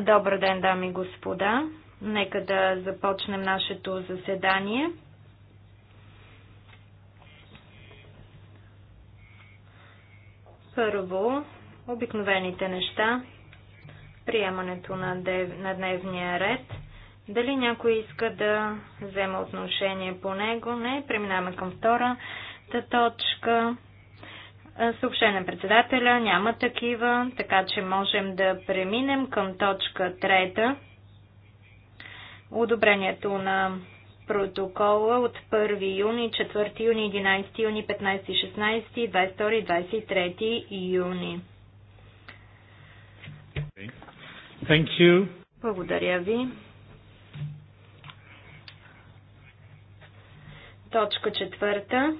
Добър ден, дами и господа. Нека да започнем нашето заседание. Първо, обикновените неща, приемането на, дев... на дневния ред. Дали някой иска да взема отношение по него? Не. Преминаваме към втората точка. Е, съобщение председателя няма такива, така че можем да преминем към точка трета. Одобрението на протокола от 1 юни, 4 юни, 11 юни, 15, 16, 22 23 юни. Thank you. Благодаря ви. Точка четвърта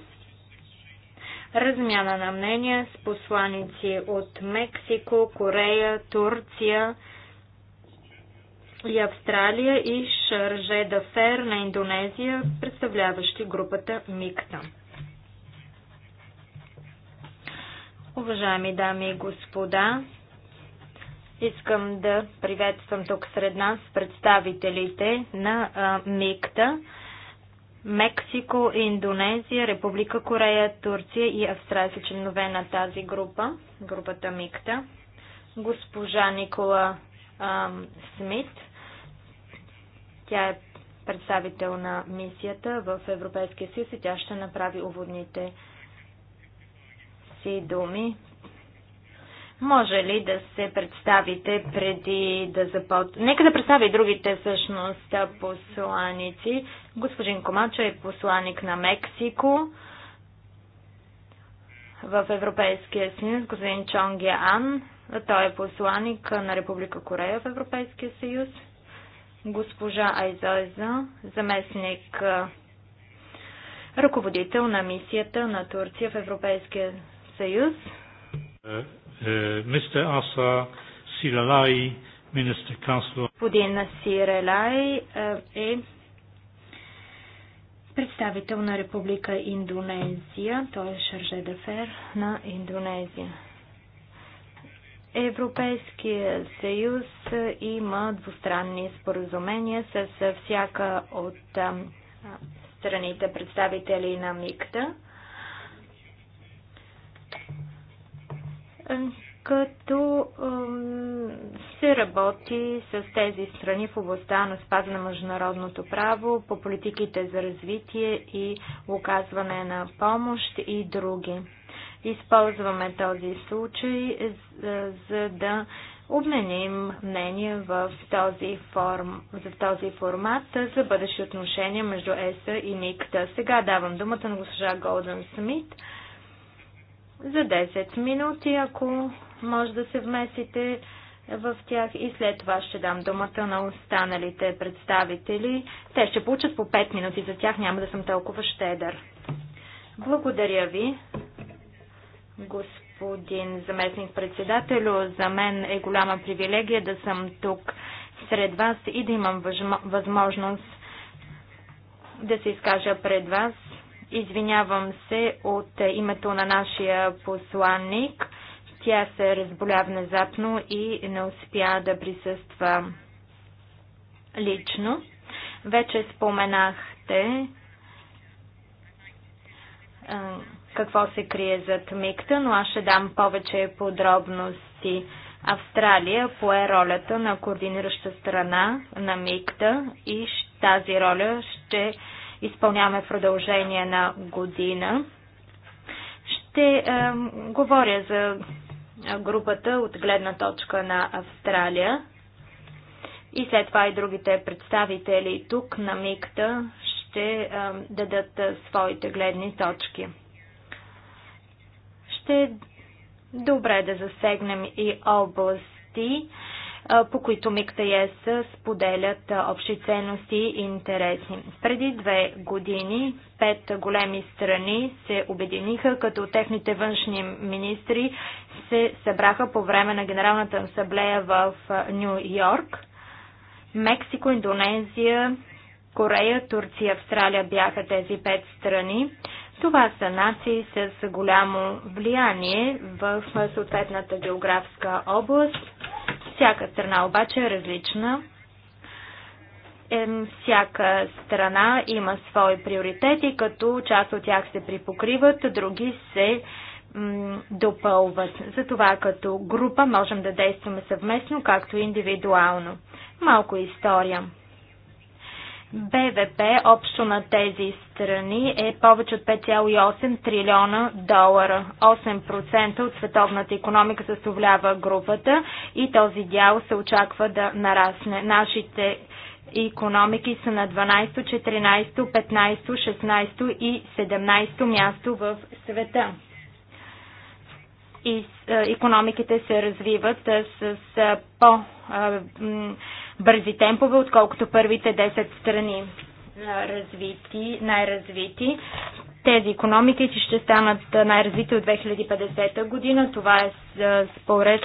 размяна на мнения с посланици от Мексико, Корея, Турция и Австралия и Шърже Дафер на Индонезия, представляващи групата МИКТА. Уважаеми дами и господа, искам да приветствам тук сред нас представителите на МИКТА. Мексико, Индонезия, Република Корея, Турция и Австралия са членове на тази група, групата МИКТА. Госпожа Никола ам, Смит, тя е представител на мисията в Европейския съюз и тя ще направи уводните си думи. Може ли да се представите преди да започне? Нека да представи другите всъщност посланици. Господин Комачо е посланник на Мексико в Европейския съюз. Господин Чонг Ян, той е посланник на Република Корея в Европейския съюз. Госпожа Айзойза, заместник ръководител на мисията на Турция в Европейския съюз. Е, е, мистер Аса Силалай, министър канцлер. Господин Сирелай е представител на Република Индонезия, той е Шарже Дефер на Индонезия. Европейския съюз има двустранни споразумения с всяка от страните представители на МИКТА като се работи с тези страни в областта на спазване на международното право, по политиките за развитие и оказване на помощ и други. Използваме този случай, за, за да обменим мнение в този, форм, за този формат за бъдещи отношения между ЕСА и НИКТА. Сега давам думата на госпожа Голден Смит за 10 минути, ако може да се вмесите в тях и след това ще дам думата на останалите представители. Те ще получат по 5 минути, за тях няма да съм толкова щедър. Благодаря ви, господин заместник председателю. За мен е голяма привилегия да съм тук сред вас и да имам възможност да се изкажа пред вас. Извинявам се от името на нашия посланник тя се разболя внезапно и не успя да присъства лично. Вече споменахте какво се крие зад мигта, но аз ще дам повече подробности. Австралия пое ролята на координираща страна на мигта и тази роля ще изпълняваме в продължение на година. Ще е, говоря за групата от гледна точка на Австралия. И след това и другите представители тук на МИКТА ще дадат своите гледни точки. Ще е добре да засегнем и области, по които МИКТА и ЕС споделят общи ценности и интереси. Преди две години пет големи страни се обединиха, като техните външни министри се събраха по време на Генералната асамблея в Нью Йорк. Мексико, Индонезия, Корея, Турция, Австралия бяха тези пет страни. Това са нации с голямо влияние в съответната географска област. Всяка страна обаче е различна. всяка страна има свои приоритети, като част от тях се припокриват, други се допълват. Затова като група можем да действаме съвместно, както и индивидуално. Малко история. БВП общо на тези страни е повече от 5,8 трилиона долара. 8% от световната економика съставлява групата и този дял се очаква да нарасне. Нашите економики са на 12, 14, 15, 16 и 17 място в света и економиките се развиват с по-бързи темпове, отколкото първите 10 страни развити, най-развити. Тези економики ще станат най-развити от 2050 година. Това е според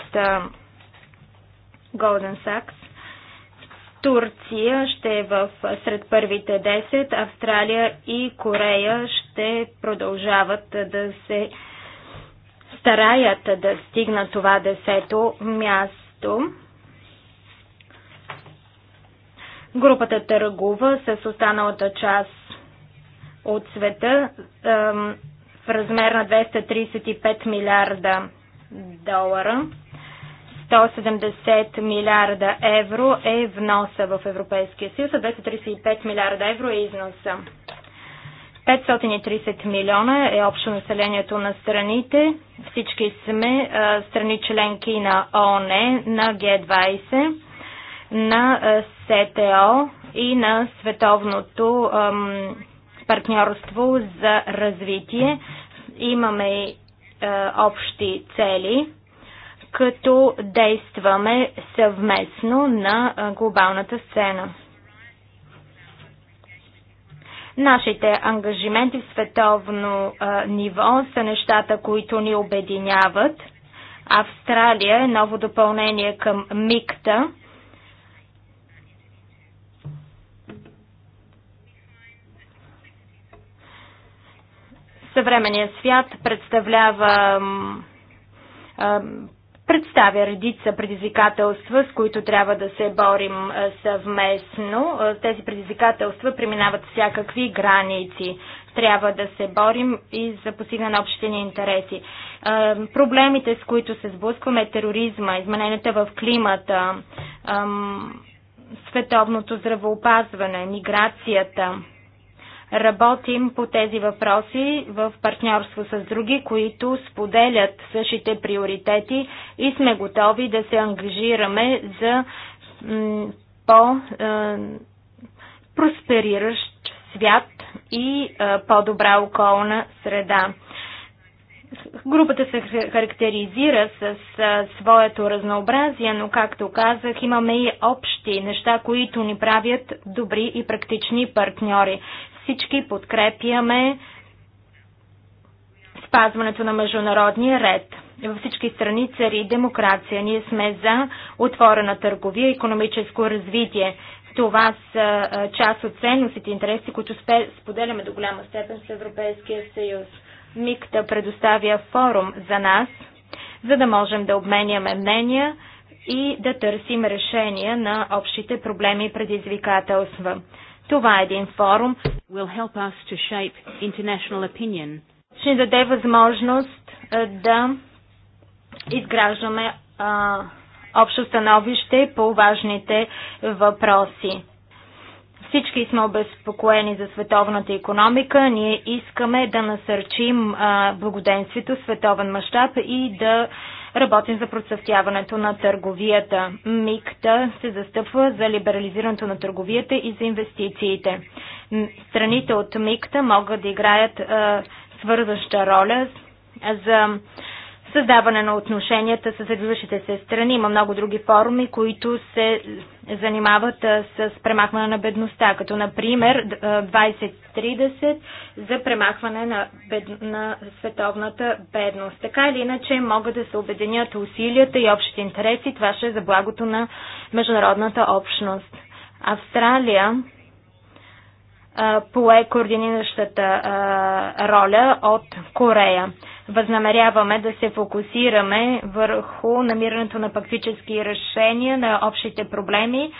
Goldman Sachs. Турция ще е в сред първите 10, Австралия и Корея ще продължават да се стараят да стигнат това десето място. Групата търгува с останалата част от света в размер на 235 милиарда долара. 170 милиарда евро е вноса в Европейския съюз, а 235 милиарда евро е износа. 530 милиона е общо населението на страните. Всички сме страни членки на ООН, на Г20, на СТО и на Световното партньорство за развитие. Имаме общи цели като действаме съвместно на глобалната сцена. Нашите ангажименти в световно а, ниво са нещата, които ни обединяват. Австралия е ново допълнение към МИКТА. Съвременният свят представлява а, представя редица предизвикателства, с които трябва да се борим съвместно. Тези предизвикателства преминават всякакви граници. Трябва да се борим и за постигане на общите ни интереси. Проблемите, с които се сблъскваме, е тероризма, измененията в климата, световното здравоопазване, миграцията – Работим по тези въпроси в партньорство с други, които споделят същите приоритети и сме готови да се ангажираме за по-проспериращ свят и по-добра околна среда. Групата се характеризира с а, своето разнообразие, но както казах, имаме и общи неща, които ни правят добри и практични партньори. Всички подкрепяме спазването на международния ред. Във всички страни цари демокрация. Ние сме за отворена търговия, и економическо развитие. Това са част от ценностите и интереси, които споделяме до голяма степен с Европейския съюз. МИКТА предоставя форум за нас, за да можем да обменяме мнения и да търсим решения на общите проблеми и предизвикателства. Това е един форум, ще ни даде възможност да изграждаме общо становище по важните въпроси. Всички сме обезпокоени за световната економика. Ние искаме да насърчим благоденствието в световен мащаб и да а, Работим за процъфтяването на търговията. МИКТА се застъпва за либерализирането на търговията и за инвестициите. Страните от МИКТА могат да играят свързваща роля за създаване на отношенията с развиващите се страни. Има много други форуми, които се занимават с премахване на бедността, като например 2030 за премахване на, бед... на световната бедност. Така или иначе могат да се обединят усилията и общите интереси. Това ще е за благото на международната общност. Австралия пое координиращата роля от Корея възнамеряваме да се фокусираме върху намирането на практически решения на общите проблеми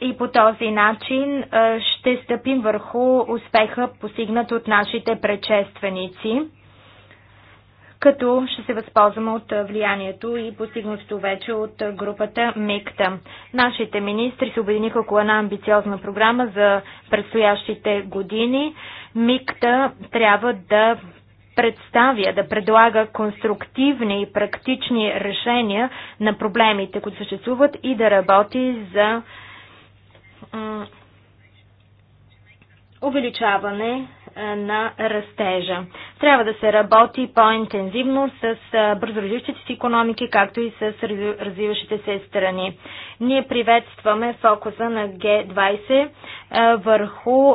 и по този начин ще стъпим върху успеха, постигнат от нашите предшественици, като ще се възползваме от влиянието и постигнато вече от групата МИКТА. Нашите министри се обединиха около една амбициозна програма за предстоящите години. МИКТА трябва да представя, да предлага конструктивни и практични решения на проблемите, които съществуват и да работи за увеличаване е, на растежа. Трябва да се работи по-интензивно с е, бързо си економики, както и с развиващите се страни. Ние приветстваме фокуса на Г20 е, върху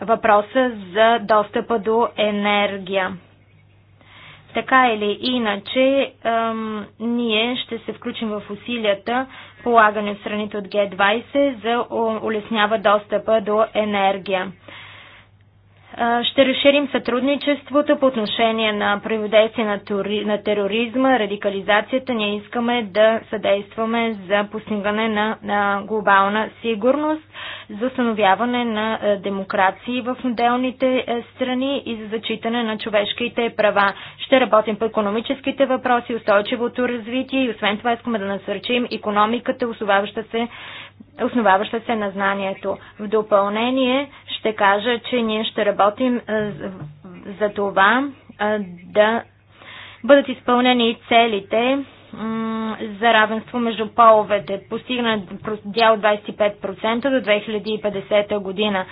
въпроса за достъпа до енергия. Така или иначе, ние ще се включим в усилията, полагане в страните от Г20, за улеснява достъпа до енергия. Ще разширим сътрудничеството по отношение на противодействие на, тури... на тероризма, радикализацията. Ние искаме да съдействаме за постигане на, на глобална сигурност, за установяване на демокрации в отделните страни и за зачитане на човешките права. Ще работим по економическите въпроси, устойчивото развитие и освен това искаме да насърчим економиката, основаваща се основаваща се на знанието. В допълнение ще кажа, че ние ще работим за това да бъдат изпълнени целите за равенство между половете, постигнат дял 25% до 2050 година.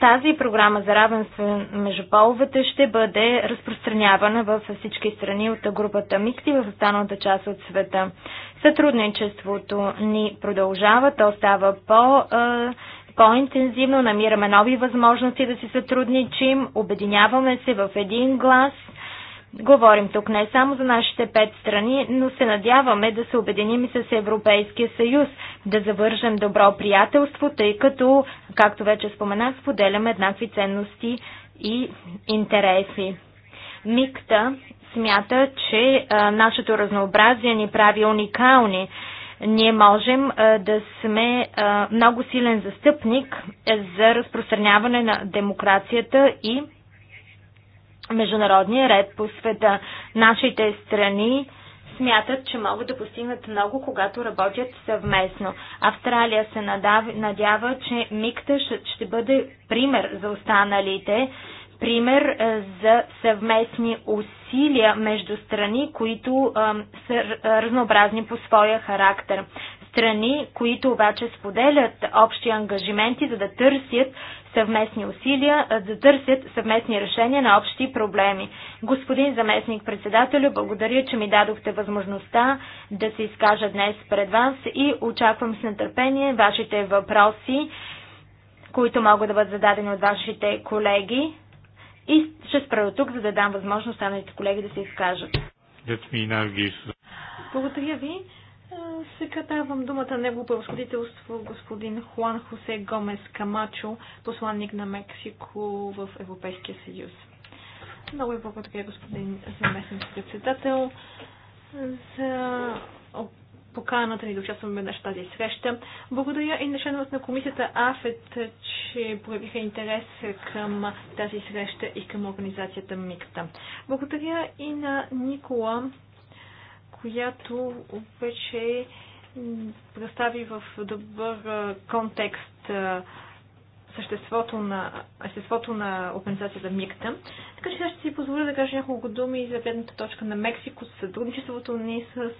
Тази програма за равенство между половете ще бъде разпространявана във всички страни от групата МИКС в останалата част от света. Сътрудничеството ни продължава, то става по- по-интензивно, намираме нови възможности да си сътрудничим, обединяваме се в един глас – Говорим тук не само за нашите пет страни, но се надяваме да се обединим и с Европейския съюз, да завържем добро приятелство, тъй като, както вече споменах, споделяме еднакви ценности и интереси. Микта смята, че а, нашето разнообразие ни прави уникални. Ние можем а, да сме а, много силен застъпник за разпространяване на демокрацията и международния ред по света. Нашите страни смятат, че могат да постигнат много, когато работят съвместно. Австралия се надява, че МИКТА ще бъде пример за останалите, пример е, за съвместни усилия между страни, които а, е, са е, разнообразни по своя характер. Страни, които обаче споделят общи ангажименти, за да търсят съвместни усилия, да търсят съвместни решения на общи проблеми. Господин заместник председателю, благодаря, че ми дадохте възможността да се изкажа днес пред вас и очаквам с нетърпение вашите въпроси, които могат да бъдат зададени от вашите колеги. И ще спра тук, за да дам възможност останалите колеги да се изкажат. Благодаря ви. Сега давам думата на негово превъзходителство господин Хуан Хосе Гомес Камачо, посланник на Мексико в Европейския съюз. Много ви благодаря, господин заместник председател, за поканата ни да участваме на тази среща. Благодаря и на членовете на комисията АФЕТ, че проявиха интерес към тази среща и към организацията МИКТА. Благодаря и на Никола която вече представи в добър контекст съществото на, съществото на организацията МИКТА. Така че сега ще си позволя да кажа няколко думи за гледната точка на Мексико, сътрудничеството ни с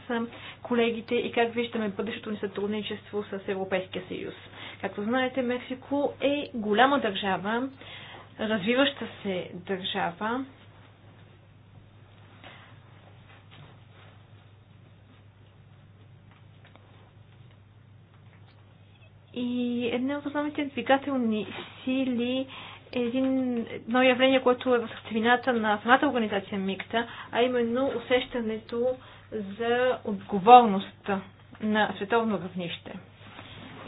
колегите и как виждаме бъдещето ни сътрудничество с Европейския съюз. Както знаете, Мексико е голяма държава, развиваща се държава, и една от основните двигателни сили е един, едно явление, което е в сърцевината на самата организация МИКТА, а именно усещането за отговорност на световно равнище.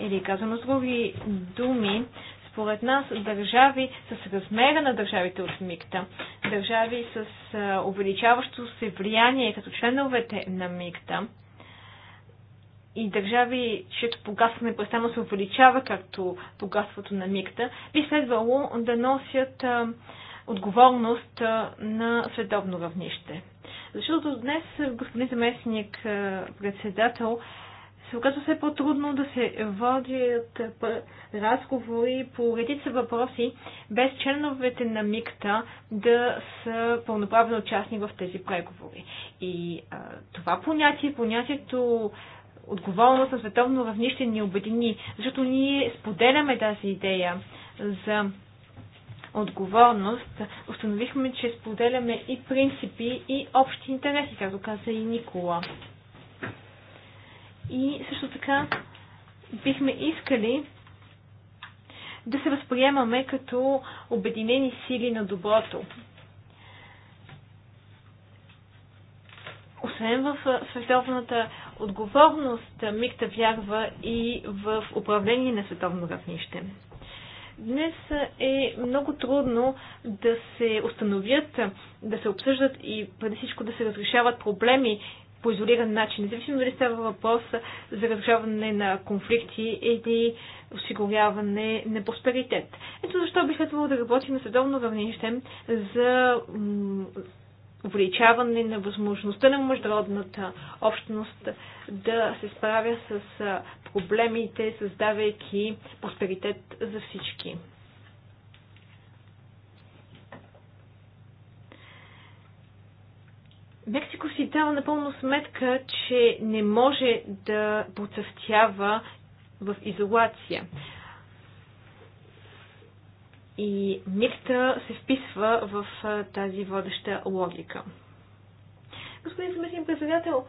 Или казано с други думи, според нас държави с размера на държавите от МИКТА, държави с увеличаващо се влияние като членовете на МИКТА, и държави, чието богатство постоянно се увеличава, както богатството на мигта, би следвало да носят а, отговорност а, на световно равнище. Защото днес господин заместник председател се оказва все по-трудно да се водят разговори по редица въпроси, без членовете на МИКТА да са пълноправни участни в тези преговори. И а, това понятие, понятието отговорност на световно равнище ни обедини, защото ние споделяме тази идея за отговорност. Установихме, че споделяме и принципи, и общи интереси, както каза и Никола. И също така бихме искали да се възприемаме като обединени сили на доброто. Освен в световната отговорност МИКТА вярва и в управление на световно равнище. Днес е много трудно да се установят, да се обсъждат и преди всичко да се разрешават проблеми по изолиран начин, независимо дали става въпрос за разрешаване на конфликти или осигуряване на просперитет. Ето защо би следвало да работим на световно равнище за увеличаване на възможността на международната общност да се справя с проблемите, създавайки просперитет за всички. Мексико си дава напълно сметка, че не може да процъфтява в изолация. И НИКТА се вписва в тази водеща логика. Господин заместник председател,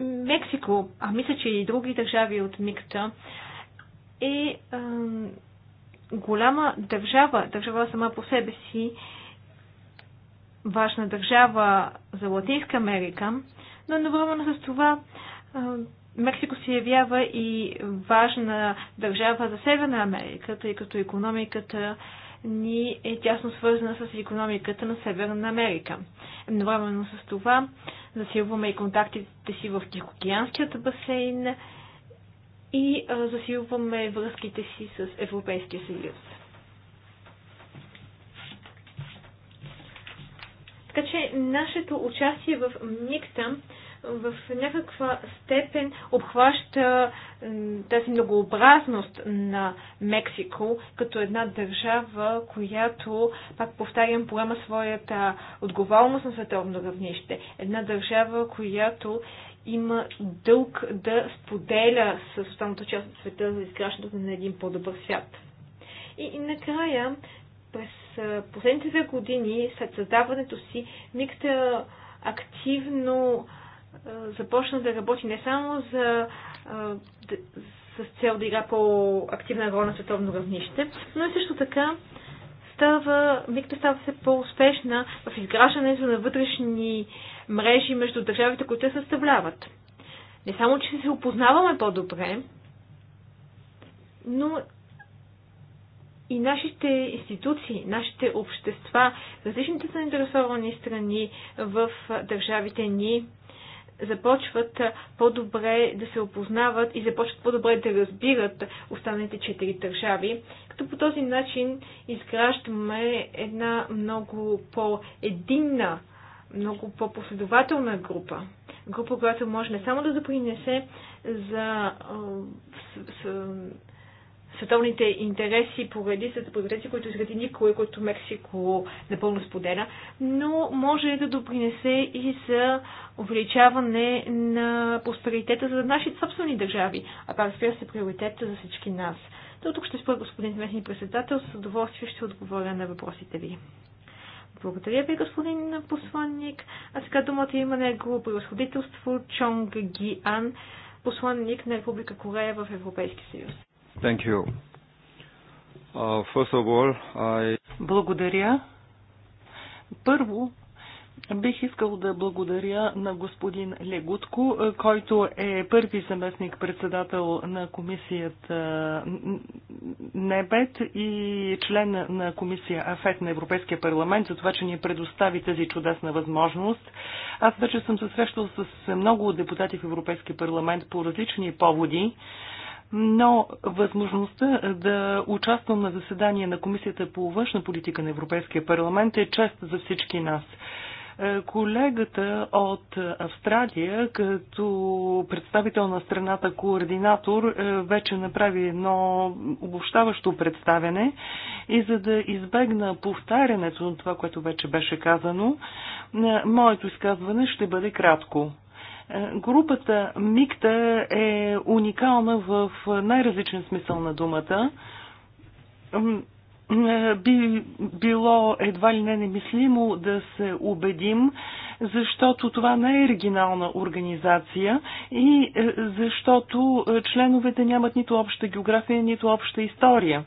Мексико, а мисля, че и други държави от МИКТА, е голяма държава, държава сама по себе си, важна държава за Латинска Америка, но едновременно с това Мексико се явява и важна държава за Северна Америка, тъй като економиката ни е тясно свързана с економиката на Северна Америка. Едновременно с това засилваме и контактите си в Тихоокеанският басейн и засилваме връзките си с Европейския съюз. Така че нашето участие в МИКТА в някаква степен обхваща тази многообразност на Мексико като една държава, която, пак повтарям, поема своята отговорност на световно равнище. Една държава, която има дълг да споделя с останалата част от света за изграждането на един по-добър свят. И, и накрая, през последните две години, след създаването си, МИКТА активно започна да работи не само за, с цел да игра по-активна роля на световно равнище, но и също така става, МИКТА става все по-успешна в изграждането на вътрешни мрежи между държавите, които я съставляват. Не само, че се опознаваме по-добре, но и нашите институции, нашите общества, различните заинтересовани страни в държавите ни започват по-добре да се опознават и започват по-добре да разбират останалите четири държави, като по този начин изграждаме една много по-единна, много по-последователна група. Група, която може не само да допринесе за световните интереси по редицата приоритети, които изради никой, който Мексико напълно споделя, но може да допринесе и за увеличаване на просперитета за нашите собствени държави, а пак разбира се е приоритета за всички нас. До тук ще спра господин местни председател, с удоволствие ще отговоря на въпросите ви. Благодаря ви, господин посланник. А сега думата има негово превъзходителство Чонг Ги Ан, посланник на Република Корея в Европейски съюз. Thank you. Uh, first of all, I... Благодаря. Първо, Бих искал да благодаря на господин Легутко, е, който е първи заместник председател на комисията НЕБЕТ и член на комисия АФЕТ на Европейския парламент за това, че ни предостави тази чудесна възможност. Аз вече съм се срещал с много депутати в Европейския парламент по различни поводи но възможността да участвам на заседание на Комисията по външна политика на Европейския парламент е чест за всички нас. Е, колегата от Австралия, като представител на страната координатор, е, вече направи едно обобщаващо представяне и за да избегна повтарянето на това, което вече беше казано, е, моето изказване ще бъде кратко. Групата МИКТА е уникална в най-различен смисъл на думата. Би било едва ли не немислимо да се убедим, защото това не е оригинална организация и е, защото е, членовете нямат нито обща география, нито обща история.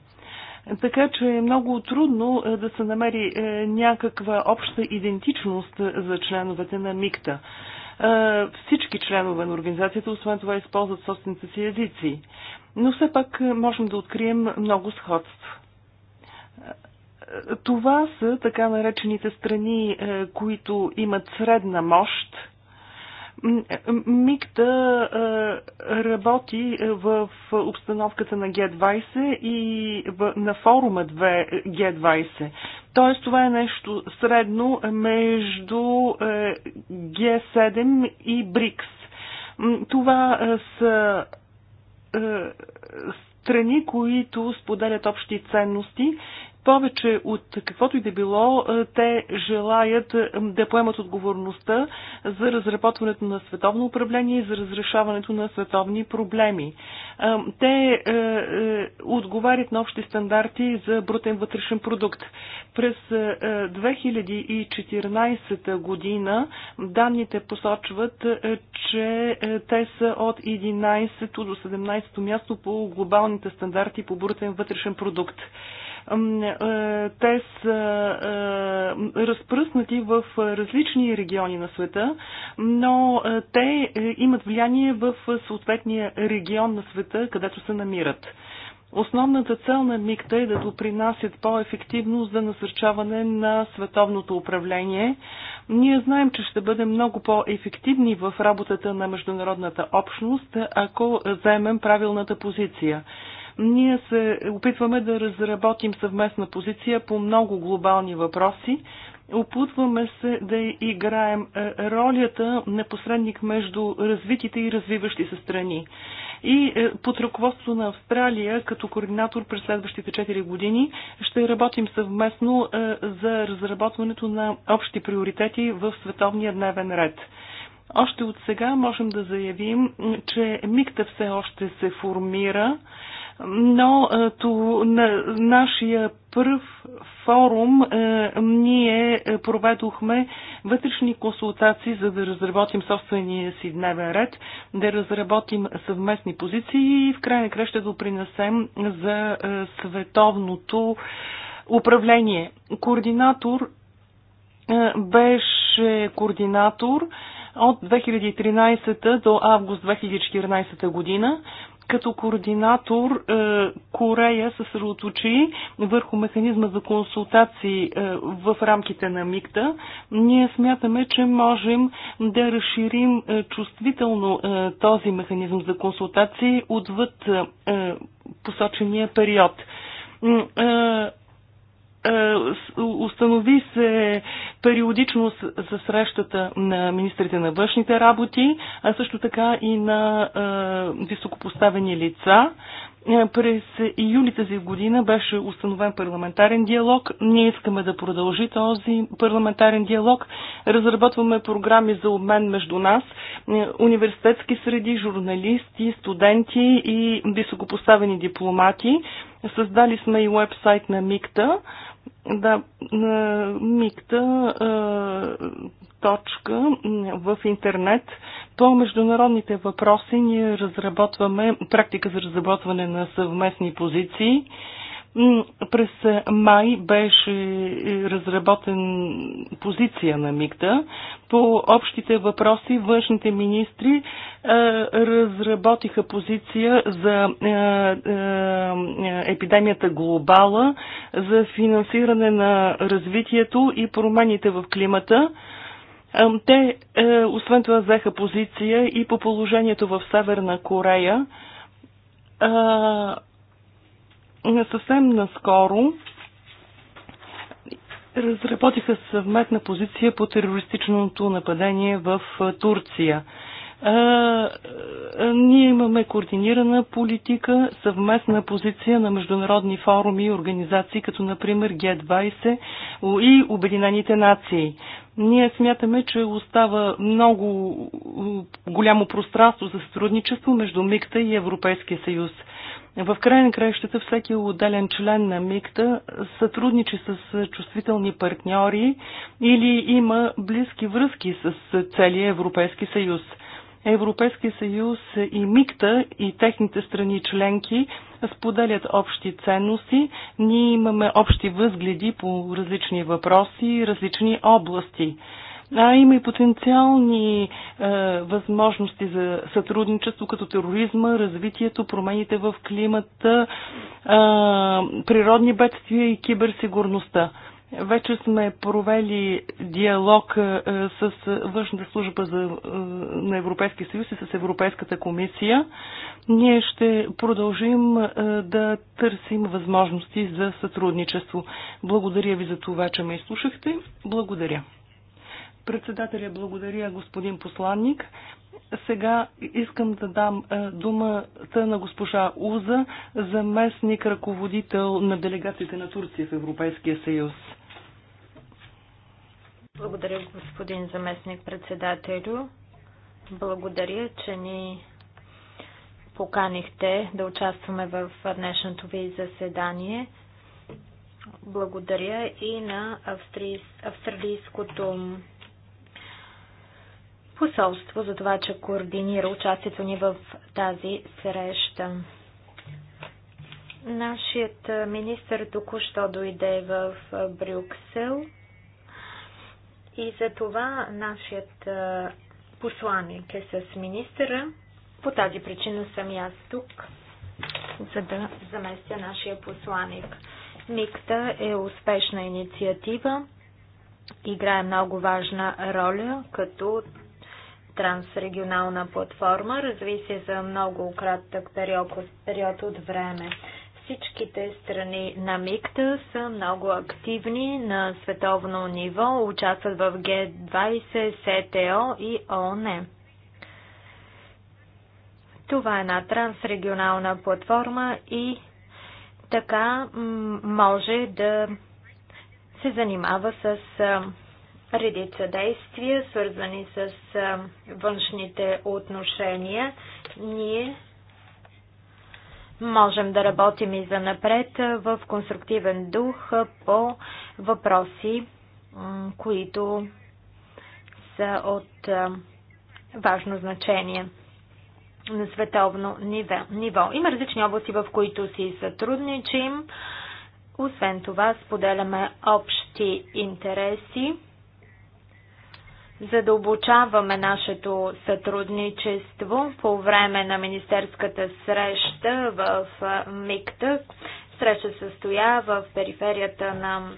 Така че е много трудно е, да се намери някаква обща идентичност за членовете на МИКТА. Всички членове на организацията, освен това, използват собствените си езици. Но все пак можем да открием много сходства. Това са така наречените страни, които имат средна мощ МИКТА работи в обстановката на Г20 и на форума 2 Г20. Тоест това е нещо средно между е, Г7 и БРИКС. Това са страни, които споделят общи ценности повече от каквото и да било, е, те желаят е, да поемат отговорността за разработването на световно управление и за разрешаването на световни проблеми. Е, те отговарят на общи стандарти за брутен вътрешен продукт. През 2014 година данните посочват, че те са от 11 до 17 място по глобалните стандарти по брутен вътрешен продукт. Е, те са е, разпръснати в различни региони на света, но е, те имат влияние в съответния регион на света, където се намират. Основната цел на МИКТА е да допринасят по-ефективно за насърчаване на световното управление. Ние знаем, че ще бъдем много по-ефективни в работата на международната общност, ако заемем правилната позиция. Ние се опитваме да разработим съвместна позиция по много глобални въпроси. Опутваме се да играем е, ролята на посредник между развитите и развиващи се страни. И е, под ръководство на Австралия, като координатор през следващите 4 години, ще работим съвместно е, за разработването на общи приоритети в световния дневен ред. Още от сега можем да заявим, че МИКТА все още се формира но е, то, на нашия първ форум е, ние е, проведохме вътрешни консултации, за да разработим собствения си дневен ред, да разработим съвместни позиции и в край на края ще принесем за световното управление. Координатор беше координатор от 2013 до август 2014 година като координатор е, Корея се съсредоточи върху механизма за консултации е, в рамките на МИКТА. Ние смятаме, че можем да разширим е, чувствително този механизъм за консултации отвъд посочения период е, установи се периодично за срещата на министрите на външните работи, а също така и на е, високопоставени лица. Е, през июли тази година беше установен парламентарен диалог. Ние искаме да продължи този парламентарен диалог. Разработваме програми за обмен между нас, е, университетски среди, журналисти, студенти и високопоставени дипломати. Създали сме и уебсайт на МИКТА. Да, микта е, точка в интернет. По международните въпроси ние разработваме практика за разработване на съвместни позиции. През май беше е, разработен позиция на МИГДА. По общите въпроси външните министри е, разработиха позиция за е, е, епидемията глобала, за финансиране на развитието и промените в климата. Те, е, освен това, взеха позиция и по положението в Северна Корея. Съвсем наскоро разработиха съвметна позиция по терористичното нападение в е, Турция. А ние имаме координирана политика, съвместна позиция на международни форуми и организации, като например Г20 и Обединените нации. Ние смятаме, че остава много голямо пространство за сътрудничество между МИКТА и Европейския съюз. В край на краищата всеки отделен член на МИКТА сътрудничи с чувствителни партньори или има близки връзки с целия Европейски съюз – Европейския съюз и МИКТА и техните страни членки споделят общи ценности. Ние имаме общи възгледи по различни въпроси, различни области. А има и потенциални е, възможности за сътрудничество, като тероризма, развитието, промените в климата, е, природни бедствия и киберсигурността. Вече сме провели диалог е, с външната служба за, е, на Европейския съюз и с Европейската комисия. Ние ще продължим е, да търсим възможности за сътрудничество. Благодаря ви за това, че ме изслушахте. Благодаря. Председателя, благодаря господин посланник. Сега искам да дам думата на госпожа Уза, заместник ръководител на делегацията на Турция в Европейския съюз. Благодаря, господин заместник председателю. Благодаря, че ни поканихте да участваме в днешното ви заседание. Благодаря и на австралийското посолство за това, че координира участието ни в тази среща. Нашият министр току-що дойде в Брюксел. И за това нашият посланник е с министъра. По тази причина съм и аз тук, за да заместя нашия посланник. МИКТА е успешна инициатива, играе много важна роля като трансрегионална платформа, разви се за много кратък период, период от време. Всичките страни на МИКТА са много активни на световно ниво, участват в Г20, СТО и ООН. Е. Това е една трансрегионална платформа и така може да се занимава с редица действия, свързани с външните отношения. Ние Можем да работим и за напред в конструктивен дух по въпроси, които са от важно значение на световно ниво. Има различни области, в които си сътрудничим. Освен това, споделяме общи интереси задълбочаваме нашето сътрудничество по време на министерската среща в МИКТА. Среща състоя в периферията на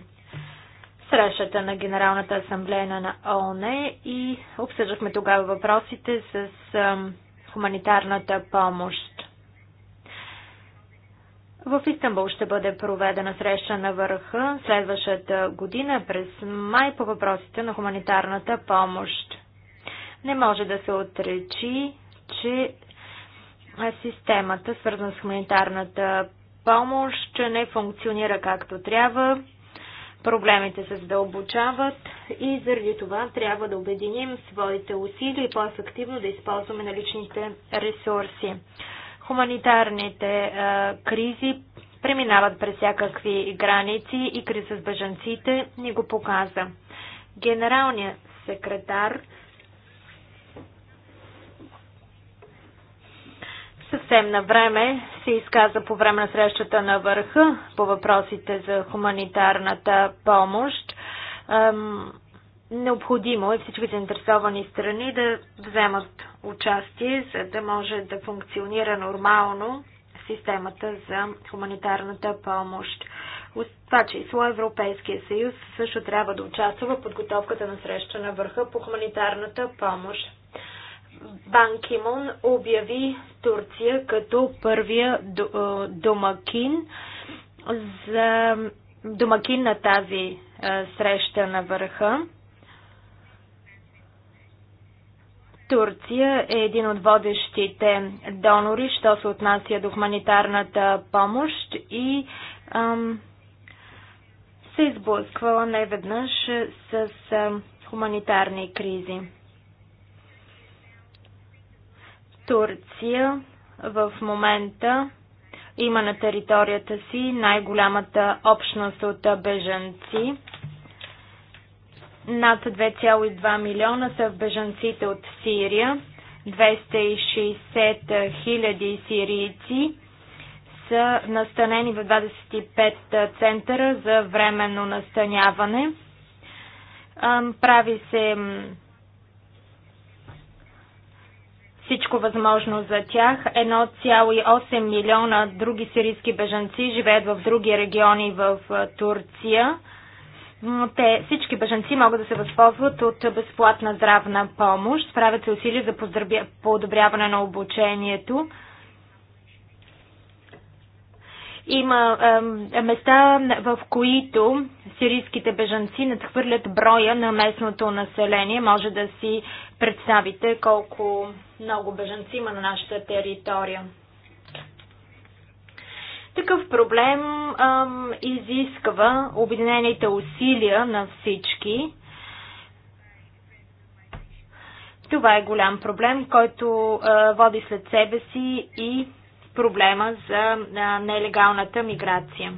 срещата на Генералната асамблея на ООН и обсъждахме тогава въпросите с хуманитарната помощ. В Истанбул ще бъде проведена среща на върха следващата година през май по въпросите на хуманитарната помощ. Не може да се отречи, че системата, свързана с хуманитарната помощ, не функционира както трябва. Проблемите се задълбочават и заради това трябва да обединим своите усилия и по-ефективно да използваме наличните ресурси. Хуманитарните е, кризи преминават през всякакви граници и криза с бежанците ни го показа. Генералният секретар съвсем на време се изказа по време на срещата на върха по въпросите за хуманитарната помощ. Необходимо е всички заинтересовани страни да вземат участие, за да може да функционира нормално системата за хуманитарната помощ. От това число Европейския съюз също трябва да участва в подготовката на среща на върха по хуманитарната помощ. Бан Кимон обяви Турция като първия домакин за домакин на тази среща на върха. Турция е един от водещите донори, що се отнася до хуманитарната помощ и ам, се изблъсквала неведнъж с ам, хуманитарни кризи. Турция в момента има на територията си най-голямата общност от беженци. Над 2,2 милиона са бежанците от Сирия. 260 хиляди сирийци са настанени в 25 центъра за временно настаняване. Прави се всичко възможно за тях. 1,8 милиона други сирийски бежанци живеят в други региони в Турция те, всички бежанци могат да се възползват от безплатна здравна помощ. Правят се усилия за подобряване на обучението. Има е, места, в които сирийските бежанци надхвърлят броя на местното население. Може да си представите колко много бежанци има на нашата територия. Такъв проблем ам, изисква обединените усилия на всички. Това е голям проблем, който а, води след себе си и проблема за а, нелегалната миграция.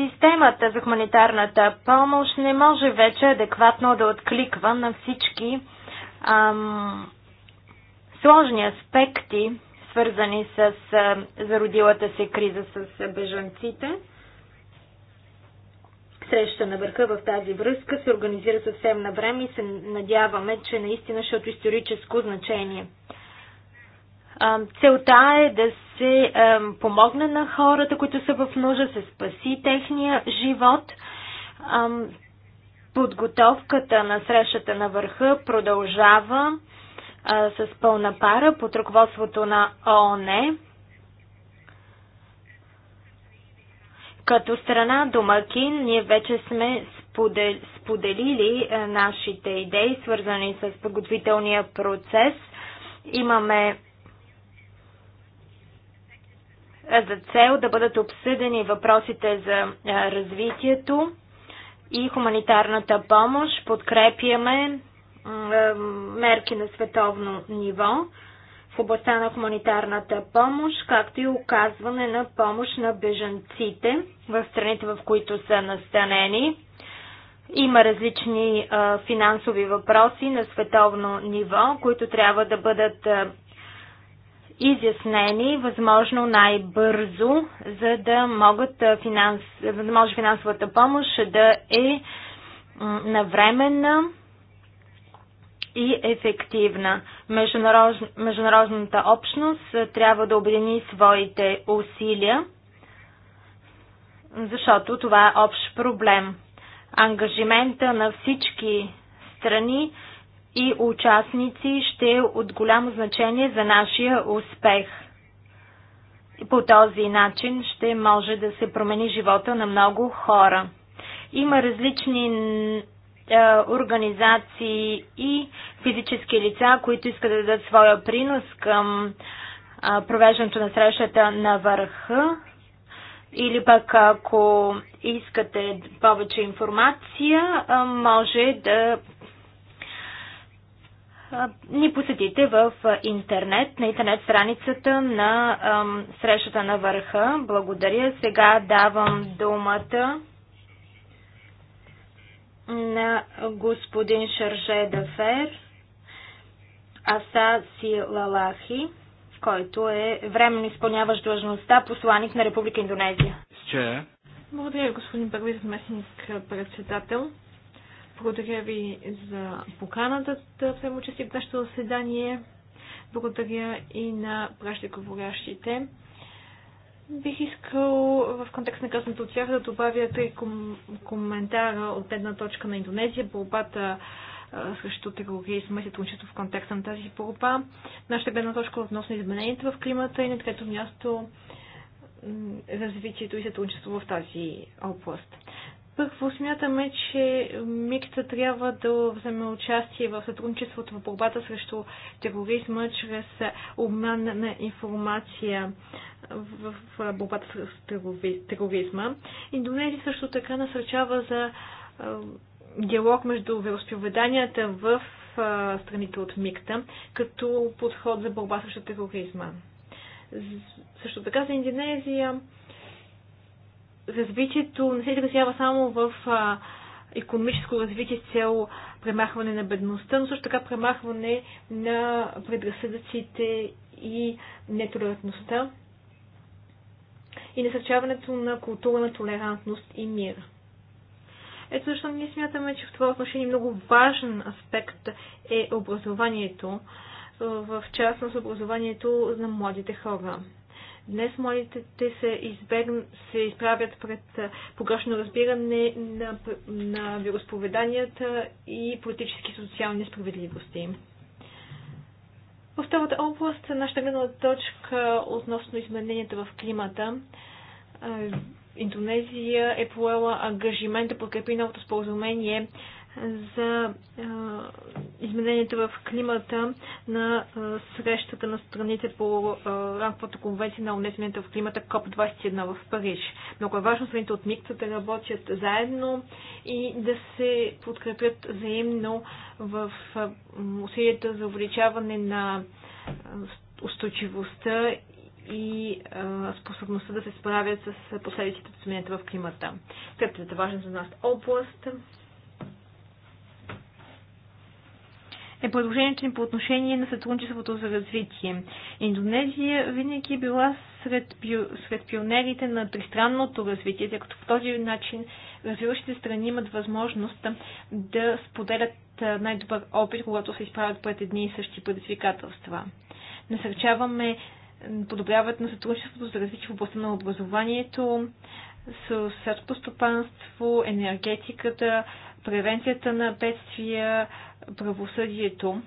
Системата за хуманитарната помощ не може вече адекватно да откликва на всички ам, сложни аспекти, свързани с а, зародилата се криза с бежанците. Среща на върха в тази връзка се организира съвсем на време и се надяваме, че наистина ще е от историческо значение. Целта е да се помогне на хората, които са в нужда, се спаси техния живот. Подготовката на срещата на върха продължава а, с пълна пара под ръководството на ООН. Като страна домакин, ние вече сме споделили нашите идеи, свързани с подготвителния процес. Имаме за цел да бъдат обсъдени въпросите за развитието и хуманитарната помощ. Подкрепяме мерки на световно ниво в областта на хуманитарната помощ, както и оказване на помощ на бежанците в страните, в които са настанени. Има различни а, финансови въпроси на световно ниво, които трябва да бъдат а, изяснени възможно най-бързо, за да могат финанс... да може финансовата помощ да е навременна и ефективна. Международ... Международната общност трябва да обедини своите усилия, защото това е общ проблем. Ангажимента на всички страни и участници ще е от голямо значение за нашия успех. По този начин ще може да се промени живота на много хора. Има различни е, организации и физически лица, които искат да дадат своя принос към е, провеждането на срещата на върха. Или пък ако искате повече информация, е, може да ни посетите в интернет, на интернет страницата на ам, срещата на върха. Благодаря. Сега давам думата на господин Шарже Дафер Аса Лалахи, който е временно изпълняващ длъжността посланик на Република Индонезия. Е. Благодаря, господин първи заместник председател. Благодаря ви за поканата да взема участие в нашето заседание. Благодаря и на пращеговорящите. Бих искал в контекст на казаното от тях да добавя три ком- коментара от една точка на Индонезия, борбата срещу тероризма и сътрудничество в контекста на тази борба. Нашата гледна точка е относно измененията в климата и на трето място развитието и сътрудничество в тази област. Първо смятаме, че МИКТА трябва да вземе участие в сътрудничеството в борбата срещу тероризма чрез обмен на информация в борбата срещу тероризма. Индонезия също така насърчава за диалог между вероисповеданията в страните от МИКТА като подход за борба срещу тероризма. Също така за Индонезия развитието не се изразява само в а, економическо развитие с цел премахване на бедността, но също така премахване на предразсъдъците и нетолерантността и насърчаването на култура на толерантност и мир. Ето защо ние смятаме, че в това отношение много важен аспект е образованието, в частност образованието на младите хора. Днес младите те се, избегн, се изправят пред погрешно разбиране на, на вирусповеданията и политически и социални справедливости. Във втората област, нашата гледна точка относно измененията в климата, Индонезия е поела ангажимент да подкрепи новото споразумение за изменението в климата на срещата на страните по рамковата конвенция на унесенето в климата КОП-21 в Париж. Много е важно страните от МИКТА да работят заедно и да се подкрепят взаимно в усилията за увеличаване на устойчивостта и а, способността да се справят с последиците от смените в климата. Третата важна за нас област е предложението ни по отношение на сътрудничеството за развитие. Индонезия винаги е била сред, сред пионерите на тристранното развитие, тъй като по този начин развиващите страни имат възможност да споделят най-добър опит, когато се изправят пред едни и същи предизвикателства. Насърчаваме подобряват на сътрудничеството за развитие в областта на образованието, със селското стопанство, енергетиката, превенцията на бедствия, правосъдието.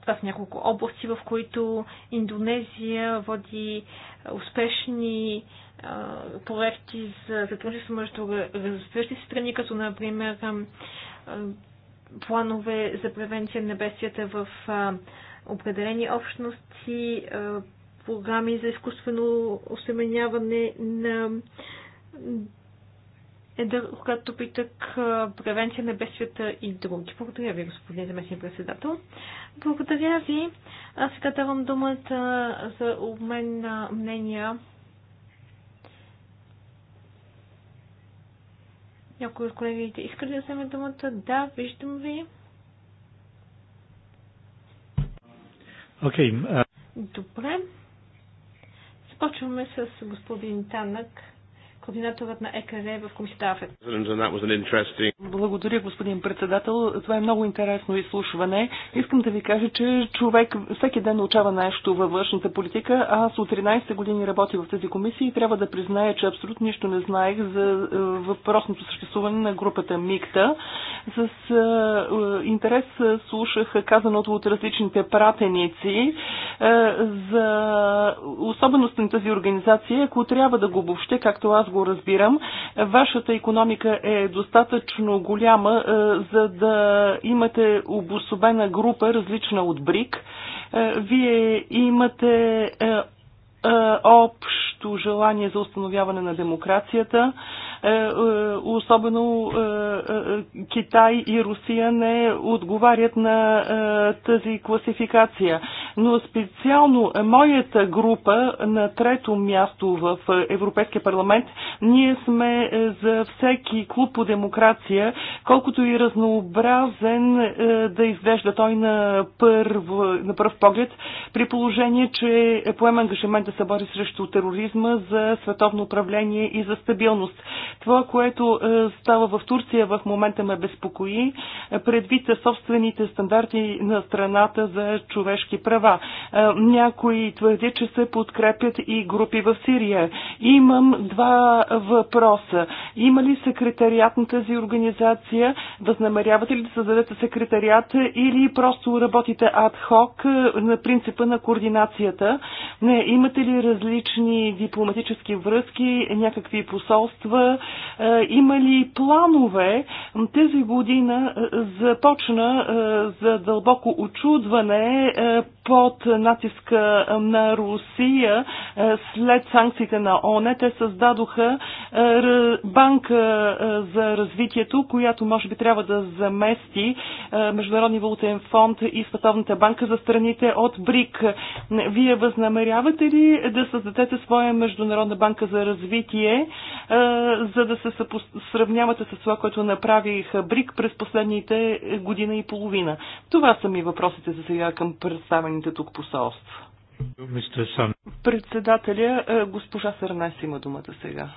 Това са няколко области, в които Индонезия води успешни проекти за сътрудничество между развиващи страни, като например планове за превенция на бедствията в определени общности, програми за изкуствено осеменяване на е да, когато питък превенция на бедствията и други. Благодаря ви, господин заместник председател. Благодаря ви. Аз сега давам думата за обмен на мнения. Някой от колегите иска ли да вземе думата? Да, виждам ви. Okay, uh... Добре. Започваме с господин Танък координаторът на ЕКР в комисията АФЕД. Благодаря, господин председател. Това е много интересно изслушване. Искам да ви кажа, че човек всеки ден научава нещо във външната политика. Аз от 13 години работя в тази комисии и трябва да призная, че абсолютно нищо не знаех за е, въпросното съществуване на групата МИКТА. С е, е, интерес слушах казаното от различните пратеници за особеността на тази организация. Ако трябва да го обобщя, както аз го го разбирам. Вашата економика е достатъчно голяма, е, за да имате обособена група, различна от БРИК. Е, вие имате е, общо желание за установяване на демокрацията. Е, е, особено е, Китай и Русия не отговарят на тази класификация. Но специално моята група на трето място в Европейския парламент, ние сме за всеки клуб по демокрация, колкото и разнообразен да изглежда той на първ, на първ поглед, при положение, че поема ангажимент да се бори срещу тероризма за световно управление и за стабилност. Това, което е, става в Турция в момента ме безпокои, е, предвид собствените стандарти на страната за човешки права. Е, някои твърдят, че се подкрепят и групи в Сирия. Имам два въпроса. Има ли секретариат на тази организация? Възнамерявате ли да създадете секретариат или просто работите адхок на принципа на координацията? Не, имате ли различни дипломатически връзки, някакви посолства? Е, има ли планове? Тези година е, започна е, за дълбоко очудване под натиска на Русия е, след санкциите на ОНЕ. Те създадоха е, банка е, за развитието, която може би трябва да замести Международния валутен фонд и Световната банка за страните от БРИК. Вие възнамерявате ли да създадете своя Международна банка за развитие, за да се сравнявате с това, което направих БРИК през последните година и половина? Това са ми въпросите за сега към представянето създадените тук посолства. Председателя, е, госпожа Сърнес има думата сега.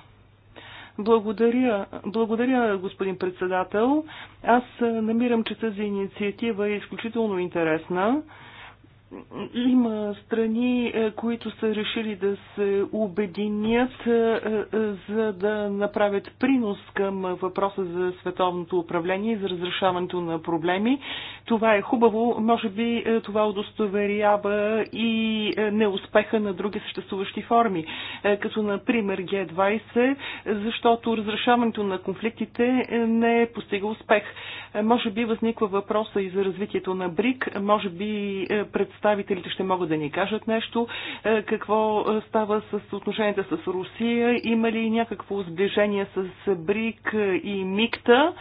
Благодаря, благодаря, господин председател. Аз е, намирам, че тази инициатива е изключително интересна. Има страни, е, които са решили да се обединят, е, е, за да направят принос към въпроса за световното управление и за разрешаването на проблеми. Това е хубаво. Може би това удостоверява и неуспеха на други съществуващи форми, като например Г20, защото разрешаването на конфликтите не е постига успех. Може би възниква въпроса и за развитието на БРИК. Може би е, представителите ще могат да ни кажат нещо. Е, какво е, става с отношенията с Русия? Има ли някакво сближение с БРИК и МИКТА?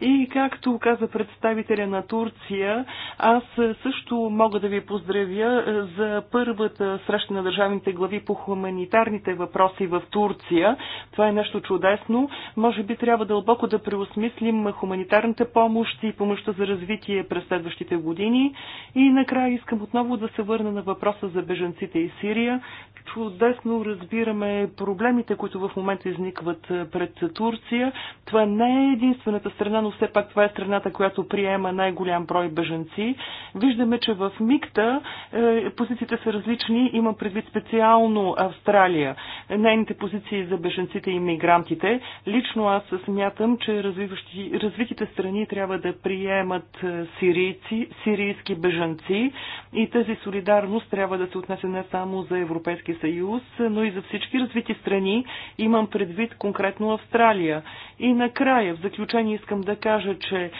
И както каза представителя на Турция, аз също мога да ви поздравя за първата среща на държавните глави по хуманитарните въпроси в Турция. Това е нещо чудесно. Може би трябва дълбоко да преосмислим хуманитарната помощ помощ и помощта за развитие през следващите години. И накрая искам отново да се върна на въпроса за бежанците и Сирия. Чудесно разбираме проблемите, които в момента изникват е, пред Турция. Това не е единствената страна, но все пак това е страната, която приема най-голям брой бежанци. Виждаме, че в МИКТА е, позициите са различни. Има предвид специално Австралия. Нейните позиции за бежанците и мигрантите. Лично аз смятам, че развитите страни трябва трябва да приемат е, сирийци, сирийски бежанци и тази солидарност трябва да се отнесе не само за Европейския съюз, но и за всички развити страни. Имам предвид конкретно Австралия. И накрая, в заключение искам да кажа, че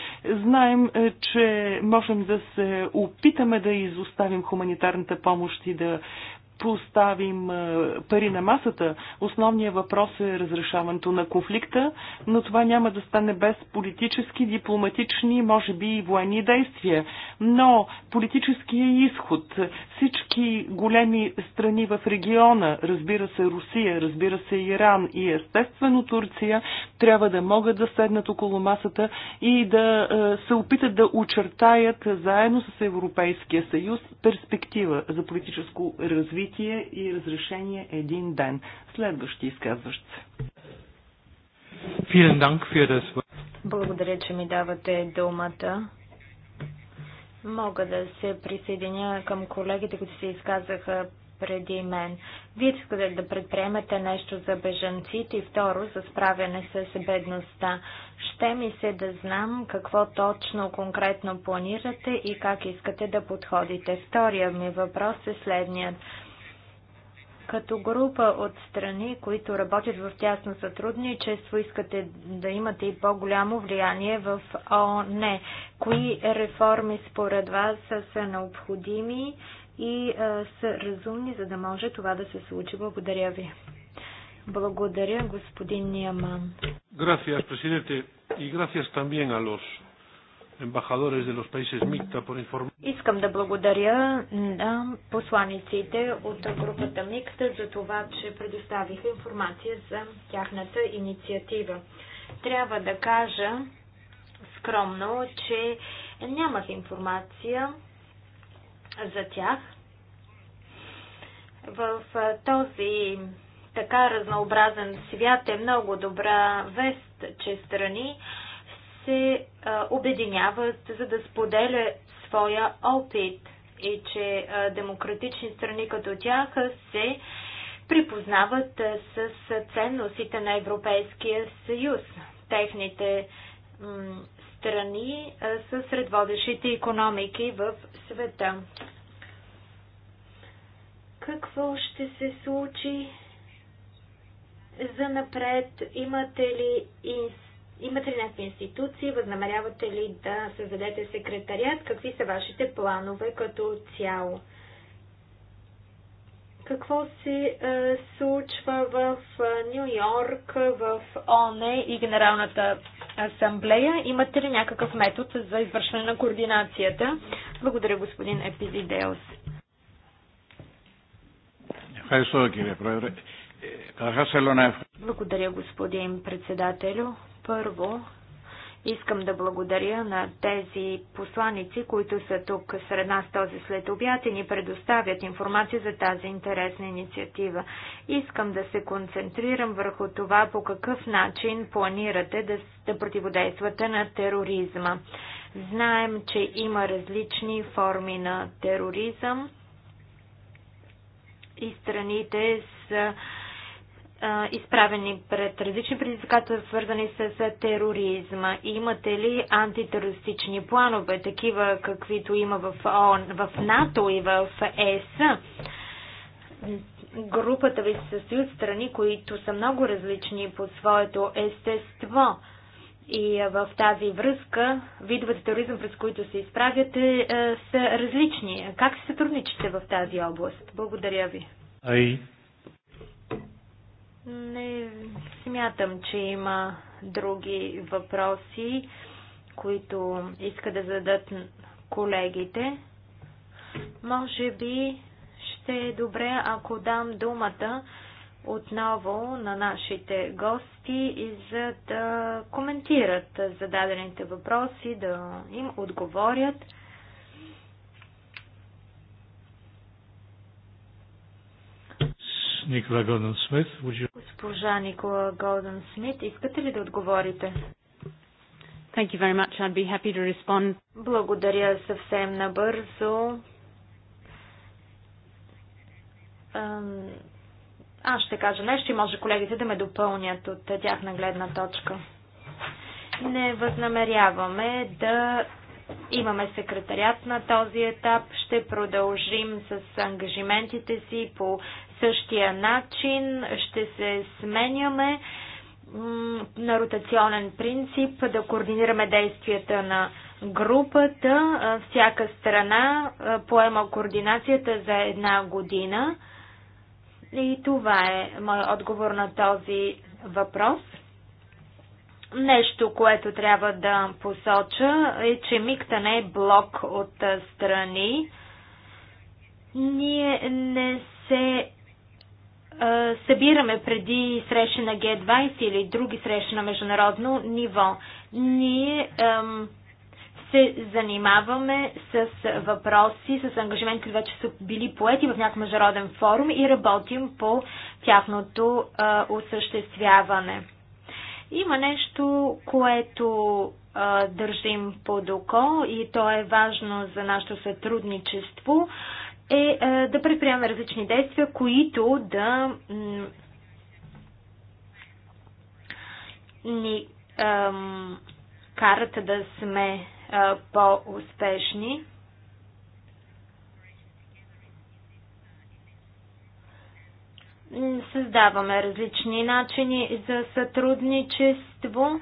знаем, е, че можем да се опитаме да изоставим хуманитарната помощ и да поставим пари на масата. Основният въпрос е разрешаването на конфликта, но това няма да стане без политически, дипломатични, може би и военни действия. Но политическия изход, всички големи страни в региона, разбира се Русия, разбира се Иран и естествено Турция, трябва да могат да седнат около масата и да се опитат да очертаят заедно с Европейския съюз перспектива за политическо развитие развитие и разрешение един ден. Следващи изказващ се. Благодаря, че ми давате думата. Мога да се присъединя към колегите, които се изказаха преди мен. Вие искате да предприемете нещо за бежанците и второ за справяне с бедността. Ще ми се да знам какво точно конкретно планирате и как искате да подходите. Втория ми въпрос е следният. Като група от страни, които работят в тясно сътрудничество, искате да имате и по-голямо влияние в ООН. Кои реформи според вас са необходими и а, са разумни, за да може това да се случи? Благодаря ви. Благодаря, господин Ниаман. Gracias, presidente, и gracias también a los Искам да благодаря на посланиците от групата МИКТА за това, че предоставиха информация за тяхната инициатива. Трябва да кажа скромно, че нямах информация за тях. В този така разнообразен свят е много добра вест, че страни се обединяват, за да споделя своя опит и че демократични страни като тях се припознават с ценностите на Европейския съюз. Техните страни са сред водещите економики в света. Какво ще се случи за напред? Имате ли инструмент? ли някакви институции. Възнамерявате ли да създадете секретариат? Какви са вашите планове като цяло? Какво се е, случва в е, Нью Йорк, в ОНЕ и Генералната асамблея? Имате ли някакъв метод за извършване на координацията? Благодаря, господин Епизидеос. Благодаря, господин председателю. Първо, искам да благодаря на тези посланици, които са тук сред нас този след обяд и ни предоставят информация за тази интересна инициатива. Искам да се концентрирам върху това по какъв начин планирате да, да противодействате на тероризма. Знаем, че има различни форми на тероризъм и страните са изправени пред различни предизвикателства, свързани с тероризма? Имате ли антитерористични планове, такива каквито има в, ООН, в НАТО и в ЕС? Групата ви се състои от страни, които са много различни по своето естество. И в тази връзка видовете тероризъм, през които се изправяте, са различни. Как се сътрудничите в тази област? Благодаря ви. Не смятам, че има други въпроси, които иска да зададат колегите. Може би ще е добре, ако дам думата отново на нашите гости и за да коментират зададените въпроси, да им отговорят. Никола Голден Смит. Госпожа Никола Голден Смит, искате ли да отговорите? Thank you very much. I'd be happy to respond. Благодаря съвсем набързо. Аз ще кажа нещо и може колегите да ме допълнят от тяхна гледна точка. Не възнамеряваме да имаме секретарят на този етап. Ще продължим с ангажиментите си по същия начин, ще се сменяме на ротационен принцип, да координираме действията на групата. Всяка страна поема координацията за една година. И това е моят отговор на този въпрос. Нещо, което трябва да посоча е, че МИКТА не е блок от страни. Ние не се събираме преди среща на Г20 или други срещи на международно ниво. Ние ем, се занимаваме с въпроси, с ангажименти, които вече са били поети в някакъв международен форум и работим по тяхното е, осъществяване. Има нещо, което е, държим под око и то е важно за нашето сътрудничество. Е, е, е да предприемаме различни действия, които да ни ам, карат да сме по-успешни. Създаваме различни начини за сътрудничество.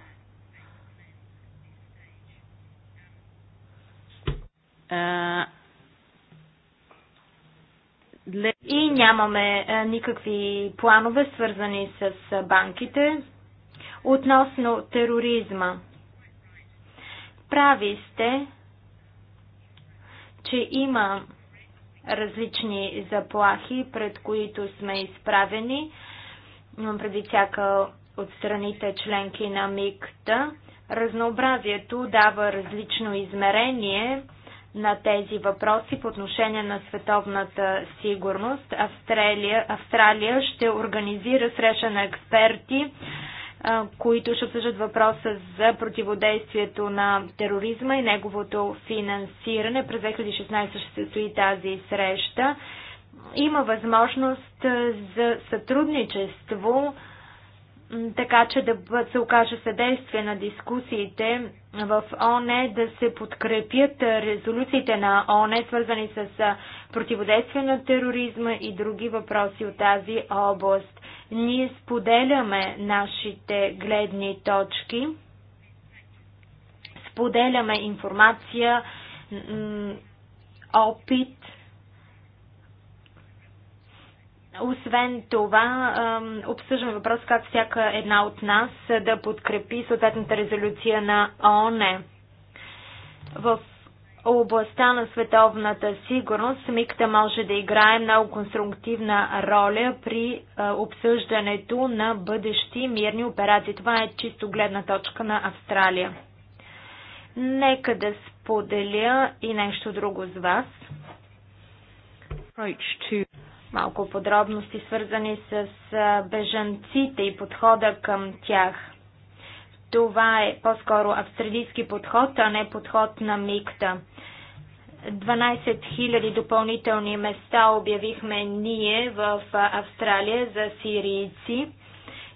Uh, и нямаме е, никакви планове, свързани с е, банките. Относно тероризма. Прави сте, че има различни заплахи, пред които сме изправени. Имам преди всяка от страните членки на МИКТА. Разнообразието дава различно измерение – на тези въпроси по отношение на световната сигурност. Австралия, Австралия ще организира среща на експерти, които ще обсъждат въпроса за противодействието на тероризма и неговото финансиране. През 2016 ще се стои тази среща. Има възможност за сътрудничество така че да се окаже съдействие на дискусиите в ОНЕ, да се подкрепят резолюциите на ОНЕ, свързани с противодействие на тероризма и други въпроси от тази област. Ние споделяме нашите гледни точки, споделяме информация, опит – освен това, обсъждаме въпрос как всяка една от нас да подкрепи съответната резолюция на ООН. В областта на световната сигурност МИКТА може да играе много конструктивна роля при обсъждането на бъдещи мирни операции. Това е чисто гледна точка на Австралия. Нека да споделя и нещо друго с вас малко подробности, свързани с бежанците и подхода към тях. Това е по-скоро австралийски подход, а не подход на микта. 12 000 допълнителни места обявихме ние в Австралия за сирийци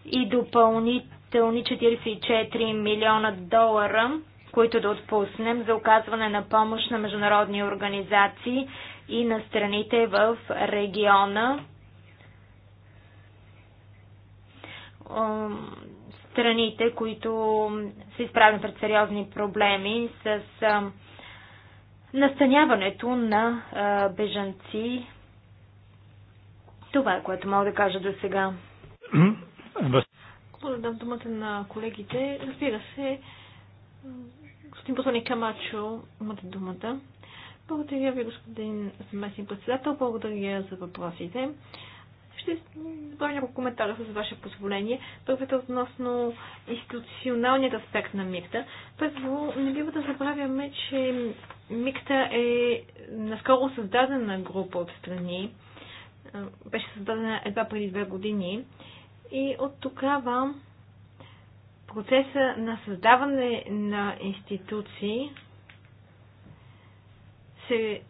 и допълнителни 44 милиона долара, които да отпуснем за оказване на помощ на международни организации и на страните в региона. Страните, които са изправени пред сериозни проблеми с настаняването на бежанци. Това е което мога да кажа до сега. Ако да дам думата на колегите, разбира се, господин посланник Камачо, имате думата. Благодаря ви, господин заместник председател. Благодаря за въпросите. Ще добавя няколко коментара с ваше позволение. първите относно институционалният аспект на МИКТА. Първо, не бива да забравяме, че МИКТА е наскоро създадена група от страни. Беше създадена едва преди две години. И от тогава процеса на създаване на институции се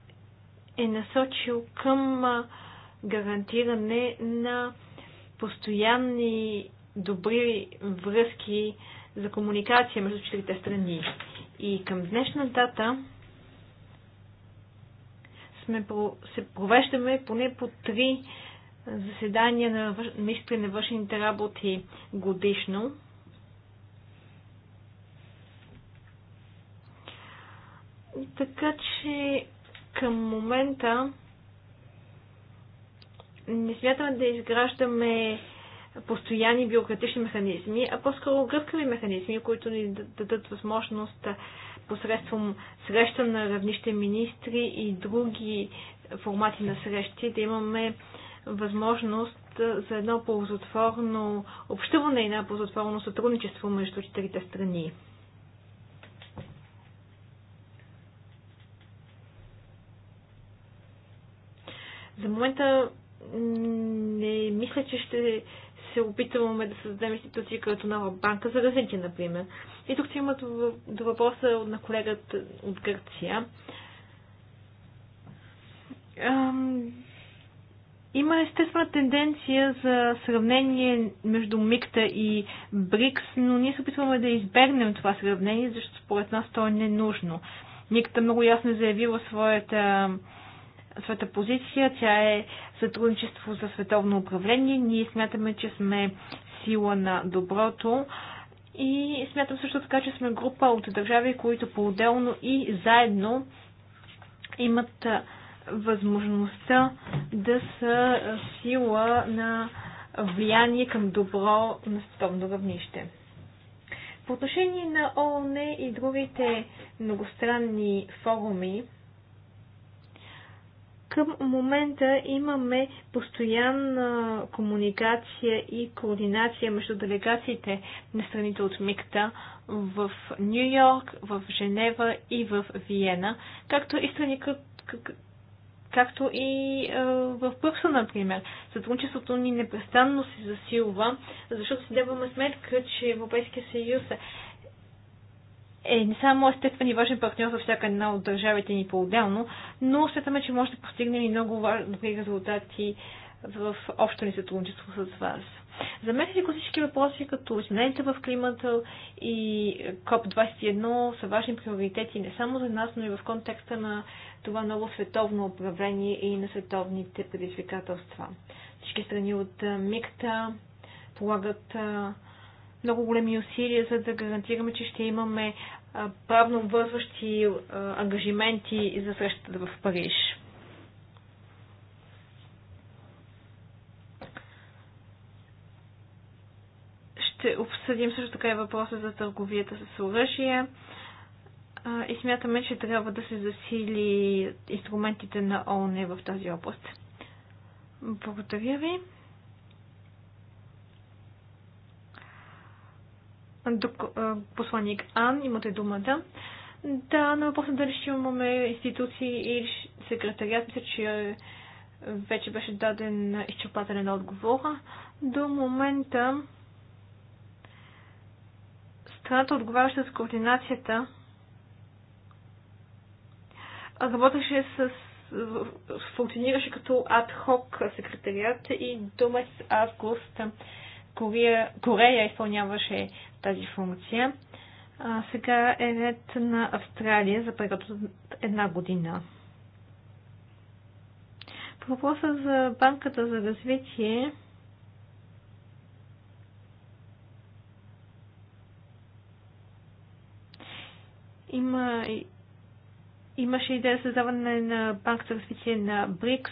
е насочил към гарантиране на постоянни добри връзки за комуникация между четирите страни. И към днешна дата сме, се провеждаме поне по три заседания на министри на външните работи годишно. Така че към момента не смятаме да изграждаме постоянни бюрократични механизми, а по-скоро гъвкави механизми, които ни дадат възможност посредством среща на равнище министри и други формати на срещи да имаме възможност за едно ползотворно общуване и едно ползотворно сътрудничество между четирите страни. За момента не мисля, че ще се опитваме да създадем институции като нова банка за развитие, например. И тук се имат до въпроса на колегата от Гърция. Има естествена тенденция за сравнение между МИКТА и БРИКС, но ние се опитваме да избегнем това сравнение, защото според нас то е ненужно. МИКТА много ясно е заяви в своята своята позиция. Тя е сътрудничество за световно управление. Ние смятаме, че сме сила на доброто. И смятам също така, че сме група от държави, които по-отделно и заедно имат възможността да са сила на влияние към добро на световно равнище. По отношение на ООН и другите многостранни форуми, към момента имаме постоянна комуникация и координация между делегациите на страните от МИКТА в Нью Йорк, в Женева и в Виена, както и страни както и е, в Пърса, например. Сътрудничеството ни непрестанно се засилва, защото си даваме сметка, че Европейския съюз е е не само естествен и важен партньор за всяка една от държавите ни по-отделно, но смятаме, че може да постигнем и много добри резултати в общо ни сътрудничество с вас. За мен всички въпроси, като изменените в климата и КОП-21 са важни приоритети не само за нас, но и в контекста на това ново световно управление и на световните предизвикателства. Всички страни от МИКТА полагат много големи усилия, за да гарантираме, че ще имаме правно вързващи ангажименти за срещата в Париж. Ще обсъдим също така и въпроса за търговията с оръжие и смятаме, че трябва да се засили инструментите на ООН в тази област. Благодаря ви. посланник Ан, имате думата. Да, на въпроса е дали ще имаме институции или секретариат, мисля, че вече беше даден изчерпателен отговор. До момента страната, отговаряща с координацията, работеше с функционираше като адхок секретариат и до месец август Корея, Корея изпълняваше тази функция. А, сега е ред на Австралия за период от една година. По въпроса за банката за развитие, има, имаше идея за създаване на банк за развитие на БРИКС.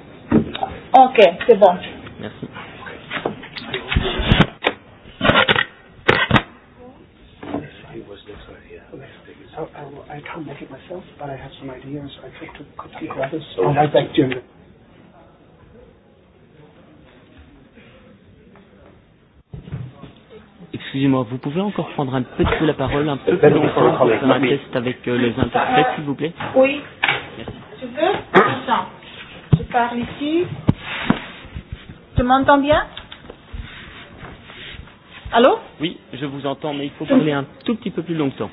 Ok, c'est bon. Merci. Excusez-moi, vous pouvez encore prendre un petit peu la parole, un peu plus longtemps pour faire un test avec euh, les interprètes, s'il vous plaît Oui. Merci. Tu veux Attends. Je parle ici. Tout le monde entend bien Allô Oui, je vous entends, mais il faut parler un tout petit peu plus longtemps.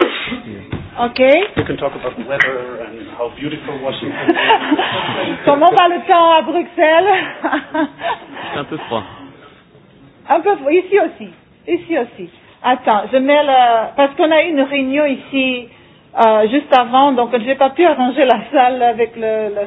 Ok. Comment va le temps à Bruxelles C'est un peu froid. Un peu froid, ici aussi. Ici aussi. Attends, je mets le... Parce qu'on a eu une réunion ici euh, juste avant, donc je n'ai pas pu arranger la salle avec le, le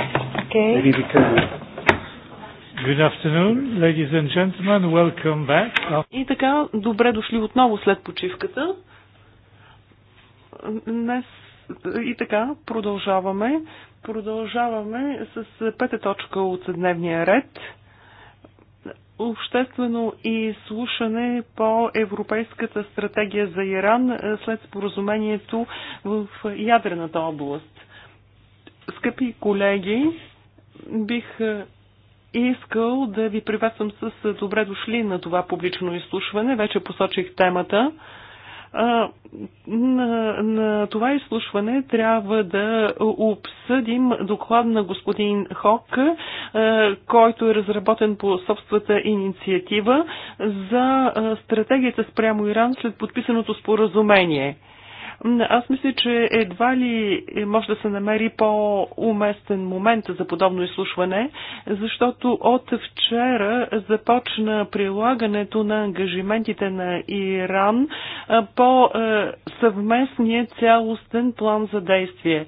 Okay. Maybe we can Good afternoon, ladies and gentlemen. Welcome back. И така, добре дошли отново след почивката. Днес и така, продължаваме. Продължаваме с пета точка от дневния ред. Обществено и слушане по Европейската стратегия за Иран е, след споразумението в ядрената област. Скъпи колеги, бих е, искал да ви приветствам с е, добре дошли на това публично изслушване. Вече посочих темата. А, е, на, на това изслушване трябва да обсъдим доклад на господин Хок, а, който е разработен по собствата инициатива за стратегията спрямо Иран след подписаното споразумение. Аз мисля, че едва ли може да се намери по-уместен момент за подобно изслушване, защото от вчера започна прилагането на ангажиментите на Иран по съвместния цялостен план за действие.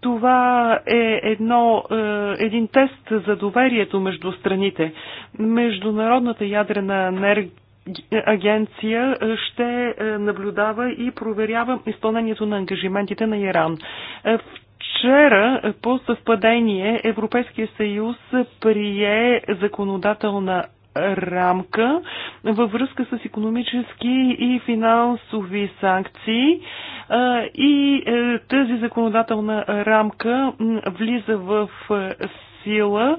Това е едно, един тест за доверието между страните. Международната ядрена енергия агенция е, ще е, наблюдава и проверява изпълнението на ангажиментите на Иран. Е, вчера по съвпадение Европейския съюз прие законодателна рамка във връзка с економически и финансови санкции и тази законодателна рамка влиза в сила,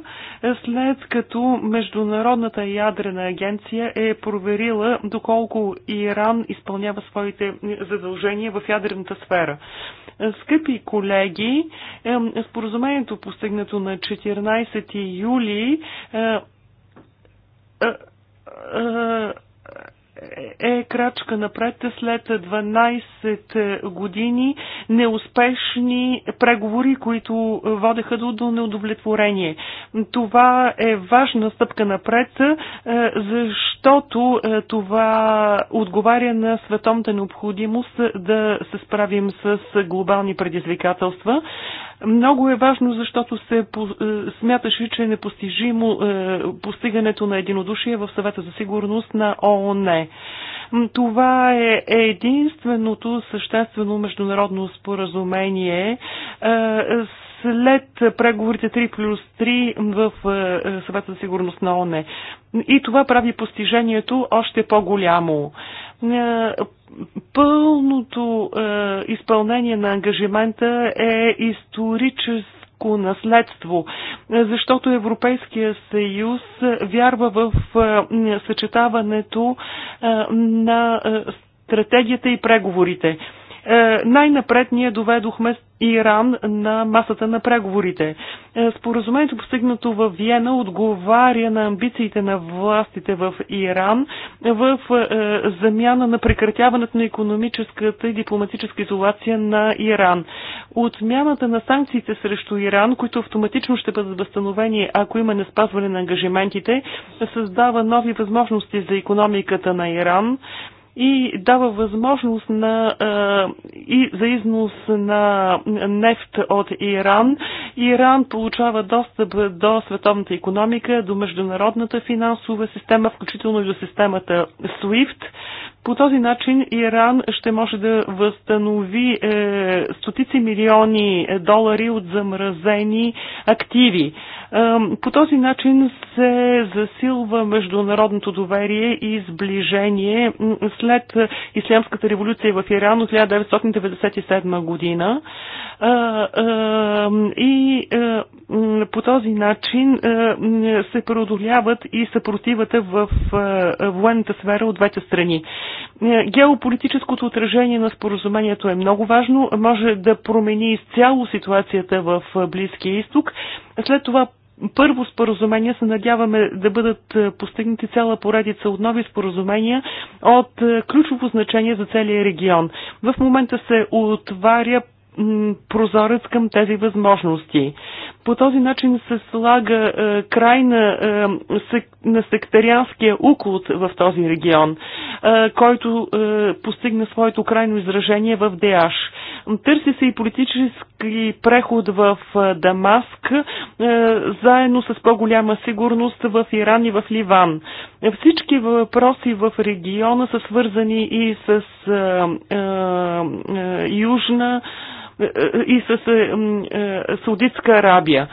след като Международната ядрена агенция е проверила доколко Иран изпълнява своите задължения в ядрената сфера. Скъпи колеги, споразумението постигнато на 14 юли е, е, е, е крачка напред след 12 години неуспешни преговори, които водеха до, до неудовлетворение. Това е важна стъпка напред, е, защото е, това отговаря на световната необходимост да се справим с глобални предизвикателства. Много е важно, защото се е, смяташе, че е непостижимо е, постигането на единодушие в съвета за сигурност на ООН. Това е единственото съществено международно споразумение е, след преговорите 3 плюс 3 в съвета за сигурност на ОНЕ. И това прави постижението още по-голямо. Е, пълното е, изпълнение на ангажимента е историческо наследство, защото Европейския съюз вярва в е, съчетаването на стратегията и преговорите. Е, най-напред ние доведохме Иран на масата на преговорите. Е, споразумението, постигнато в Виена, отговаря на амбициите на властите в Иран в е, замяна на прекратяването на економическата и дипломатическа изолация на Иран. Отмяната на санкциите срещу Иран, които автоматично ще бъдат възстановени, ако има не спазване на ангажиментите, създава нови възможности за економиката на Иран и дава възможност на, и за износ на нефт от Иран. Иран получава достъп до световната економика, до международната финансова система, включително и до системата SWIFT. По този начин Иран ще може да възстанови е, стотици милиони е, долари от замразени активи. Е, по този начин се засилва международното доверие и сближение след е, Ислямската революция в Иран от 1997 година. и е, по този начин се преодоляват и съпротивата в военната сфера от двете страни. Е, геополитическото отражение на споразумението е много важно, може да промени изцяло ситуацията в е, Близкия изток. След това първо споразумение се надяваме да бъдат е, постигнати цяла поредица от нови споразумения от ключово значение за целия регион. В момента се отваря прозорец към тези възможности. По този начин се слага е, край на, е, сек, на сектарианския уклот в този регион, е, който е, постигна своето крайно изражение в Деаш. Търси се и политически преход в е, Дамаск, е, заедно с по-голяма сигурност в Иран и в Ливан. Всички въпроси в региона са свързани и с е, е, е Южна, е, и с е, е, Саудитска Арабия.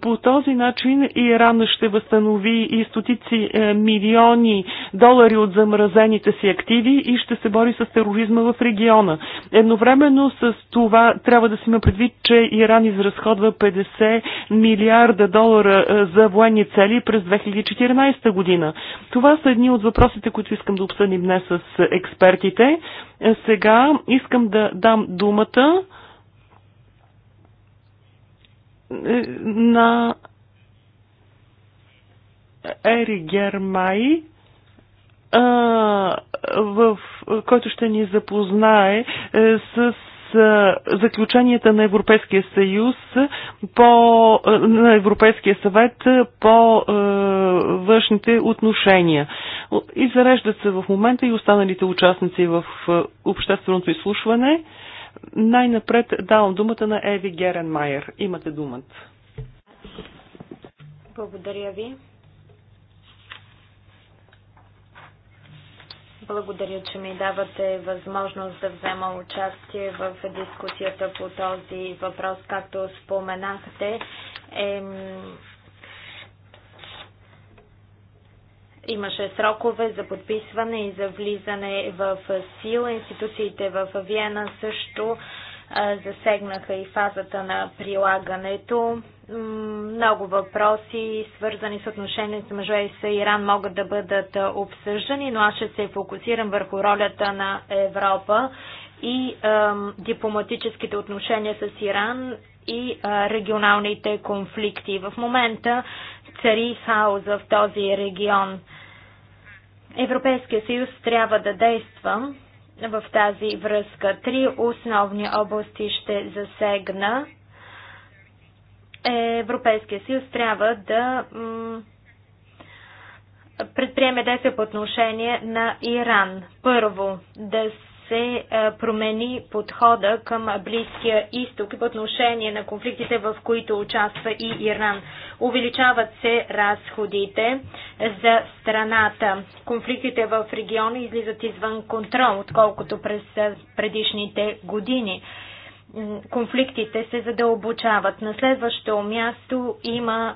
По този начин Иран ще възстанови и стотици е, милиони долари от замразените си активи и ще се бори с тероризма в региона. Едновременно с това трябва да си има предвид, че Иран изразходва 50 милиарда долара за военни цели през 2014 година. Това са едни от въпросите, които искам да обсъдим днес с експертите. Сега искам да дам думата на Ери Гермай, в, който ще ни запознае е, с заключенията на Европейския съюз по, на Европейския съвет по е, външните отношения. И зареждат се в момента и останалите участници в е, общественото изслушване. Най-напред давам думата на Еви Геренмайер. Имате думата. Благодаря ви. Благодаря, че ми давате възможност да взема участие в дискусията по този въпрос. Както споменахте, е Имаше срокове за подписване и за влизане в сила. Институциите в Виена също засегнаха и фазата на прилагането. Много въпроси, свързани с отношението между ЕС и Иран, могат да бъдат обсъждани, но аз ще се фокусирам върху ролята на Европа и ем, дипломатическите отношения с Иран и е, регионалните конфликти. В момента цари хаос в този регион. Европейския съюз трябва да действа в тази връзка. Три основни области ще засегна. Европейския съюз трябва да предприеме действия по отношение на Иран. Първо, да се е, промени подхода към Близкия изток в отношение на конфликтите, в които участва и Иран. Увеличават се разходите за страната. Конфликтите в региона излизат извън контрол, отколкото през е, предишните години конфликтите се задълбочават. На следващо място има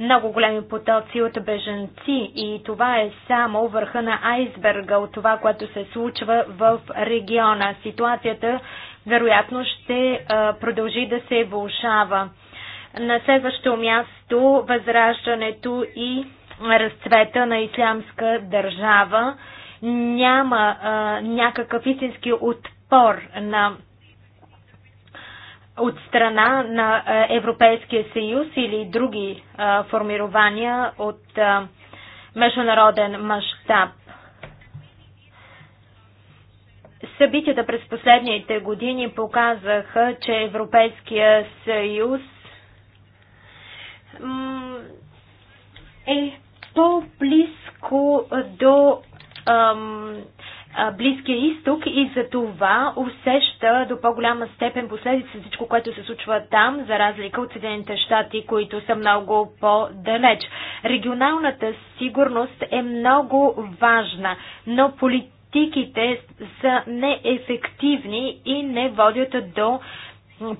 много големи потоци от бежанци и това е само върха на айсберга от това, което се случва в региона. Ситуацията вероятно ще продължи да се влушава. На следващо място възраждането и разцвета на ислямска държава няма а, някакъв истински отпор на от страна на е, Европейския съюз или други е, формирования от е, международен мащаб. Събитията през последните години показаха, че Европейския съюз е по-близко до Близкия изток и за това усеща до по-голяма степен последици всичко, което се случва там, за разлика от Съединените щати, които са много по-далеч. Регионалната сигурност е много важна, но политиките са неефективни и не водят до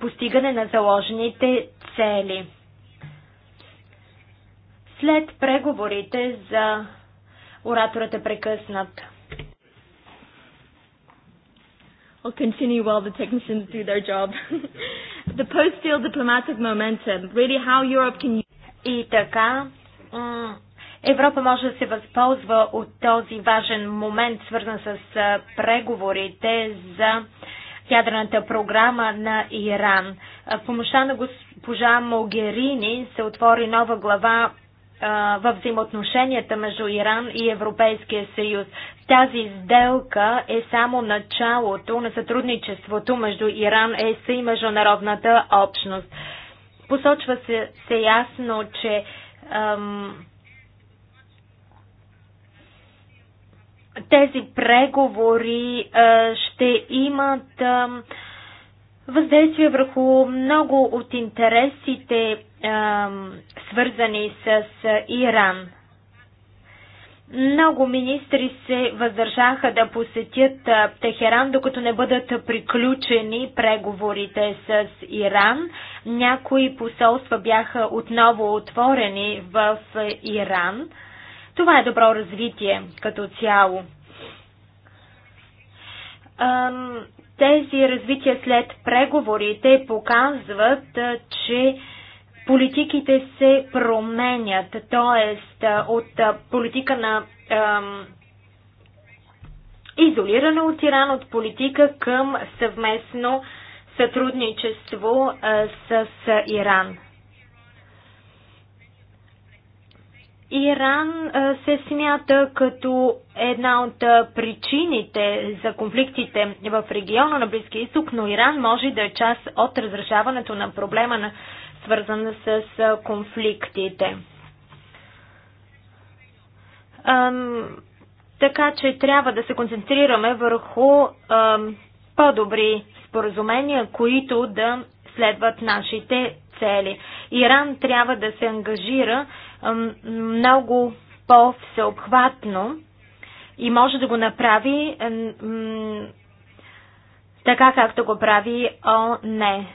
постигане на заложените цели. След преговорите за ораторът е прекъснат. I'll continue while the technicians do their job. the post-deal diplomatic momentum, really how Europe can... И така, Европа може да се възползва от този важен момент, свързан с преговорите за ядрената програма на Иран. В помощта на госпожа Могерини се отвори нова глава в взаимоотношенията между Иран и Европейския съюз. Тази сделка е само началото на сътрудничеството между Иран, ЕС и международната общност. Посочва се, се ясно, че ам, тези преговори а, ще имат ам, въздействие върху много от интересите, ам, свързани с Иран. Много министри се въздържаха да посетят Техеран, докато не бъдат приключени преговорите с Иран. Някои посолства бяха отново отворени в Иран. Това е добро развитие като цяло. Тези развития след преговорите показват, че политиките се променят, т.е. от политика на ем, изолирана от Иран, от политика към съвместно сътрудничество е, с Иран. Иран се смята като една от причините за конфликтите в региона на Близкия изток, но Иран може да е част от разрешаването на проблема на свързана с конфликтите. Така че трябва да се концентрираме върху по-добри споразумения, които да следват нашите цели. Иран трябва да се ангажира много по-всеобхватно и може да го направи така както го прави ОНЕ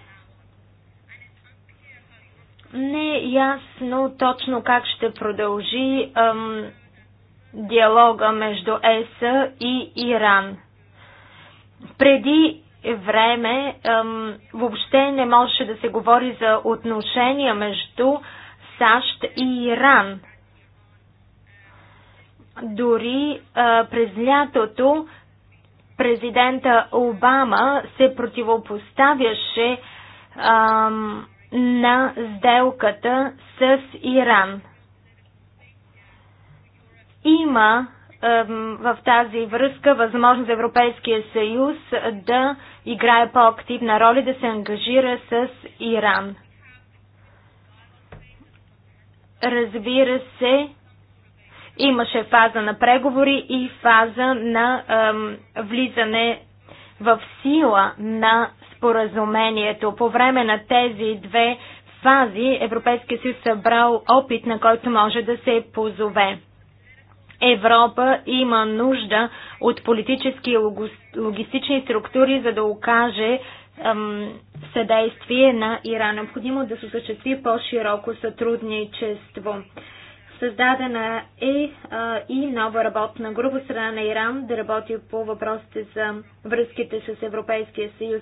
не е ясно точно как ще продължи ам, диалога между ЕС и Иран. Преди време ам, въобще не можеше да се говори за отношения между САЩ и Иран. Дори а, през лятото президента Обама се противопоставяше ам, на сделката с Иран. Има в тази връзка възможност Европейския съюз да играе по-активна роля, да се ангажира с Иран. Разбира се, имаше фаза на преговори и фаза на ем, влизане в сила на споразумението. По време на тези две фази Европейския съюз събрал опит, на който може да се позове. Европа има нужда от политически и логистични структури, за да окаже ем, съдействие на Иран. Необходимо да се осъществи по-широко сътрудничество. Създадена е а, и нова работна група страна на Иран да работи по въпросите за връзките с Европейския съюз.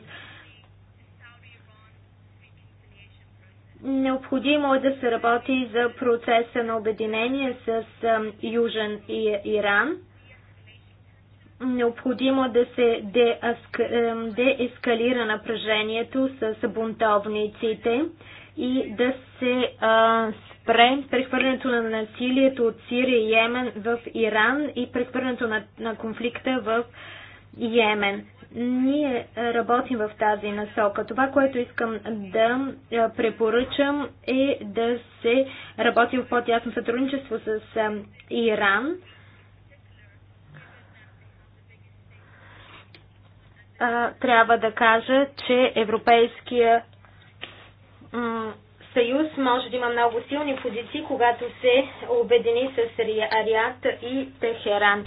Необходимо е да се работи за процеса на обединение с Южен Иран. Необходимо да се деескалира напрежението с бунтовниците и да се спре прехвърлянето на насилието от Сирия и Йемен в Иран и прехвърлянето на, на конфликта в Йемен. Ние работим в тази насока. Това, което искам да е, препоръчам е да се работи в по-тясно сътрудничество с е, Иран. Трябва да кажа, че Европейския съюз може да има много силни позиции, когато се обедини с Ариат и Техеран.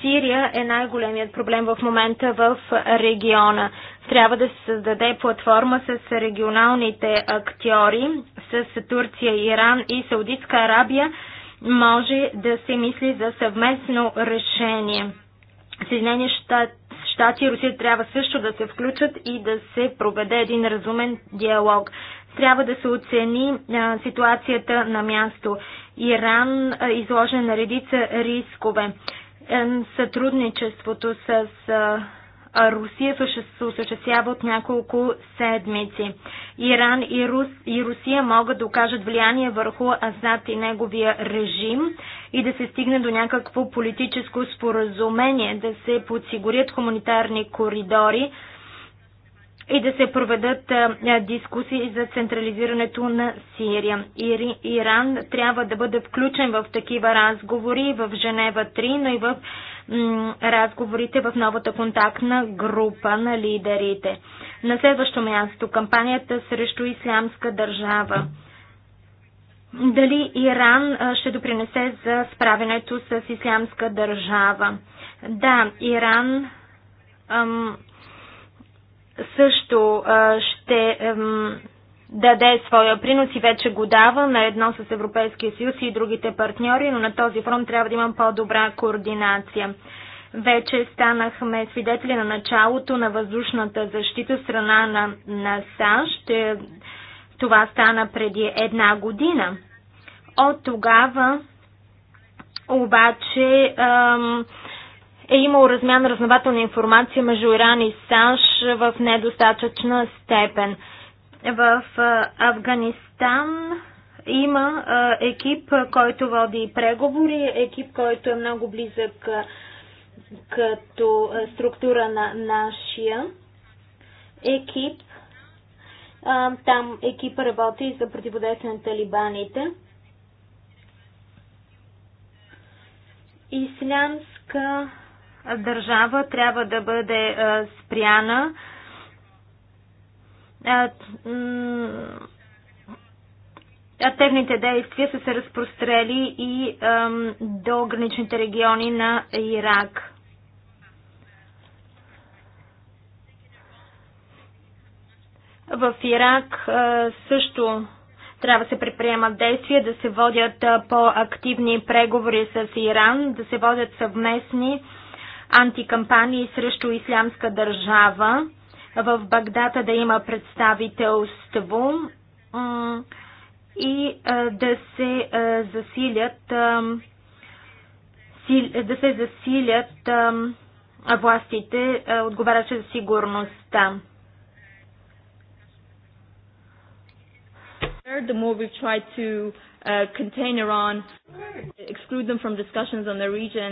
Сирия е най-големият проблем в момента в региона. Трябва да се създаде платформа с регионалните актьори, с Турция, Иран и Саудитска Арабия. Може да се мисли за съвместно решение. Съединени щати, щати и Русия трябва също да се включат и да се проведе един разумен диалог. Трябва да се оцени а, ситуацията на място. Иран а, изложен на редица рискове. Сътрудничеството с Русия се осъществява от няколко седмици. Иран и, Рус, и Русия могат да окажат влияние върху Азад и неговия режим и да се стигне до някакво политическо споразумение, да се подсигурят хуманитарни коридори, и да се проведат дискусии за централизирането на Сирия. Иран трябва да бъде включен в такива разговори в Женева 3, но и в разговорите в новата контактна група на лидерите. На следващо място кампанията срещу ислямска държава. Дали Иран ще допринесе за справянето с ислямска държава? Да, Иран ам, също ще даде своя принос и вече го дава на едно с Европейския съюз и другите партньори, но на този фронт трябва да имам по-добра координация. Вече станахме свидетели на началото на въздушната защита страна на, на САЩ. Това стана преди една година. От тогава обаче ам, е имал размян на разнователна информация между Иран и САЩ в недостатъчна степен. В Афганистан има екип, който води преговори, екип, който е много близък като структура на нашия екип. Там екипа работи за противодействие на талибаните. Ислямска държава трябва да бъде спряна. А Техните действия са се разпрострели и до граничните региони на Ирак. В Ирак също трябва да се предприемат действия, да се водят по-активни преговори с Иран, да се водят съвместни антикампании срещу ислямска държава. В Багдата да има представителство и да се засилят да се засилят властите, отговаряше за сигурността. The more we've tried to uh, contain Iran, exclude them from discussions on the region.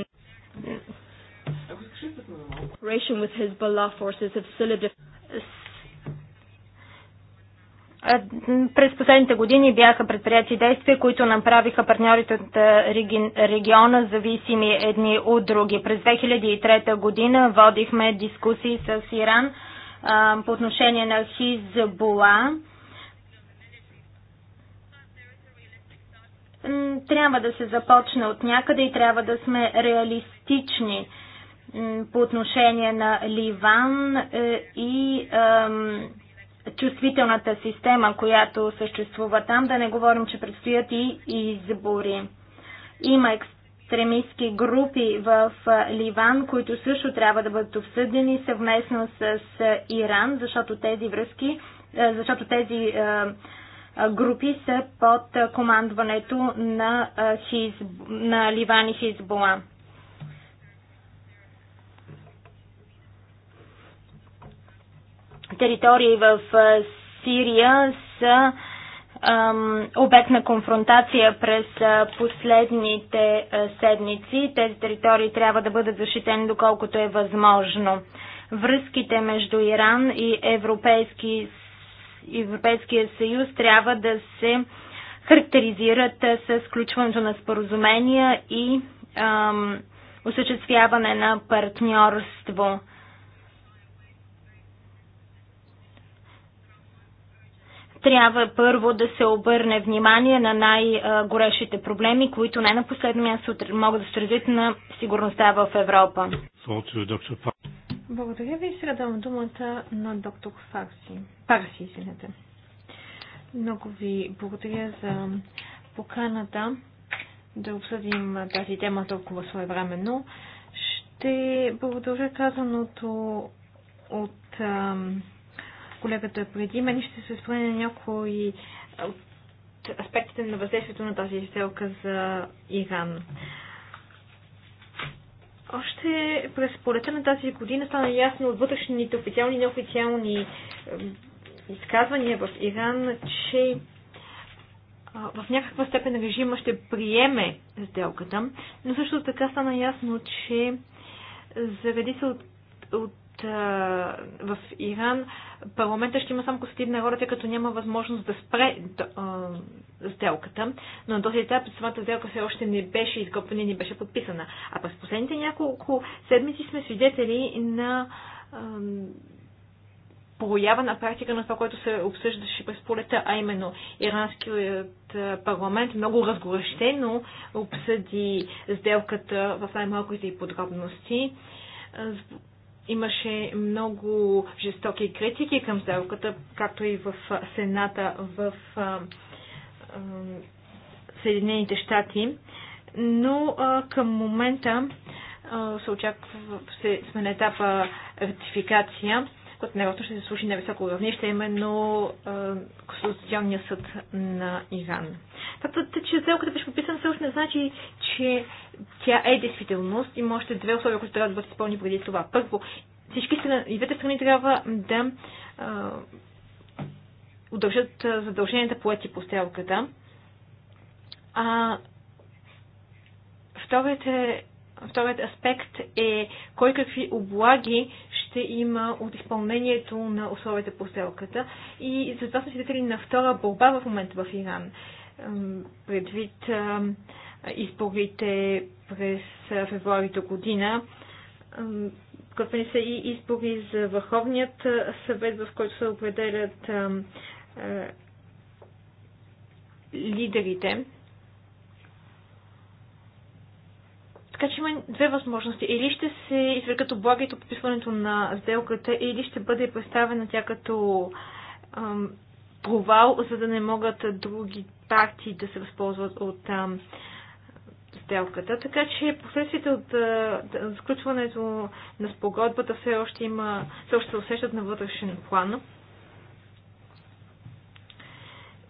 През последните години бяха предприяти действия, които направиха партньорите от региона зависими едни от други. През 2003 година водихме дискусии с Иран по отношение на Хизбула. Трябва да се започне от някъде и трябва да сме реалистични по отношение на Ливан е, и чувствителната система, която съществува там, да не говорим, че предстоят и избори. Има екстремистски групи в Ливан, които също трябва да бъдат обсъдени съвместно с Иран, защото тези връзки, е, защото тези е, групи са под командването на, Хизб... на Ливан и Хизбола. територии в Сирия са обект на конфронтация през последните седмици. Тези територии трябва да бъдат защитени доколкото е възможно. Връзките между Иран и Европейски, Европейския съюз трябва да се характеризират с включването на споразумения и ам, осъществяване на партньорство. трябва първо да се обърне внимание на най-горещите проблеми, които не на последно място могат да се отразят на сигурността в Европа. Благодаря ви. Сега давам думата на доктор Фарси. Парси, извинете. Много ви благодаря за поканата да обсъдим тази тема толкова своевременно. Ще продължа казаното от колегата преди мен, ще се спра на някои от аспектите на въздействието на тази сделка за Иран. Още през полета на тази година стана ясно от вътрешните официални и неофициални изказвания в Иран, че в някаква степен режима ще приеме сделката, но също така стана ясно, че заради се от, от в Иран, парламента ще има само консултативна роля, тъй като няма възможност да спре а, сделката, но на този етап самата сделка все още не беше изготвена и не беше подписана. А през последните няколко седмици сме свидетели на а, проява на практика на това, което се обсъждаше през полета, а именно иранският парламент много разгорещено обсъди сделката в най-малките и подробности Имаше много жестоки критики към сделката, както и в Сената в Съединените щати, но към момента се очаква, сме на етапа ратификация която най-вероятно ще се случи на високо равнище, именно Конституционния съд на Иран. Така, че сделката беше подписана, все още не значи, че тя е действителност. Има още две условия, които трябва да бъдат изпълни преди това. Първо, всички страни, и двете страни трябва да а, удължат задълженията ети по сделката. А вторият, е, вторият аспект е кой какви облаги ще има от изпълнението на условията по сделката. И затова сме свидетели на втора борба в момента в Иран. Предвид изборите през февруари до година, Готвени са и избори за Върховният съвет, в който се определят лидерите. Така че има две възможности. Или ще се извлекат облагите от подписването на сделката, или ще бъде представена тя като ам, провал, за да не могат други партии да се възползват от ам, сделката. Така че последствията от а, сключването на спогодбата все още има, все още се усещат на вътрешен план.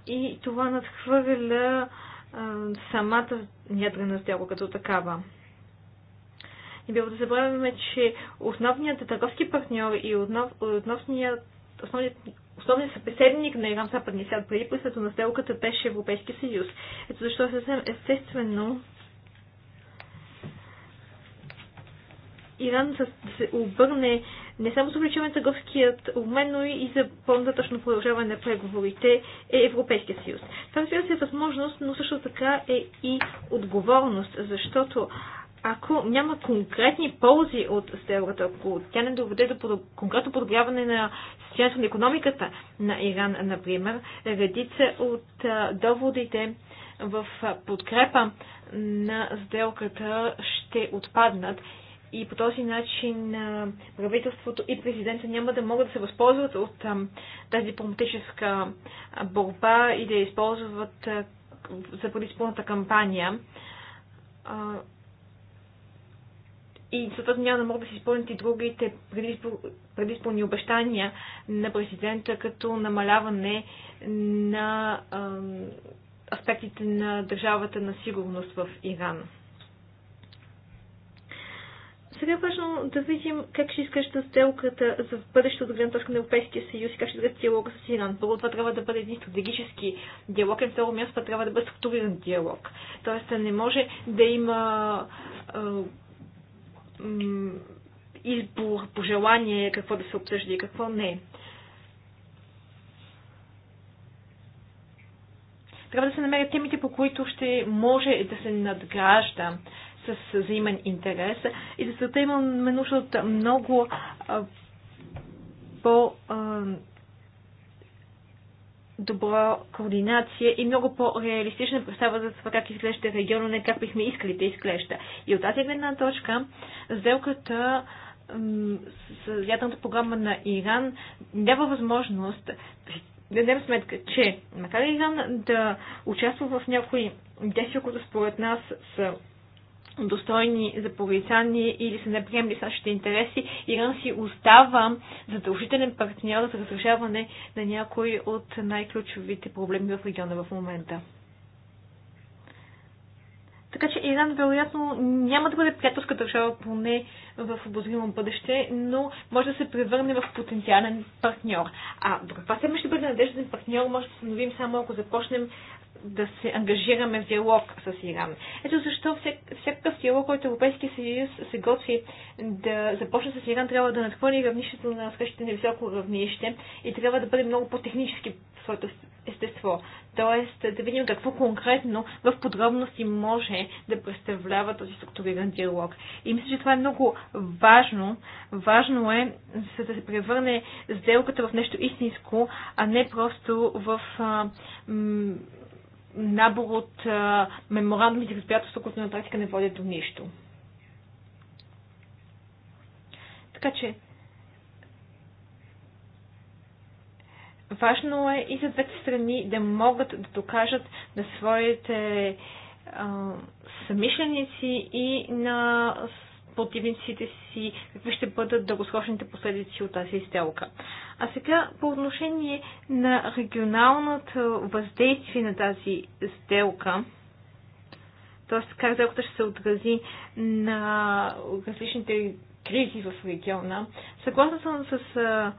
И това надхвърля самата ядрена сделка като такава. Не бива да забравяме, че основният търговски партньор и основният, основният събеседник на Иран Западния свят преди присъдата на сделката беше Европейския съюз. Ето защо съвсем естествено Иран да се обърне не само за увеличаване на търговският обмен, но и за по-нататъчно продължаване на преговорите е Европейския съюз. Това разбира се е възможност, но също така е и отговорност, защото ако няма конкретни ползи от сделката, ако тя не доведе до конкретно подобряване на състоянието на економиката на Иран, например, редица от доводите в подкрепа на сделката ще отпаднат и по този начин правителството и президента няма да могат да се възползват от тази дипломатическа борба и да я използват за предизборната кампания и съответно няма да могат да се изпълнят и другите предизпълни обещания на президента, като намаляване на аспектите на държавата на сигурност в Иран. Сега е важно да видим как ще изглежда сделката за бъдещето от гледна точка на Европейския съюз и как ще изглежда диалога с Иран. Първо, това трябва да бъде един стратегически диалог, и второ място, това трябва да бъде структуриран диалог. Тоест, не може да има избор, пожелание какво да се обсъжда и какво не. Трябва да се намерят темите, по които ще може да се надгражда с взаимен интерес. И за да имаме нужда от много по- добра координация и много по-реалистична представа за това как изглежда региона, не как бихме искали да изглежда. И от тази гледна точка, сделката с ядрената програма на Иран дава възможност да дадем сметка, че макар Иран да участва в някои действия, които според нас са достойни за порицание или са неприемли нашите интереси, Иран си остава задължителен партньор за разрешаване на някои от най-ключовите проблеми в региона в момента. Така че Иран вероятно няма да бъде приятелска държава, поне в обозримо бъдеще, но може да се превърне в потенциален партньор. А до каква степен ще бъде надежден партньор, може да установим само ако започнем да се ангажираме в диалог с Иран. Ето защо всякакъв диалог, който Европейския съюз се готви да започне с Иран, трябва да надхвърли равнището на срещите на високо равнище и трябва да бъде много по-технически в своето естество. Тоест да видим какво конкретно в подробности може да представлява този структуриран диалог. И мисля, че това е много важно. Важно е, за да се превърне сделката в нещо истинско, а не просто в а, набор от а, меморандуми за разбирателство, които на практика не водят до нищо. Така че, важно е и за двете страни да могат да докажат на своите а, съмишленици и на противниците си, какви ще бъдат дългосрочните последици от тази сделка. А сега по отношение на регионалното въздействие на тази сделка, т.е. как сделката ще се отрази на различните кризи в региона. Съгласна съм с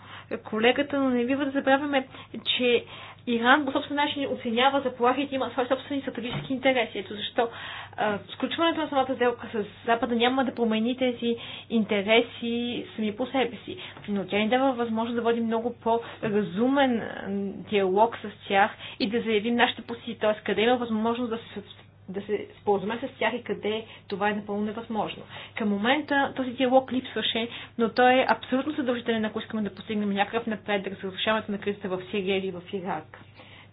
колегата, но не бива да забравяме, че Иран по собствен начин оценява заплахите, има свои собствени стратегически интереси. Ето защо а, сключването на самата сделка с Запада няма да промени тези интереси сами по себе си. Но тя ни дава възможност да водим много по-разумен диалог с тях и да заявим нашите позиции, т.е. къде има възможност да се да се спозваме с тях и къде това е напълно невъзможно. Към момента този диалог липсваше, но той е абсолютно задължителен, ако искаме да постигнем някакъв напредък за разрешаването на кризата в Сирия или в Ирак.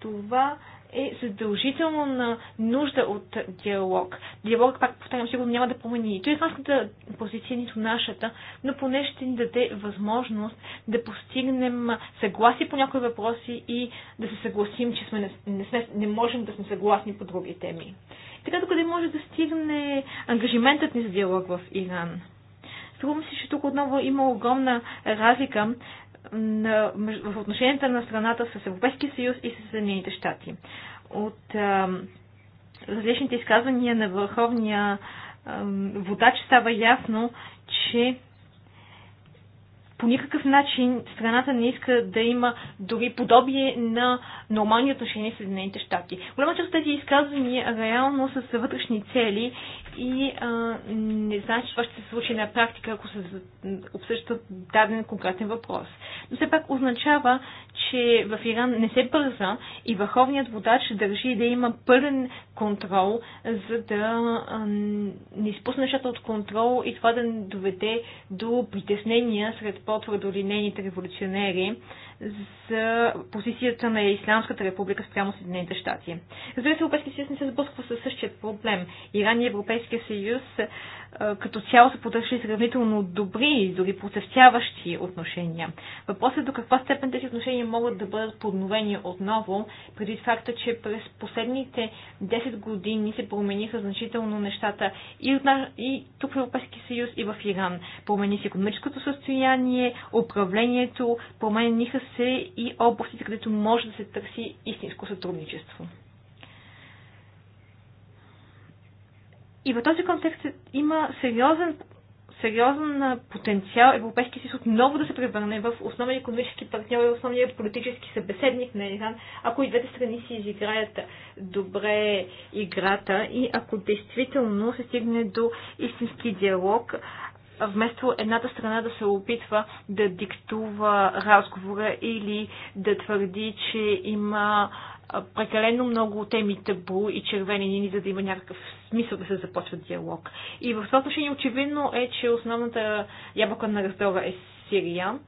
Това е задължително на нужда от диалог. Диалог, пак повтарям, сигурно няма да промени нито исламската позиция, нито нашата, но поне ще ни даде възможност да постигнем съгласие по някои въпроси и да се съгласим, че сме, не, сме, не можем да сме съгласни по други теми. Така докъде може да стигне ангажиментът ни за диалог в Иран. Струва ми се, че тук отново има огромна разлика на, в отношенията на страната с Европейския съюз и с Съединените щати. От а, различните изказвания на върховния а, водач става ясно, че по никакъв начин страната не иска да има дори подобие на нормални отношения с Съединените щати. Голяма част от тези изказвания реално са вътрешни цели и а, не значи това ще се случи на практика, ако се обсъжда даден конкретен въпрос. Но все пак означава, че в Иран не се бърза и върховният водач държи да има пълен контрол, за да а, не изпусне нещата от контрол и това да доведе до притеснения сред по по революционери за позицията на Исламската република спрямо Съединените щати. Разбира се, Европейския съюз не се сблъсква със същия проблем. Иран и Европейския съюз е, като цяло са поддържали сравнително добри и дори процъфтяващи отношения. Въпросът е до каква степен тези отношения могат да бъдат подновени отново, преди факта, че през последните 10 години се промениха значително нещата и, от, и тук в Европейския съюз, и в Иран. Промени се економическото състояние, управлението, промениха се и областите, където може да се търси истинско сътрудничество. И в този контекст има сериозен, сериозен потенциал Европейския съюз отново да се превърне в основен економически партньор и основния политически събеседник на Иран, ако и двете страни си изиграят добре играта и ако действително се стигне до истински диалог, вместо едната страна да се опитва да диктува разговора или да твърди, че има прекалено много теми табу и червени нини, за да има някакъв смисъл да се започва диалог. И в това отношение очевидно е, че основната ябълка на раздора е Сирия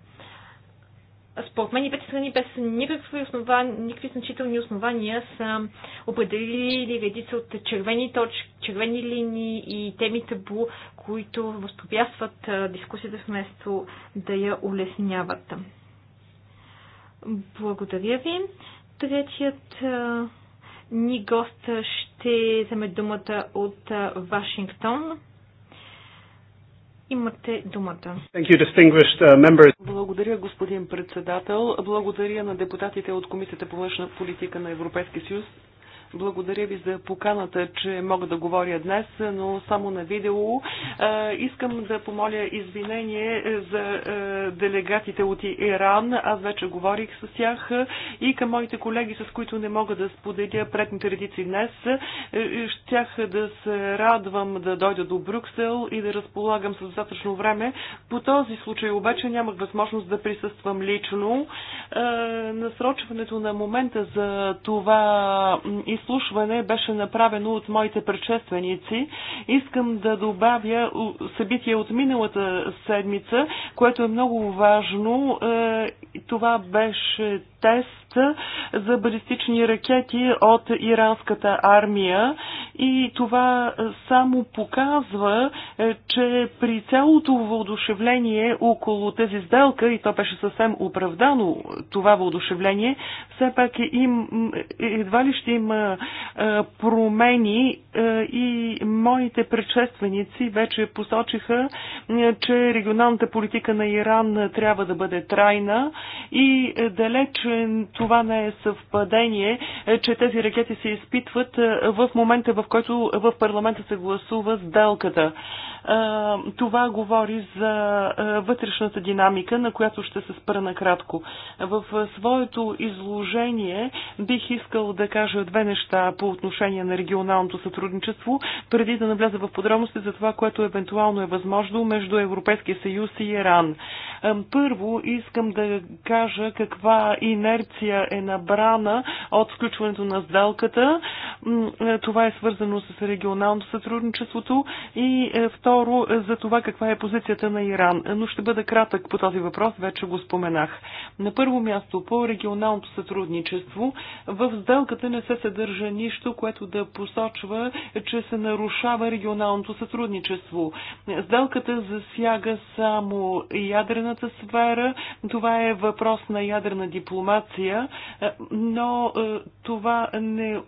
според мен и двете страни без никакви, основания, никакви значителни основания са определили редица от червени точки, червени линии и теми табу, които възпрепятстват дискусията вместо да я улесняват. Благодаря ви. Третият ни гост ще вземе думата от Вашингтон. Имате думата. You, uh, Благодаря, господин председател. Благодаря на депутатите от Комисията по външна политика на Европейския съюз благодаря ви за поканата, че мога да говоря днес, но само на видео. Е, искам да помоля извинение за е, делегатите от Иран. Аз вече говорих с тях и към моите колеги, с които не мога да споделя предните редици днес. Е, щях да се радвам да дойда до Брюксел и да разполагам с достатъчно време. По този случай обаче нямах възможност да присъствам лично. Насрочването на момента за това изслушване беше направено от моите предшественици. Искам да добавя събитие от миналата седмица, което е много важно. Е, това беше тест за балистични ракети от иранската армия и това само показва, е, че при цялото въодушевление около тези сделка, и то беше съвсем оправдано това въодушевление, все пак е им, е, едва ли ще има промени и моите предшественици вече посочиха, че регионалната политика на Иран трябва да бъде трайна и далеч това не е съвпадение, е, че тези ракети се изпитват е, в момента, в който в парламента се гласува сделката. Това говори за вътрешната динамика, на която ще се спра накратко. В своето изложение бих искал да кажа две неща по отношение на регионалното сътрудничество, преди да навляза в подробности за това, което евентуално е възможно между Европейския съюз и Иран. Първо искам да кажа каква инерция е набрана от включването на сделката. Това е свързано с регионалното сътрудничеството и второ Второ, е, за това каква е позицията на Иран. Но ще бъда кратък по този въпрос, вече го споменах. На първо място, по регионалното сътрудничество, в сделката не се съдържа нищо, което да посочва, че се нарушава регионалното сътрудничество. Сделката засяга само ядрената сфера. Това е въпрос на ядрена дипломация, е, но е, това не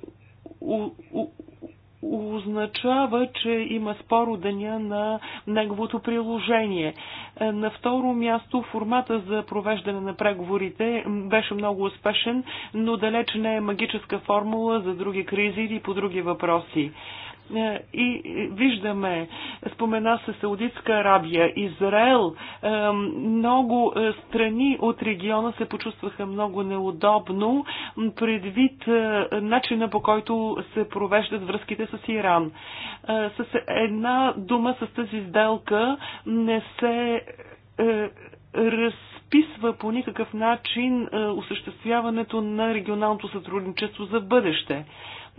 означава, че има споро деня на неговото приложение. Е, на второ място формата за провеждане на преговорите беше много успешен, но далеч не е магическа формула за други кризи или по други въпроси. Е, и виждаме, спомена се Саудитска Арабия, Израел, е, много е, страни от региона се почувстваха много неудобно предвид начина по който се провеждат връзките с Иран. С една дума с тази сделка не се раз разписва по никакъв начин осъществяването на регионалното сътрудничество за бъдеще.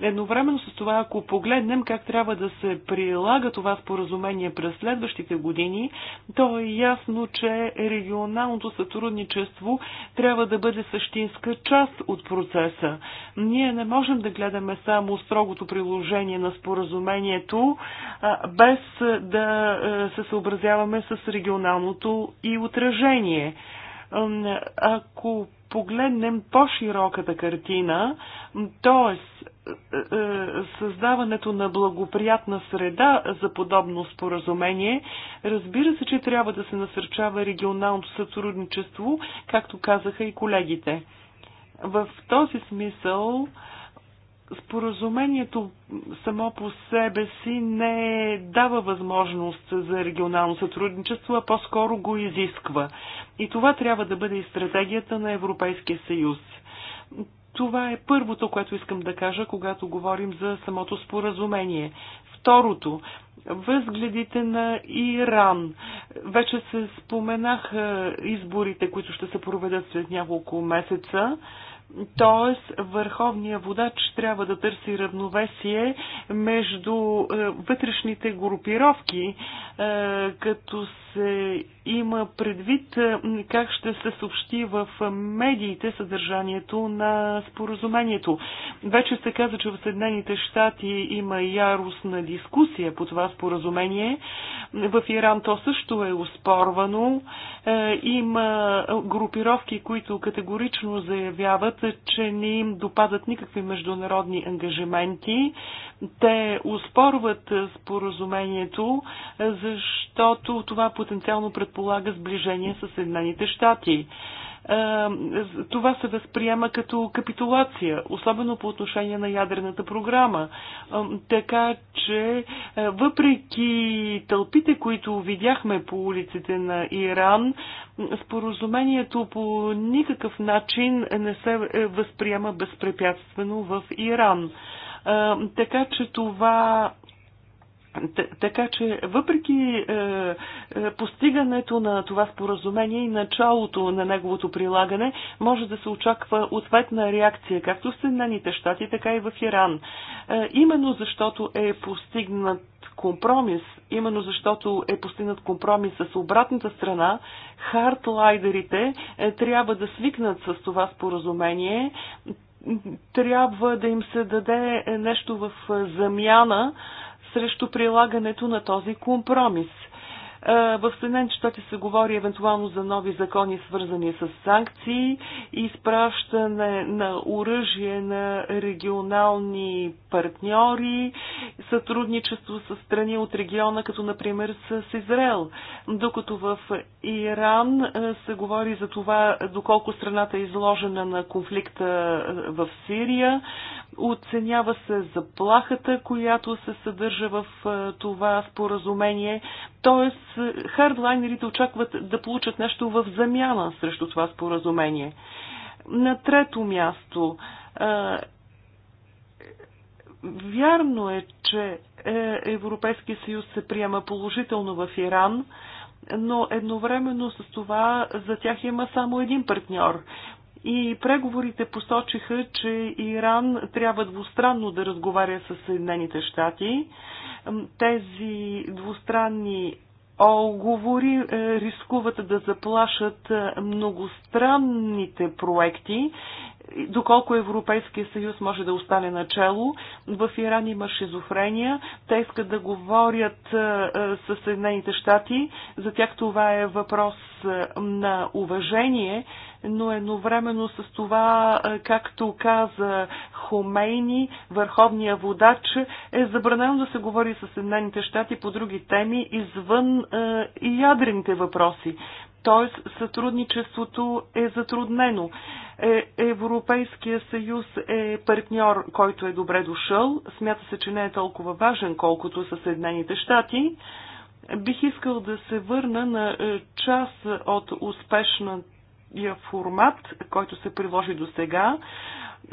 Едновременно с това, ако погледнем как трябва да се прилага това споразумение през следващите години, то е ясно, че регионалното сътрудничество трябва да бъде същинска част от процеса. Ние не можем да гледаме само строгото приложение на споразумението, без да се съобразяваме с регионалното и отражение. Ако погледнем по-широката картина, т.е създаването на благоприятна среда за подобно споразумение. Разбира се, че трябва да се насърчава регионалното сътрудничество, както казаха и колегите. В този смисъл споразумението само по себе си не дава възможност за регионално сътрудничество, а по-скоро го изисква. И това трябва да бъде и стратегията на Европейския съюз това е първото, което искам да кажа, когато говорим за самото споразумение. Второто, възгледите на Иран. Вече се споменах изборите, които ще се проведат след няколко месеца. Тоест, върховният водач трябва да търси равновесие между е, вътрешните групировки, е, като се има предвид е, как ще се съобщи в медиите съдържанието на споразумението. Вече се каза, че в Съединените щати има яростна дискусия по това споразумение. В Иран то също е успорвано. Има групировки, които категорично заявяват, казват, че не им допадат никакви международни ангажименти. Те успорват споразумението, защото това потенциално предполага сближение с Съединените щати. Е, това се възприема като капитулация, особено по отношение на ядрената програма. Е, така че, е, въпреки тълпите, които видяхме по улиците на Иран, споразумението по никакъв начин не се възприема безпрепятствено в Иран. Така че това така че, въпреки е, е, постигането на това споразумение и началото на неговото прилагане, може да се очаква ответна реакция, както в Съединените щати, така и в Иран. Е, именно защото е постигнат компромис, именно защото е постигнат компромис с обратната страна, хардлайдерите е, трябва да свикнат с това споразумение, трябва да им се даде нещо в замяна, срещу прилагането на този компромис. В Съединените щати се говори евентуално за нови закони, свързани с санкции, изпращане на оръжие на регионални партньори, сътрудничество с страни от региона, като например с Израел. Докато в Иран се говори за това доколко страната е изложена на конфликта в Сирия, Оценява се заплахата, която се съдържа в това споразумение. Тоест, хардлайнерите очакват да получат нещо в замяна срещу това споразумение. На трето място, вярно е, че е, Европейския съюз се приема положително в Иран, но едновременно с това за тях има само един партньор. И преговорите посочиха, че Иран трябва двустранно да разговаря с Съединените щати. Тези двустранни оговори е, рискуват да заплашат е, многостранните проекти доколко Европейския съюз може да остане начало. В Иран има шизофрения. Те искат да говорят с Съединените щати. За тях това е въпрос на уважение, но едновременно с това, както каза Хомейни, върховния водач, е забранено да се говори с Съединените щати по други теми извън и ядрените въпроси т.е. сътрудничеството е затруднено. Е, Европейския съюз е партньор, който е добре дошъл. Смята се, че не е толкова важен, колкото са Съединените щати. Бих искал да се върна на е, част от успешната формат, който се приложи до сега.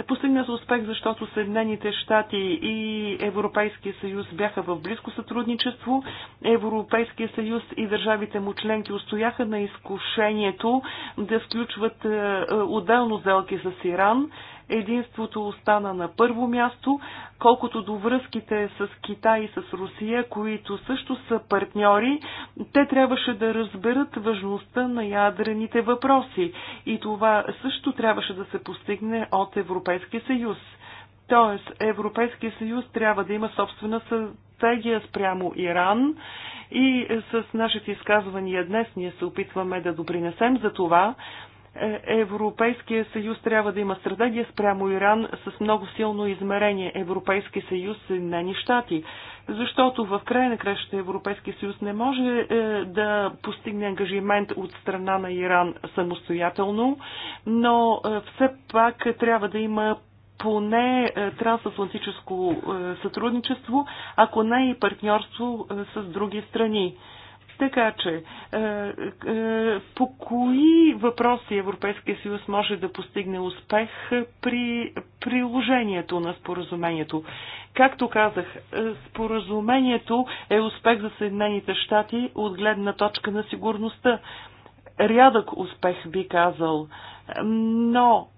Постигна се успех, защото Съединените щати и Европейския съюз бяха в близко сътрудничество. Европейския съюз и държавите му членки устояха на изкушението да сключват е, е, отделно сделки с Иран единството остана на първо място, колкото до връзките с Китай и с Русия, които също са партньори, те трябваше да разберат важността на ядрените въпроси и това също трябваше да се постигне от Европейския съюз. Тоест, Европейския съюз трябва да има собствена стратегия спрямо Иран и с нашите изказвания днес ние се опитваме да допринесем за това, е, Европейския съюз трябва да има стратегия спрямо Иран с много силно измерение Европейски съюз нени щати. Защото в края на кращата Европейския съюз не може е, да постигне ангажимент от страна на Иран самостоятелно, но е, все пак трябва да има поне трансатлантическо сътрудничество, ако не и партньорство с други страни. Така че, е, е, по кои въпроси Европейския съюз може да постигне успех при приложението на споразумението? Както казах, е, споразумението е успех за Съединените щати от гледна точка на сигурността. Рядък успех би казал, но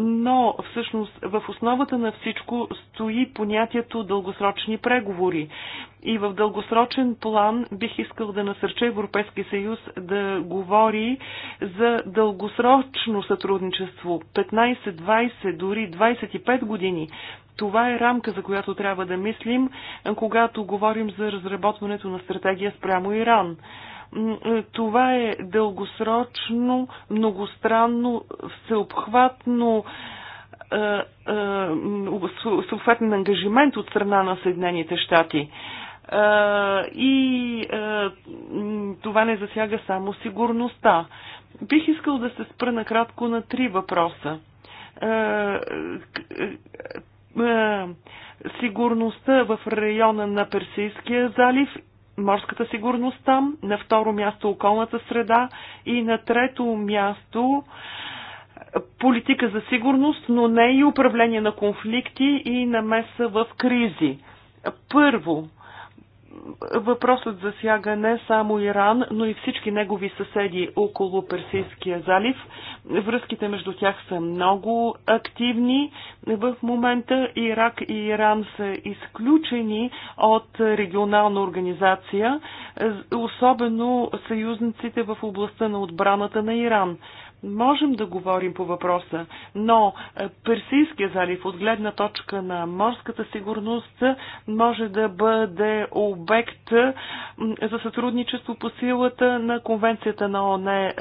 но всъщност в основата на всичко стои понятието дългосрочни преговори. И в дългосрочен план бих искал да насърча Европейския съюз да говори за дългосрочно сътрудничество 15, 20, дори 25 години. Това е рамка, за която трябва да мислим, когато говорим за разработването на стратегия спрямо Иран. Е, това е дългосрочно, многостранно, всеобхватно е, е, съответен ангажимент от страна на Съединените щати. И това не засяга само сигурността. Бих искал да се спра накратко на три въпроса. Сигурността в района на Персийския залив морската сигурност там, на второ място околната среда и на трето място е, политика за сигурност, но не и управление на конфликти и намеса в кризи. Първо, Въпросът засяга не само Иран, но и всички негови съседи около Персийския залив. Връзките между тях са много активни. В момента Ирак и Иран са изключени от регионална организация, особено съюзниците в областта на отбраната на Иран. Можем да говорим по въпроса, но е, Персийския залив от гледна точка на морската сигурност е, може да бъде обект е, за сътрудничество по силата на Конвенцията на ОНЕ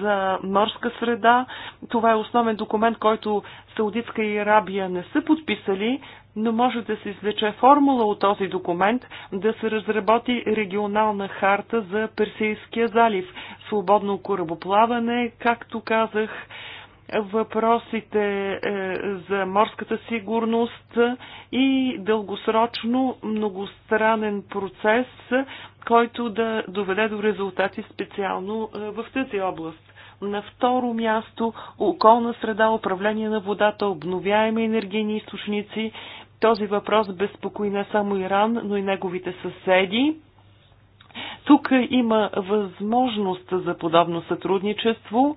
за морска среда. Това е основен документ, който Саудитска и Арабия не са подписали, но може да се извлече формула от този документ да се разработи регионална харта за Персийския залив, свободно корабоплаване, както казах, въпросите е, за морската сигурност и дългосрочно многостранен процес, който да доведе до резултати специално е, в тази област. На второ място околна среда, управление на водата, обновяеми енергийни източници, този въпрос безпокои не само Иран, но и неговите съседи. Тук има възможност за подобно сътрудничество.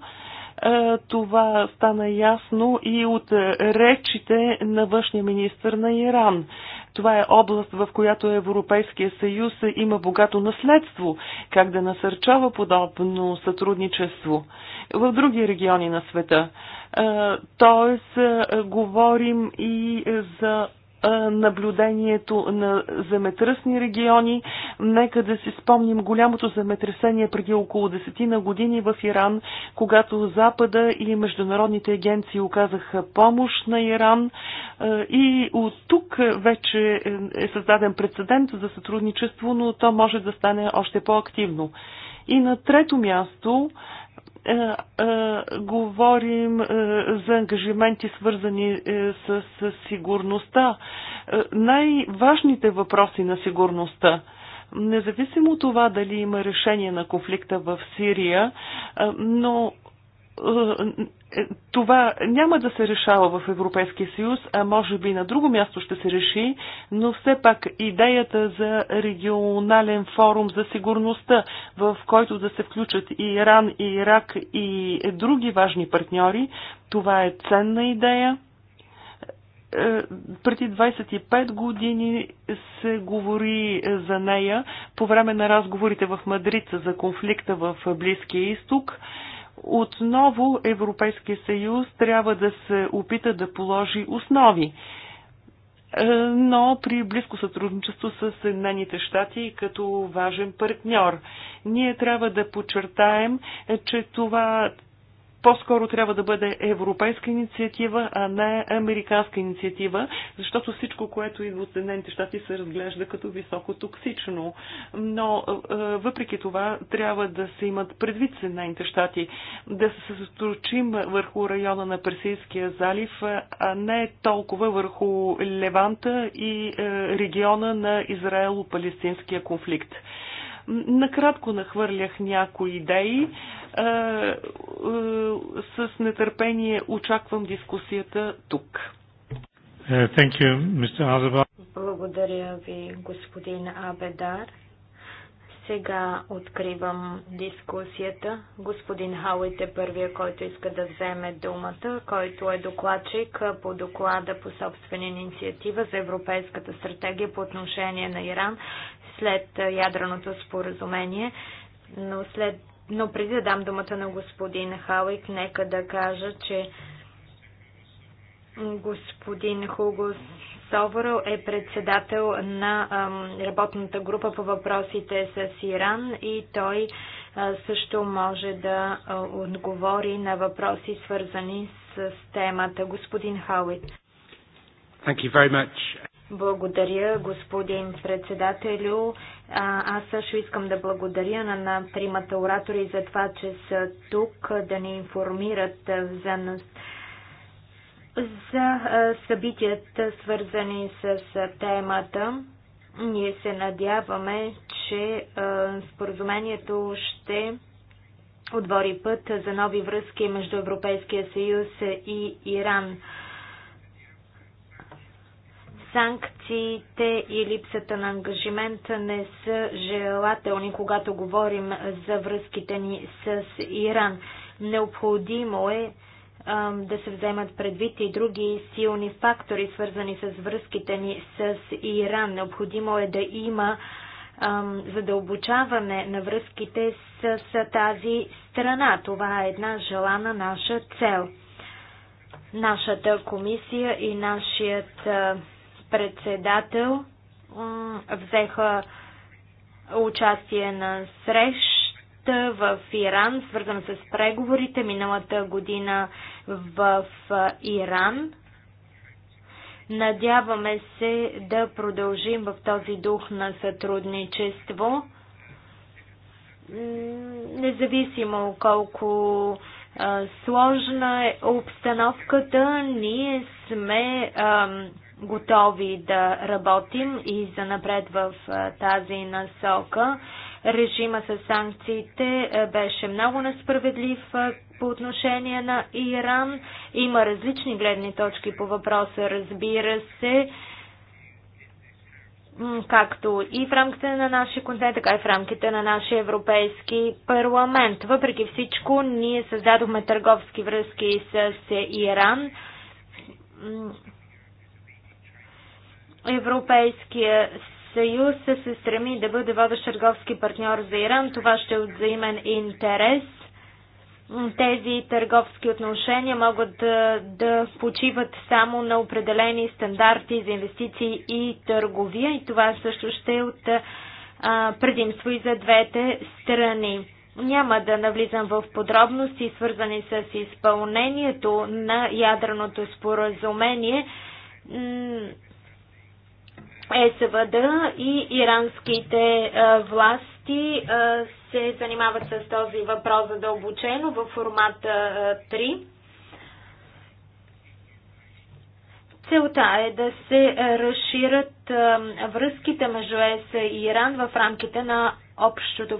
Е, това стана ясно и от речите на външния министр на Иран. Това е област, в която Европейския съюз има богато наследство, как да насърчава подобно сътрудничество в други региони на света. Е, тоест, е, говорим и за наблюдението на земетръсни региони. Нека да си спомним голямото земетресение преди около десетина години в Иран, когато Запада и международните агенции оказаха помощ на Иран. И от тук вече е създаден прецедент за сътрудничество, но то може да стане още по-активно. И на трето място, е, е, говорим е, за ангажименти, свързани с сигурността. Най-важните въпроси на сигурността. Независимо от това дали има решение на конфликта в Сирия, но е, това няма да се решава в Европейския съюз, а може би на друго място ще се реши, но все пак идеята за регионален форум за сигурността, в който да се включат и Иран, и Ирак, и други важни партньори, това е ценна идея. Е, преди 25 години се говори за нея по време на разговорите в Мадрид за конфликта в Близкия изток. Отново Европейския съюз трябва да се опита да положи основи е, но при близко сътрудничество с Съединените щати като важен партньор. Ние трябва да подчертаем, е, че това по-скоро трябва да бъде европейска инициатива, а не американска инициатива, защото всичко, което идва от Съединените щати, се разглежда като високо токсично. Но въпреки това трябва да се имат предвид Съединените щати, да се съсредоточим върху района на Персийския залив, а не толкова върху Леванта и региона на Израело-Палестинския конфликт. Накратко нахвърлях някои идеи. Е, е, с нетърпение очаквам дискусията тук. Е, you, Благодаря ви, господин Абедар. Сега откривам дискусията. Господин Хауит е първия, който иска да вземе думата, който е докладчик по доклада по собствена инициатива за Европейската стратегия по отношение на Иран след ядреното споразумение, но, след, но преди да дам думата на господин Халик, нека да кажа, че господин Хуго Соворо е председател на работната група по въпросите с Иран и той също може да отговори на въпроси, свързани с темата. Господин Хауит. Thank you very much. Благодаря, господин председателю. А, аз също искам да благодаря на, на тримата оратори за това, че са тук да ни информират за нас за събитията, свързани с темата. Ние се надяваме, че споразумението ще отвори път за нови връзки между Европейския съюз и Иран. Санкциите и липсата на ангажимент не са желателни, когато говорим за връзките ни с Иран. Необходимо е а, да се вземат предвид и други силни фактори, свързани с връзките ни с Иран. Необходимо е да има задълбочаване на връзките с, с тази страна. Това е една желана наша цел. Нашата комисия и нашият председател взеха участие на среща в Иран, свързан с преговорите миналата година в Иран. Надяваме се да продължим в този дух на сътрудничество, независимо колко сложна е обстановката, ние сме готови да работим и за напред в тази насока. Режима с санкциите беше много несправедлив по отношение на Иран. Има различни гледни точки по въпроса, разбира се, както и в рамките на нашия континент, така и в рамките на нашия Европейски парламент. Въпреки всичко, ние създадохме търговски връзки с Иран Европейския съюз се стреми да бъде водещ търговски партньор за Иран. Това ще е от взаимен интерес. Тези търговски отношения могат да, да почиват само на определени стандарти за инвестиции и търговия и това също ще е от а, предимство и за двете страни. Няма да навлизам в подробности, свързани с изпълнението на ядреното споразумение СВД и иранските власти се занимават с този въпрос задълбочено в формат 3. Целта е да се разширят връзките между ЕС и Иран в рамките на, общото,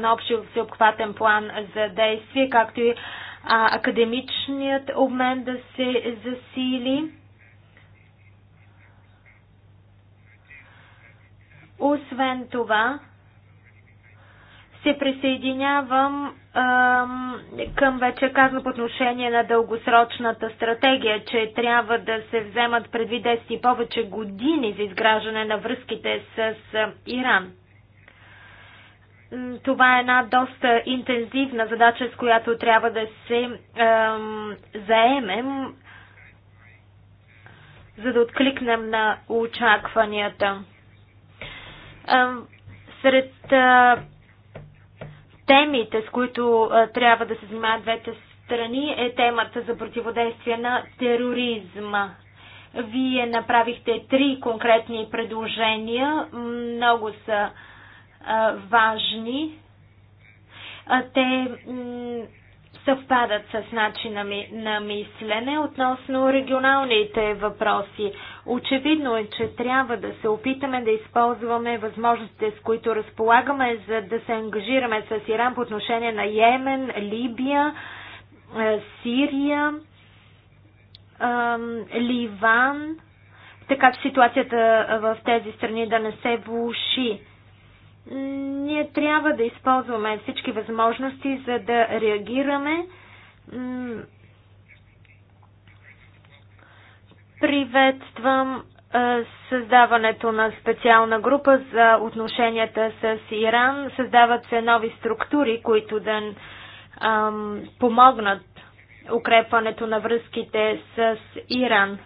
на общия всеобхватен план за действие, както и академичният обмен да се засили Освен това, се присъединявам ам, към вече казано по отношение на дългосрочната стратегия, че трябва да се вземат преди 10 и повече години за изграждане на връзките с Иран. Това е една доста интензивна задача, с която трябва да се ем, заемем, за да откликнем на очакванията. Сред темите, с които трябва да се занимават двете страни, е темата за противодействие на тероризма. Вие направихте три конкретни предложения. Много са важни. Те съвпадат с начина ми на мислене относно регионалните въпроси. Очевидно е, че трябва да се опитаме да използваме възможностите, с които разполагаме, за да се ангажираме с Иран по отношение на Йемен, Либия, е, Сирия, Ливан, така че ситуацията в тези страни да не се влуши. Ние трябва да използваме всички възможности, за да реагираме. Приветствам създаването на специална група за отношенията с Иран. Създават се нови структури, които да помогнат укрепването на връзките с Иран.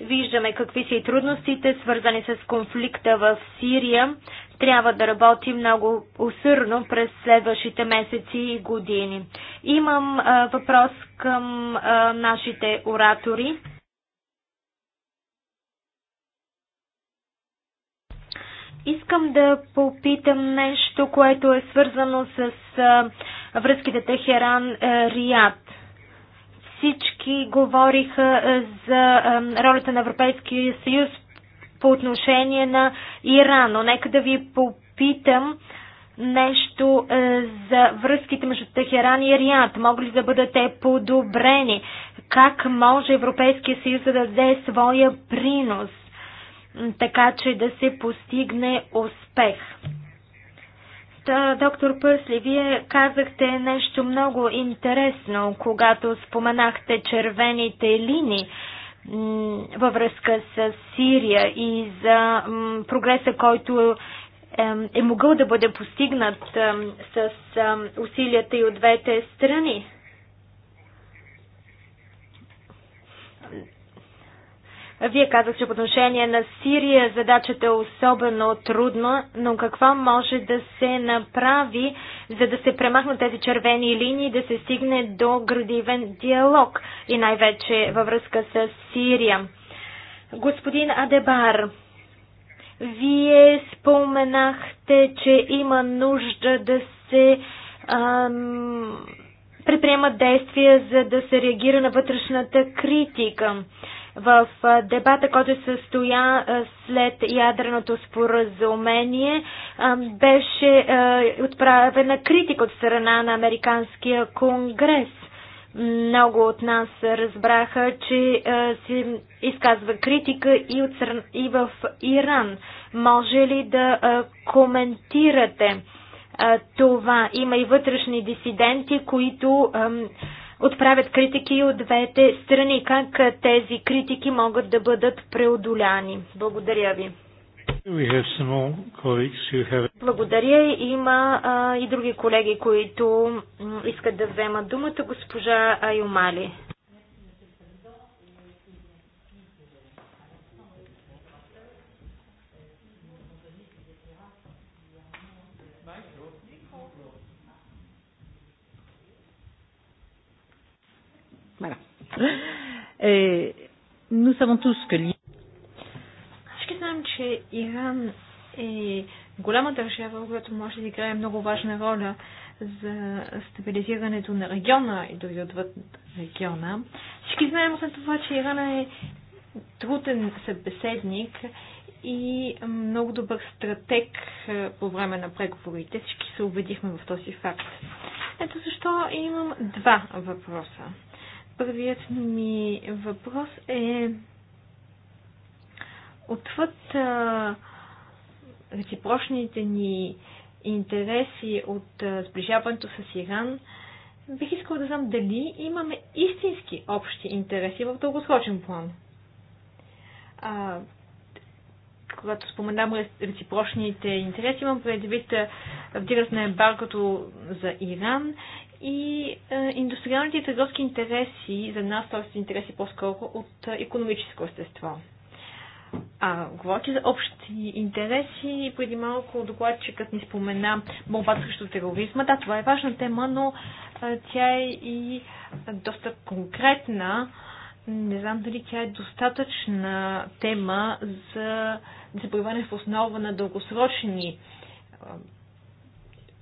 Виждаме какви са и трудностите, свързани с конфликта в Сирия. Трябва да работи много усърно през следващите месеци и години. Имам а, въпрос към а, нашите оратори. Искам да попитам нещо, което е свързано с а, връзките Техеран-Риад. Всички говориха е, за е, ролята на Европейския съюз по отношение на Иран, но нека да ви попитам нещо е, за връзките между Техеран и Риад. Могат ли да бъдат те подобрени? Как може Европейския съюз да даде своя принос, така че да се постигне успех? Доктор Пърсли, вие казахте нещо много интересно, когато споменахте червените линии във връзка с Сирия и за прогреса, който е могъл да бъде постигнат с усилията и от двете страни. Вие казах, че по отношение на Сирия задачата е особено трудна, но какво може да се направи, за да се премахнат тези червени линии, да се стигне до градивен диалог и най-вече във връзка с Сирия? Господин Адебар, вие споменахте, че има нужда да се ам, предприемат действия, за да се реагира на вътрешната критика. В дебата, който се състоя след ядреното споразумение, беше отправена критика от страна на Американския конгрес. Много от нас разбраха, че се изказва критика и, от, и в Иран. Може ли да коментирате това? Има и вътрешни дисиденти, които отправят критики от двете страни. Как тези критики могат да бъдат преодоляни? Благодаря ви. Have... Благодаря. Има а, и други колеги, които искат да вземат думата. Госпожа Айомали. Voilà. Et euh, nous savons tous que l'Iran. Всички знаем, че Иран е голяма държава, която може да играе много важна роля за стабилизирането на региона и дори отвъд региона. Всички знаем за това, че Иран е труден събеседник и много добър стратег е, по време на преговорите. Всички се убедихме в този факт. Ето защо имам два въпроса. Първият ми въпрос е отвъд а, реципрочните ни интереси от а, сближаването с Иран, бих искал да знам дали имаме истински общи интереси в дългосрочен план. А, когато споменам реципрочните интереси, имам предвид вдигат на ембаргото за Иран и е, индустриалните и търговски интереси за нас, т.е. интереси по-скоро от економическо естество. А, говоря за общи интереси. Преди малко докладчикът ни спомена борбата срещу тероризма. Да, това е важна тема, но е, тя е и доста конкретна. Не знам дали тя е достатъчна тема за заболяване в основа на дългосрочни е,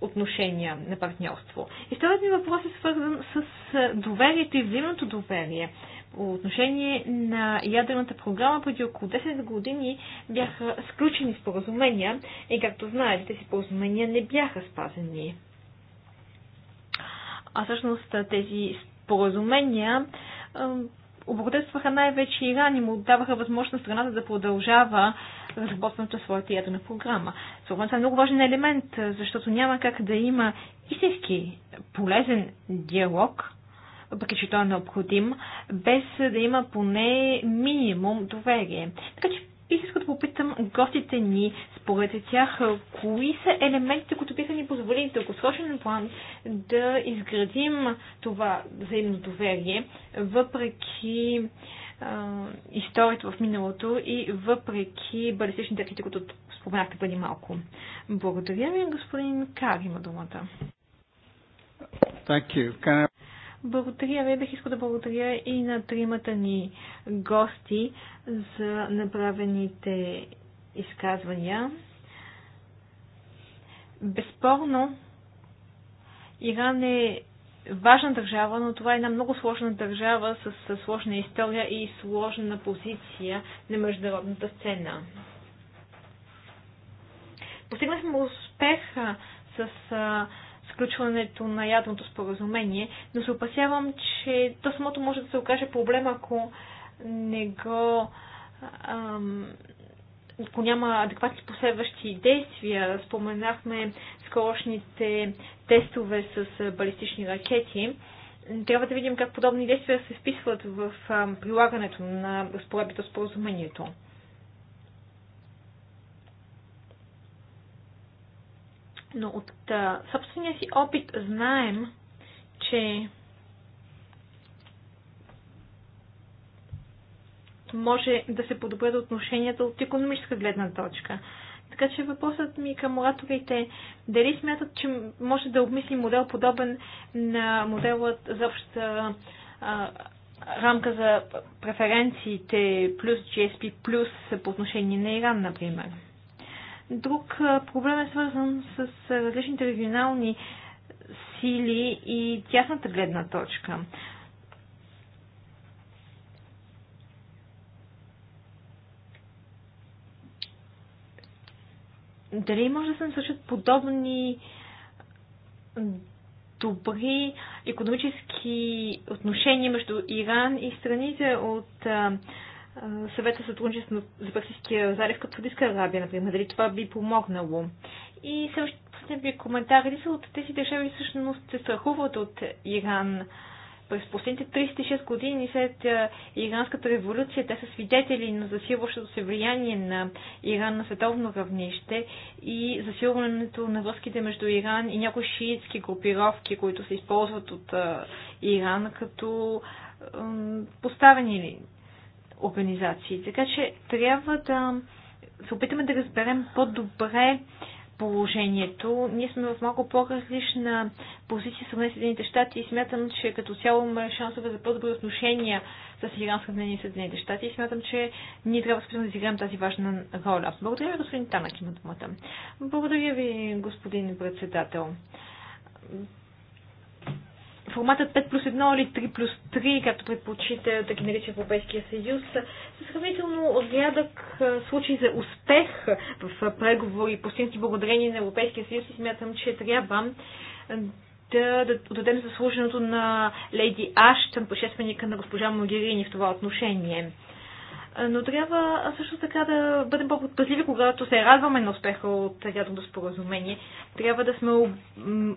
отношения на партньорство. И вторият ми въпрос е свързан с е, доверието и взаимното доверие. По отношение на ядрената програма преди около 10 години бяха сключени споразумения и както знаете, тези споразумения не бяха спазени. А всъщност е, тези споразумения е, облагодетстваха най-вече Иран и му даваха възможност страната да продължава разработването на своята ядрена програма. Според това е много важен елемент, защото няма как да има истински полезен диалог, въпреки че той е необходим, без да има поне минимум доверие. Така че искам да попитам гостите ни, според тях, кои са елементите, които биха ни позволили в дългосрочен план да изградим това взаимно доверие, въпреки историята в миналото и въпреки балистичните ракети, които споменахте преди малко. Благодаря ви, господин Кар има думата. Thank you. Can I... Благодаря ви. Бих искал да благодаря и на тримата ни гости за направените изказвания. Безспорно, Иран е важна държава, но това е една много сложна държава с, с сложна история и сложна позиция на международната сцена. Постигнахме успеха с а, сключването на ядното споразумение, но се опасявам, че то самото може да се окаже проблем, ако не го ам, ако няма адекватни последващи действия. Споменахме скорошните тестове с балистични ракети, трябва да видим как подобни действия се вписват в прилагането на разпоредбите от споразумението. Но от собствения си опит знаем, че може да се подобрят отношенията от економическа гледна точка. Така че въпросът ми към ораторите е, дали смятат, че може да обмислим модел подобен на моделът за обща рамка за преференциите плюс GSP плюс по отношение на Иран, например. Друг проблем е свързан с различните регионални сили и тясната гледна точка. дали може да се насочат подобни добри економически отношения между Иран и страните от а, съвета сътрудничество за Персийския залив като Саудитска Арабия, например. Дали това би помогнало? И също ви коментар, дали са от тези държави всъщност се страхуват от Иран? През последните 36 години след е, Иранската революция те са свидетели на засилващото се влияние на Иран на световно равнище и засилването на връзките между Иран и някои шиитски групировки, които се използват от е, Иран като поставени организации. Така че трябва да се опитаме да разберем по-добре положението. Ние сме в малко по-различна позиция с Съединените щати и смятам, че като цяло има шансове за по-добри отношения с Иранска сравнение с Съединените щати и смятам, че ние трябва специално да изиграем тази важна роля. Благодаря ви, господин Танък, има думата. Благодаря ви, господин председател форматът 5 плюс 1 или 3 плюс 3, както предпочита да ги нарича Европейския съюз, са сравнително рядък случай за успех в преговори, по всички благодарение на Европейския съюз и смятам, че трябва да, да дадем заслуженото на леди Аштън, предшественика на госпожа Могерини в това отношение но трябва също така да бъдем по-подпазливи, когато се радваме на успеха от ядното споразумение. Трябва да сме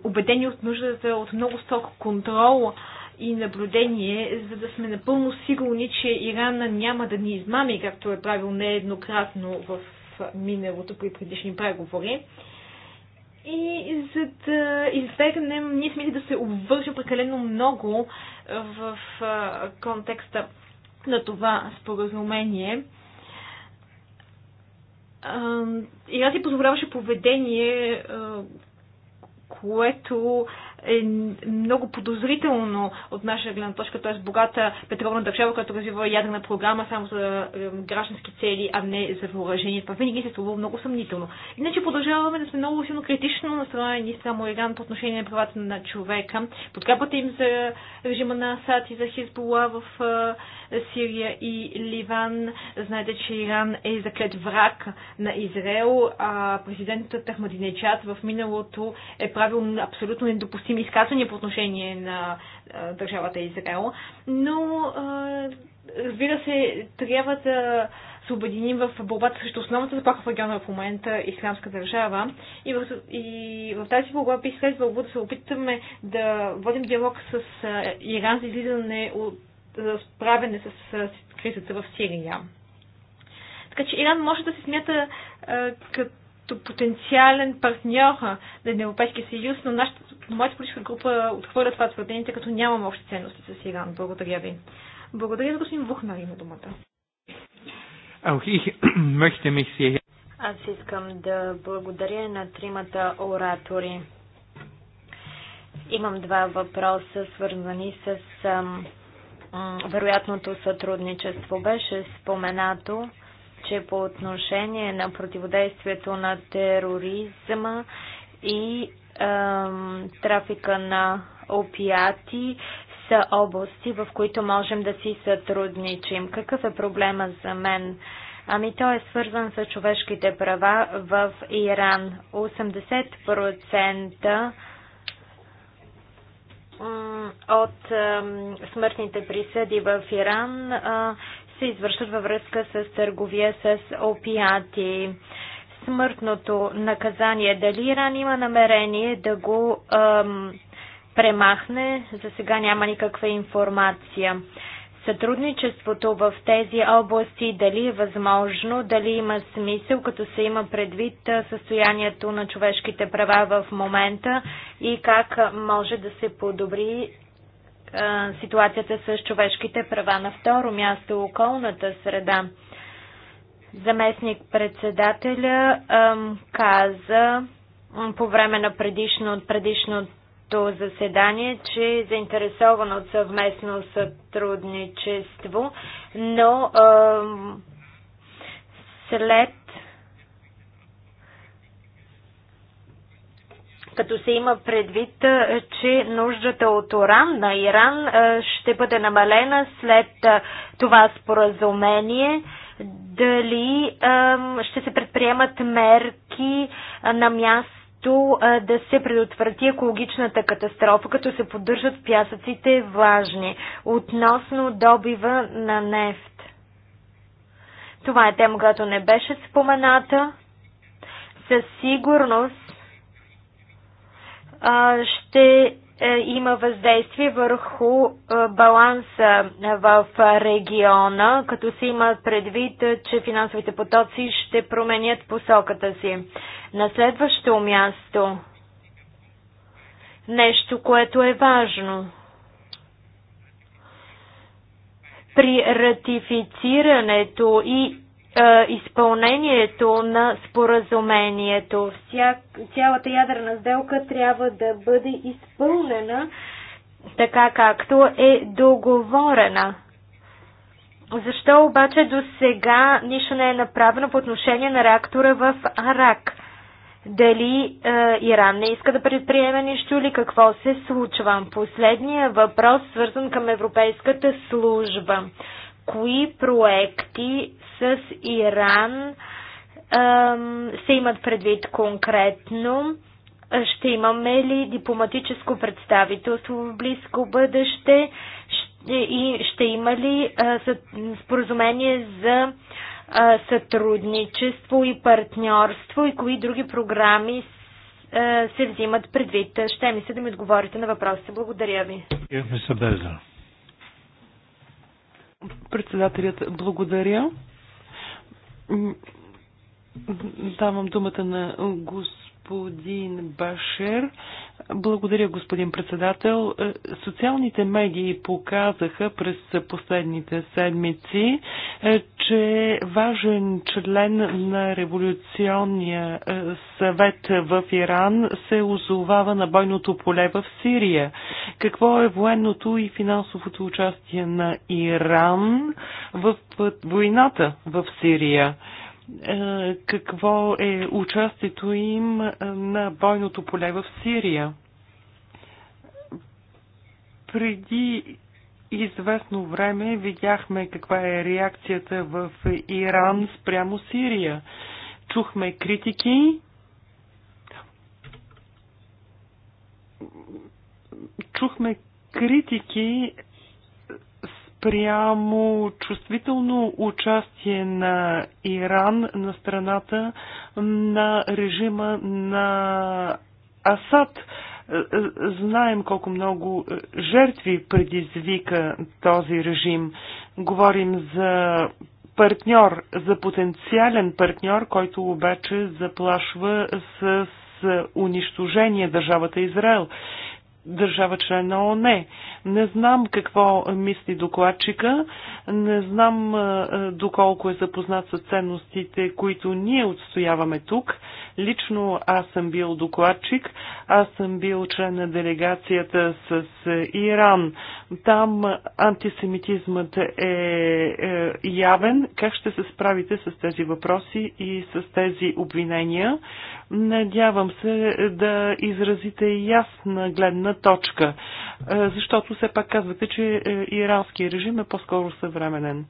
убедени от нуждата от много сток контрол и наблюдение, за да сме напълно сигурни, че Иран няма да ни измами, както е правил нееднократно в миналото при предишни преговори. И за да избегнем, ние сме да се обвържем прекалено много в контекста на това споразумение. аз си позволяваше поведение, което е много подозрително от наша гледна точка, т.е. богата петролна държава, която развива ядрена програма само за е, граждански цели, а не за въоръжение. Това винаги се струва много съмнително. Иначе продължаваме да сме много силно критично настроени само Иран по отношение на правата на човека. Подкрепата им за режима на Асад и за Хизбола в е, Сирия и Ливан. Знаете, че Иран е заклет враг на Израел, а президентът Ахмадинечат в миналото е правил абсолютно недопустимо критични изказвания по отношение на а, държавата Израел, но а, разбира се, трябва да се обединим в борбата срещу основната заплаха в региона в момента исламска държава. И в, и в тази борба би следвало да се опитаме да водим диалог с а, Иран за излизане от за справяне с, с кризата в Сирия. Така че Иран може да се смята а, като като потенциален партньор на Европейския съюз, но нашата, моята политическа група отхвърля това твърдение, като нямаме общи ценности с Иран. Благодаря ви. Благодаря ви, господин Бухнар, има думата. Аз искам да благодаря на тримата оратори. Имам два въпроса, свързани с вероятното сътрудничество. Беше споменато, че по отношение на противодействието на тероризма и ем, трафика на опиати са области, в които можем да си сътрудничим. Какъв е проблема за мен? Ами той е свързан с човешките права в Иран. 80% от смъртните присъди в Иран се извършват във връзка с търговия с опиати. Смъртното наказание. Дали Иран има намерение да го ам, премахне? За сега няма никаква информация. Сътрудничеството в тези области дали е възможно, дали има смисъл, като се има предвид състоянието на човешките права в момента и как може да се подобри ситуацията с човешките права. На второ място околната среда. Заместник председателя каза по време на предишно, предишното заседание, че е заинтересован от съвместно сътрудничество, но след като се има предвид, че нуждата от уран на Иран ще бъде намалена след това споразумение. Дали ще се предприемат мерки на място да се предотврати екологичната катастрофа, като се поддържат пясъците влажни относно добива на нефт. Това е тема, която не беше спомената. Със сигурност ще е, има въздействие върху е, баланса е, в региона, като се има предвид, че финансовите потоци ще променят посоката си. На следващо място нещо, което е важно. При ратифицирането и е, изпълнението на споразумението. Вся, цялата ядрена сделка трябва да бъде изпълнена така както е договорена. Защо обаче до сега нищо не е направено по отношение на реактора в Арак? Дали е, Иран не иска да предприеме нищо или какво се случва? Последния въпрос, свързан към Европейската служба кои проекти с Иран се имат предвид конкретно? Ще имаме ли дипломатическо представителство в близко бъдеще? И ще има ли споразумение за сътрудничество и партньорство и кои други програми се взимат предвид? Ще ми се да ми отговорите на въпросите. Благодаря ви. Председателят, благодаря. Давам думата на господин Башер благодаря, господин председател. Е, социалните медии показаха през последните седмици, е, че важен член на революционния е, съвет в Иран се озовава на бойното поле в Сирия. Какво е военното и финансовото участие на Иран в войната в Сирия? Е, какво е участието им е, на бойното поле в Сирия. Преди известно време видяхме каква е реакцията в Иран спрямо Сирия. Чухме критики. Чухме критики спрямо чувствително участие на Иран на страната на режима на Асад. Знаем колко много жертви предизвика този режим. Говорим за партньор, за потенциален партньор, който обаче заплашва с унищожение държавата Израел държава член на ОНЕ. Не знам какво мисли докладчика, не знам доколко е запознат с ценностите, които ние отстояваме тук. Лично аз съм бил докладчик, аз съм бил член на делегацията с Иран. Там антисемитизмът е, е явен. Как ще се справите с тези въпроси и с тези обвинения? Надявам се да изразите ясна гледна гледна точка. Е, защото все пак казвате, че е, иранския режим е по-скоро съвременен.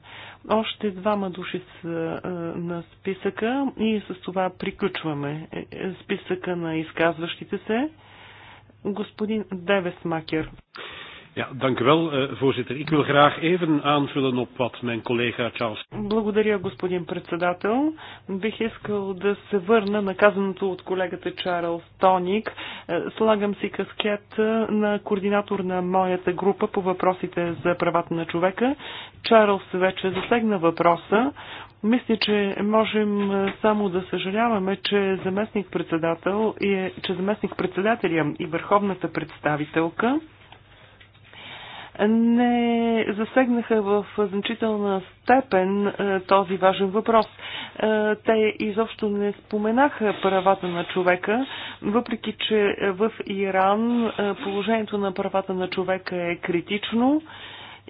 Още двама души са е, на списъка и с това приключваме списъка на изказващите се. Господин Девес Макер. Ja, dank u wel, eh, voorzitter. Ik wil graag even aanvullen op wat mijn collega Charles... Благодаря, господин председател. Бих искал да се върна на казаното от колегата Чарлз Тоник. Е, слагам си каскет е, на координатор на моята група по въпросите за правата на човека. Чарлз вече засегна въпроса. Мисля, че можем е, само да съжаляваме, че заместник-председател и, че заместник-председателя и върховната представителка не засегнаха в значителна степен е, този важен въпрос. Е, те изобщо не споменаха правата на човека, въпреки че в Иран е, положението на правата на човека е критично.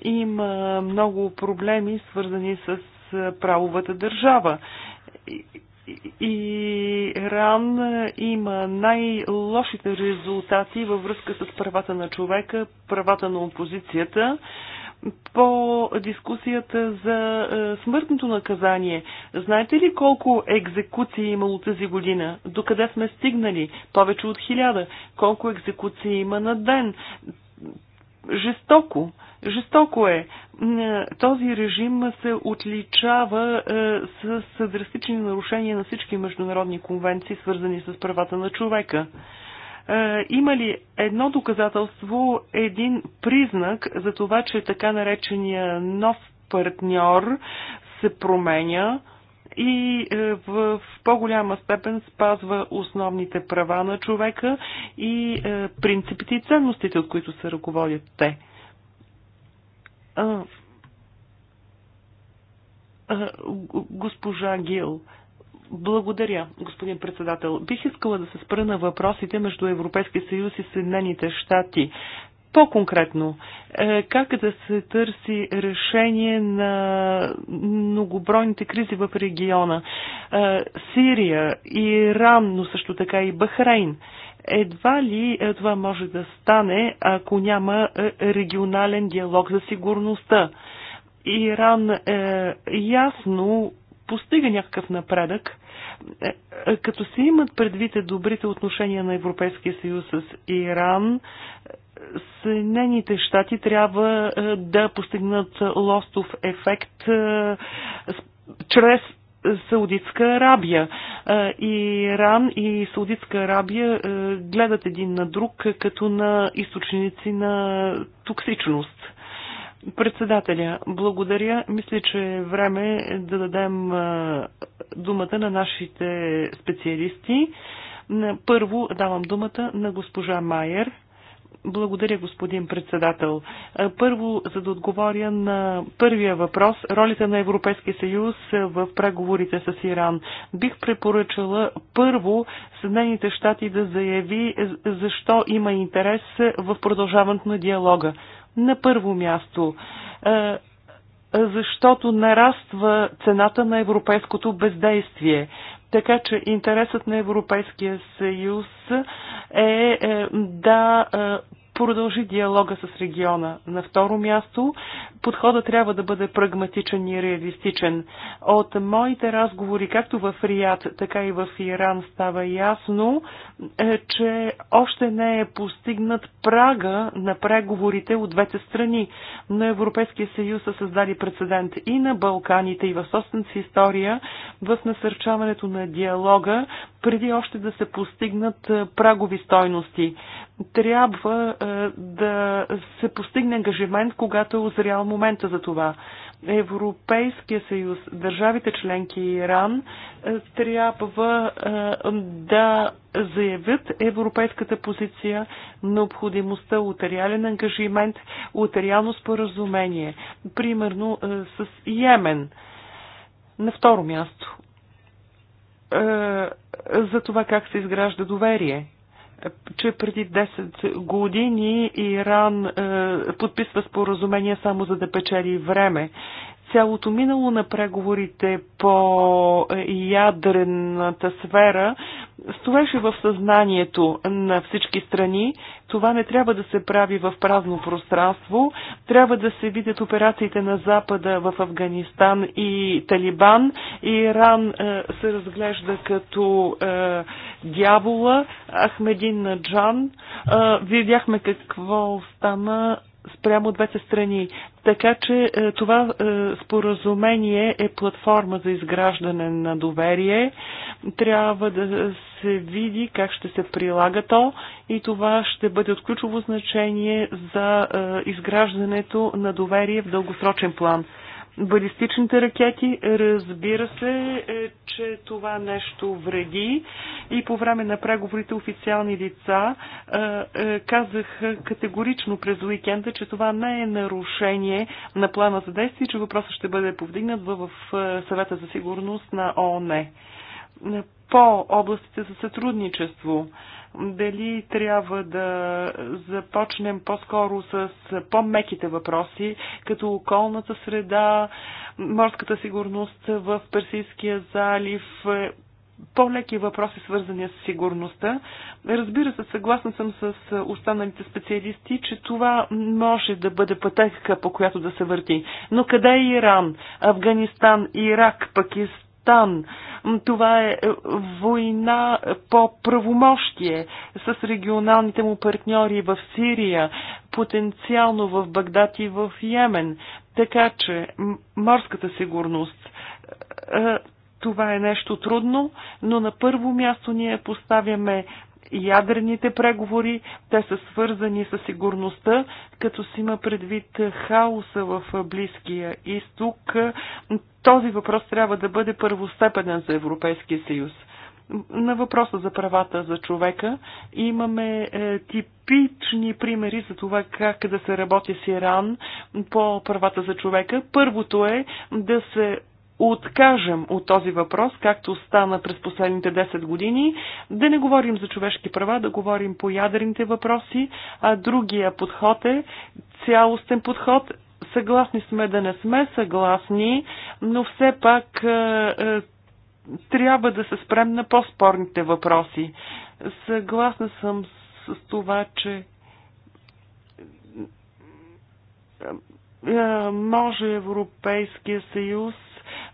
Има много проблеми, свързани с правовата държава и Иран има най-лошите резултати във връзка с правата на човека, правата на опозицията по дискусията за е, смъртното наказание. Знаете ли колко екзекуции е имало тази година? До къде сме стигнали? Повече от хиляда. Колко екзекуции има на ден? жестоко. Жестоко е. Този режим се отличава е, с драстични нарушения на всички международни конвенции, свързани с правата на човека. Е, има ли едно доказателство, един признак за това, че така наречения нов партньор се променя, и е, в по-голяма степен спазва основните права на човека и е, принципите и ценностите, от които се ръководят те. Госпожа Гил, благодаря, господин председател. Бих искала да се спра на въпросите между Европейския съюз и Съединените щати. По-конкретно, е, как да се търси решение на многобройните кризи в региона? Е, Сирия, Иран, но също така и Бахрейн. Едва ли е, това може да стане, ако няма регионален диалог за сигурността. Иран е, ясно постига някакъв напредък, е, е, като се имат предвид добрите отношения на Европейския съюз с Иран, е, Съединените щати трябва да постигнат лостов ефект чрез Саудитска Арабия. Иран и Саудитска Арабия гледат един на друг като на източници на токсичност. Председателя, благодаря. Мисля, че е време да дадем думата на нашите специалисти. Първо давам думата на госпожа Майер. Благодаря, господин председател. Първо, за да отговоря на първия въпрос, ролите на Европейския съюз в преговорите с Иран. Бих препоръчала първо Съединените щати да заяви е, защо има интерес в продължаването на диалога. На първо място, е, защото нараства цената на европейското бездействие. Така че интересът на Европейския съюз е, е да е, продължи диалога с региона. На второ място, подхода трябва да бъде прагматичен и реалистичен. От моите разговори, както в Рият, така и в Иран, става ясно, е, че още не е постигнат прага на преговорите от двете страни. На Европейския съюз са създали прецедент и на Балканите, и в собствената си история, в насърчаването на диалога, преди още да се постигнат е, прагови стойности трябва е, да се постигне ангажимент, когато е озрял момента за това. Европейския съюз, държавите членки и Иран е, трябва е, да заявят европейската позиция, необходимостта от реален ангажимент, от реално споразумение, примерно с Йемен. На второ място, за това как се изгражда доверие – че преди 10 години Иран е, подписва споразумение само за да печели време цялото минало на преговорите по ядрената сфера стоеше в съзнанието на всички страни. Това не трябва да се прави в празно пространство. Трябва да се видят операциите на Запада в Афганистан и Талибан. Иран е, се разглежда като е, дявола, Ахмедин Наджан. Е, видяхме какво стана спрямо двете страни. Така че е, това е, споразумение е платформа за изграждане на доверие. Трябва да се види как ще се прилага то и това ще бъде от ключово значение за е, изграждането на доверие в дългосрочен план балистичните ракети. Разбира се, е, че това нещо вреди и по време на преговорите официални лица е, е, казах категорично през уикенда, че това не е нарушение на плана за действие, че въпросът ще бъде повдигнат в съвета за сигурност на ООН по областите за сътрудничество. Дали трябва да започнем по-скоро с по-меките въпроси, като околната среда, морската сигурност в Персийския залив, по-леки въпроси, свързани с сигурността. Разбира се, съгласна съм с останалите специалисти, че това може да бъде пътека, по която да се върти. Но къде е Иран, Афганистан, Ирак, Пакистан? Афганистан. Това е, е война по правомощие с регионалните му партньори в Сирия, потенциално в Багдад и в Йемен. Така че морската сигурност е, е, това е нещо трудно, но на първо място ние поставяме ядрените преговори. Те са свързани с сигурността, като си има предвид хаоса в Близкия изток. Този въпрос трябва да бъде първостепенен за Европейския съюз на въпроса за правата за човека. Имаме е, типични примери за това как да се работи с Иран по правата за човека. Първото е да се откажем от този въпрос, както стана през последните 10 години, да не говорим за човешки права, да говорим по ядрените въпроси, а другия подход е цялостен подход. Съгласни сме да не сме съгласни, но все пак е, е, трябва да се спрем на по-спорните въпроси. Съгласна съм с това, че е, може Европейския съюз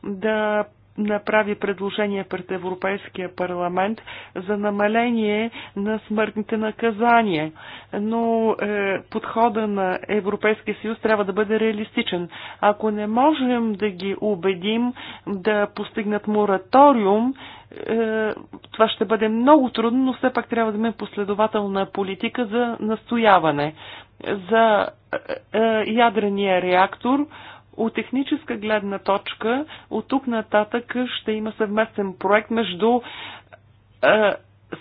да направи предложение пред Европейския парламент за намаление на смъртните наказания. Но е, подхода на Европейския съюз трябва да бъде реалистичен. Ако не можем да ги убедим да постигнат мораториум, е, това ще бъде много трудно, но все пак трябва да имаме последователна политика за настояване. За е, е, ядрения реактор от техническа гледна точка, от тук нататък ще има съвместен проект между е,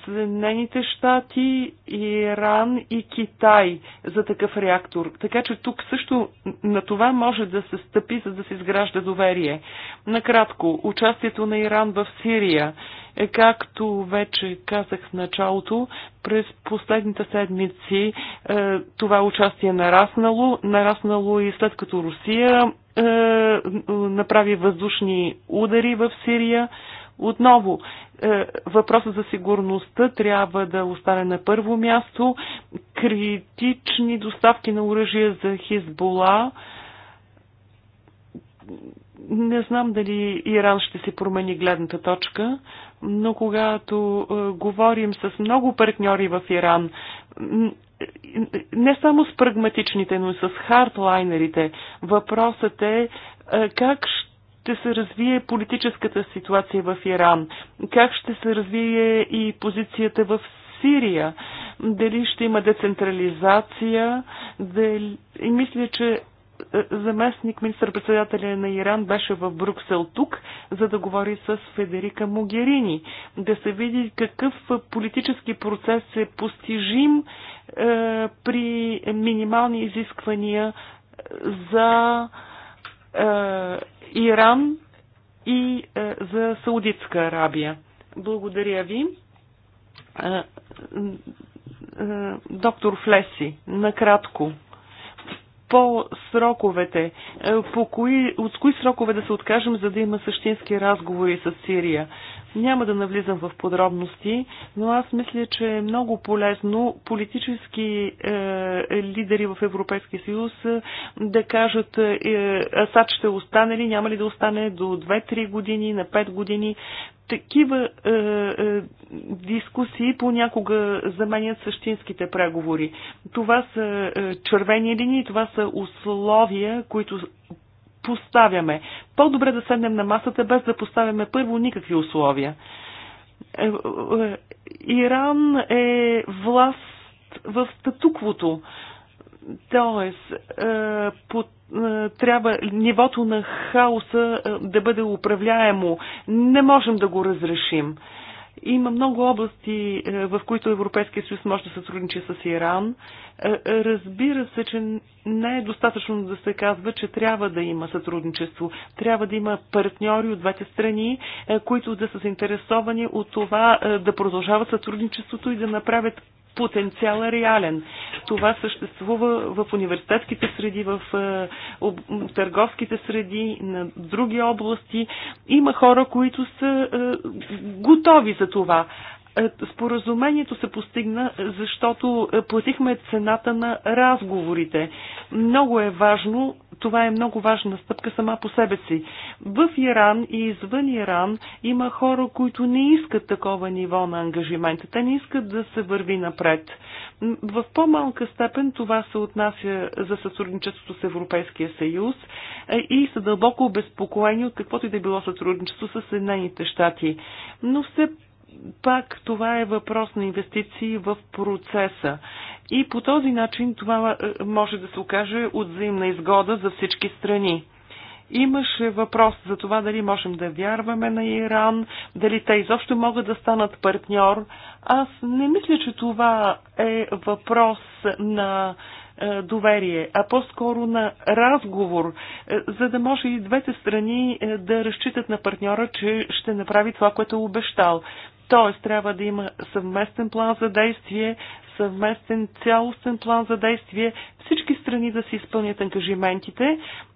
Съединените щати, Иран и Китай за такъв реактор. Така че тук също на това може да се стъпи, за да се изгражда доверие. Накратко, участието на Иран в Сирия. Е, както вече казах в началото, през последните седмици е, това участие е нараснало, нараснало и след като Русия е, направи въздушни удари в Сирия. Отново, е, въпросът за сигурността трябва да остане на първо място. Критични доставки на оръжие за Хизбола. Не знам дали Иран ще си промени гледната точка, но когато е, говорим с много партньори в Иран, не само с прагматичните, но и с хардлайнерите. Въпросът е, е как ще се развие политическата ситуация в Иран, как ще се развие и позицията в Сирия, дали ще има децентрализация, дали... и мисля, че заместник министър-председателя на Иран беше в Бруксел тук, за да говори с Федерика Могерини, да се види какъв политически процес е постижим е, при минимални изисквания за е, Иран и е, за Саудитска Арабия. Благодаря ви. Е, е, доктор Флеси, накратко по сроковете, е, по кои, от кои срокове да се откажем, за да има същински разговори с Сирия. Няма да навлизам в подробности, но аз мисля, че е много полезно политически е, лидери в Европейския съюз е, да кажат е, Асад ще остане ли, няма ли да остане до 2-3 години, на 5 години. Такива е, е, дискусии понякога заменят същинските преговори. Това са е, червени линии, това са условия, които поставяме. По-добре да седнем на масата, без да поставяме първо никакви условия. Е, е, е, Иран е власт в статуквото. Тоест, по трябва нивото на хаоса да бъде управляемо. Не можем да го разрешим. Има много области, в които Европейския съюз може да сътрудничи с Иран. Разбира се, че не е достатъчно да се казва, че трябва да има сътрудничество. Трябва да има партньори от двете страни, е, които да са заинтересовани от това е, да продължават сътрудничеството и да направят потенциала реален. Това съществува в университетските среди, в е, търговските среди, на други области. Има хора, които са готови за това. Е, споразумението се постигна, защото е, платихме цената на разговорите. Много е важно, това е много важна стъпка сама по себе си. В Иран и извън Иран има хора, които не искат такова ниво на ангажимент. Те не искат да се върви напред. В по-малка степен това се отнася за сътрудничеството с Европейския съюз е, и са дълбоко обезпокоени от каквото и да било сътрудничество с Съединените щати. Но все пак това е въпрос на инвестиции в процеса. И по този начин това е, може да се окаже от взаимна изгода за всички страни. Имаше въпрос за това дали можем да вярваме на Иран, дали те изобщо могат да станат партньор. Аз не мисля, че това е въпрос на е, доверие, а по-скоро на разговор, е, за да може и двете страни да разчитат на партньора, че ще направи това, което е обещал. Тоест, трябва да има съвместен план за действие, съвместен цялостен план за действие, всички страни да си изпълнят ангажиментите.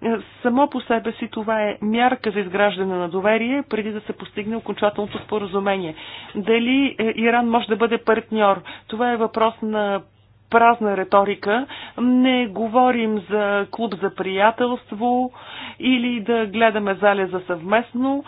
Е, само по себе си това е мярка за изграждане на доверие, преди да се постигне окончателното споразумение. Дали е, Иран може да бъде партньор? Това е въпрос на празна риторика. Не говорим за клуб за приятелство или да гледаме залеза съвместно,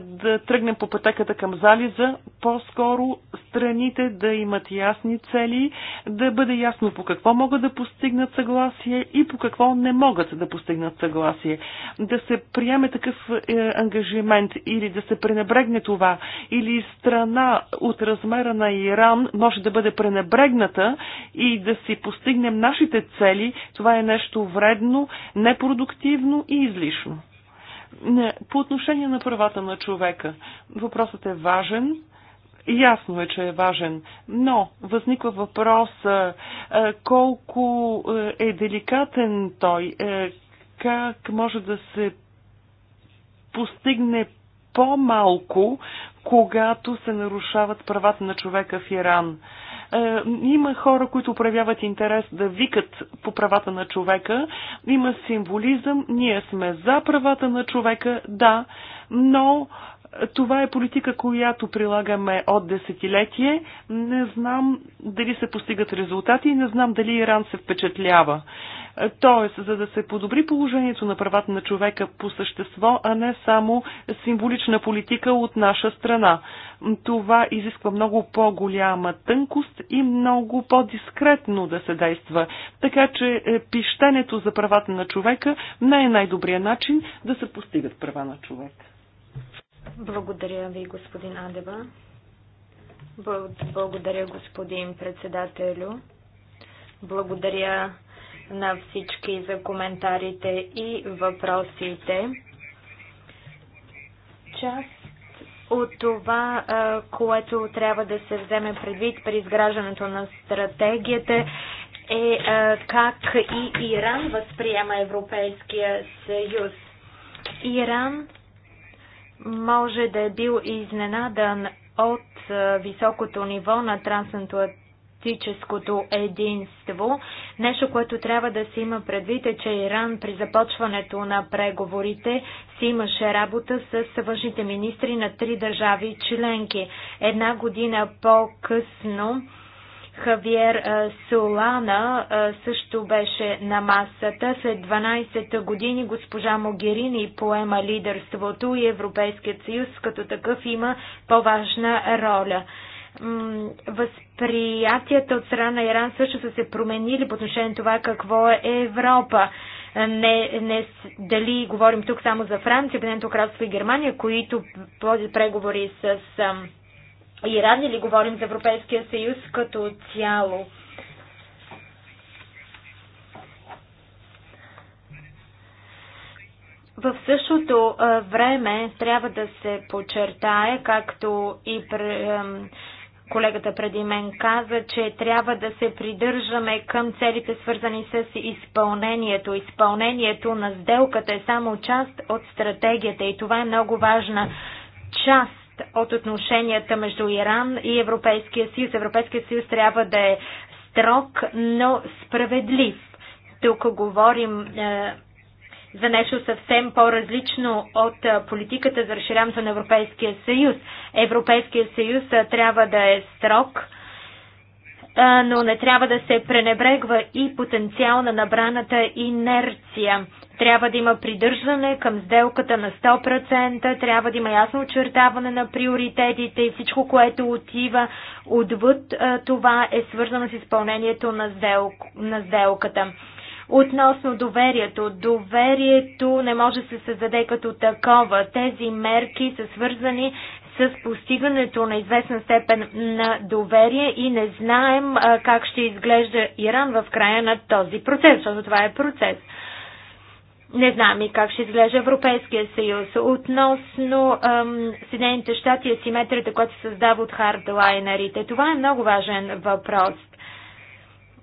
да тръгнем по пътеката към залеза. По-скоро страните да имат ясни цели, да бъде ясно по какво могат да постигнат съгласие и по какво не могат да постигнат съгласие. Да се приеме такъв е, ангажимент или да се пренебрегне това, или страна от размера на Иран може да бъде пренебрегната и да си постигнем нашите цели, това е нещо вредно, непродуктивно и излишно. По отношение на правата на човека, въпросът е важен. Ясно е, че е важен, но възниква въпрос е, колко е, е деликатен той, е, как може да се постигне по-малко, когато се нарушават правата на човека в Иран. Е, има хора, които проявяват интерес да викат по правата на човека. Има символизъм. Ние сме за правата на човека, да, но това е политика, която прилагаме от десетилетие. Не знам дали се постигат резултати и не знам дали Иран се впечатлява. Тоест, за да се подобри положението на правата на човека по същество, а не само символична политика от наша страна. Това изисква много по-голяма тънкост и много по-дискретно да се действа. Така че е, пищенето за правата на човека не е най-добрият начин да се постигат права на човека. Благодаря ви, господин Адева. Благодаря, господин председателю. Благодаря на всички за коментарите и въпросите. Част от това, което трябва да се вземе предвид при изграждането на стратегията е как и Иран възприема Европейския съюз. Иран може да е бил изненадан от високото ниво на трансатлантическото единство. Нещо, което трябва да се има предвид е, че Иран при започването на преговорите си имаше работа с външните министри на три държави членки. Една година по-късно Хавиер Солана също беше на масата. След 12 години госпожа Могерини поема лидерството и Европейският съюз като такъв има по-важна роля. Възприятията от страна на Иран също са се променили по отношение на това какво е Европа. Не, не, дали говорим тук само за Франция, Бенето кралство и Германия, които водят преговори с и Иран или говорим за Европейския съюз като цяло. В същото време трябва да се подчертае, както и колегата преди мен каза, че трябва да се придържаме към целите свързани с изпълнението. Изпълнението на сделката е само част от стратегията и това е много важна част от отношенията между Иран и Европейския съюз. Европейския съюз трябва да е строг, но справедлив. Тук говорим е, за нещо съвсем по-различно от е, политиката за разширяването на Европейския съюз. Европейския съюз е, трябва да е строг, е, но не трябва да се пренебрегва и потенциал на набраната инерция. Трябва да има придържане към сделката на 100%, трябва да има ясно очертаване на приоритетите и всичко, което отива отвъд това е свързано с изпълнението на, сдел... на сделката. Относно доверието. Доверието не може да се създаде като такова. Тези мерки са свързани с постигането на известна степен на доверие и не знаем а, как ще изглежда Иран в края на този процес, защото това е процес не знам и как ще изглежда Европейския съюз. Относно ам, Съединените щати и асиметрията, която се създава от хардлайнерите, това е много важен въпрос.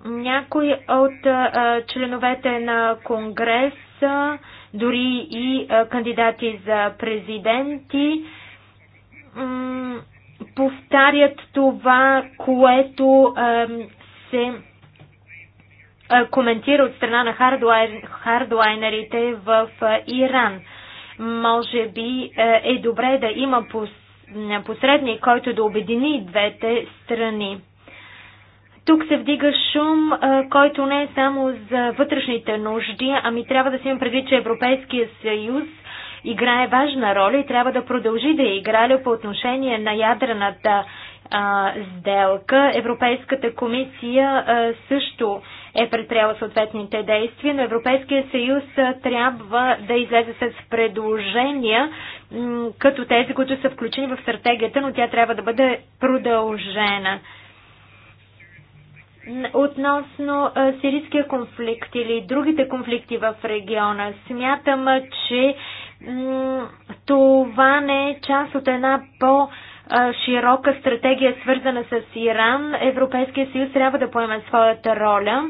Някои от а, членовете на Конгреса, дори и а, кандидати за президенти, повтарят това, което а, се коментира от страна на хардлайн, хардлайнерите в Иран. Може би е добре да има посредник, който да обедини двете страни. Тук се вдига шум, който не е само за вътрешните нужди, ами трябва да си има предвид, че Европейския съюз играе важна роля и трябва да продължи да е играе по отношение на ядрената а, сделка. Европейската комисия а, също е предприела съответните действия, но Европейския съюз трябва да излезе с предложения, като тези, които са включени в стратегията, но тя трябва да бъде продължена. Относно сирийския конфликт или другите конфликти в региона, смятам, че това не е част от една по- широка стратегия, свързана с Иран, Европейския съюз трябва да поеме своята роля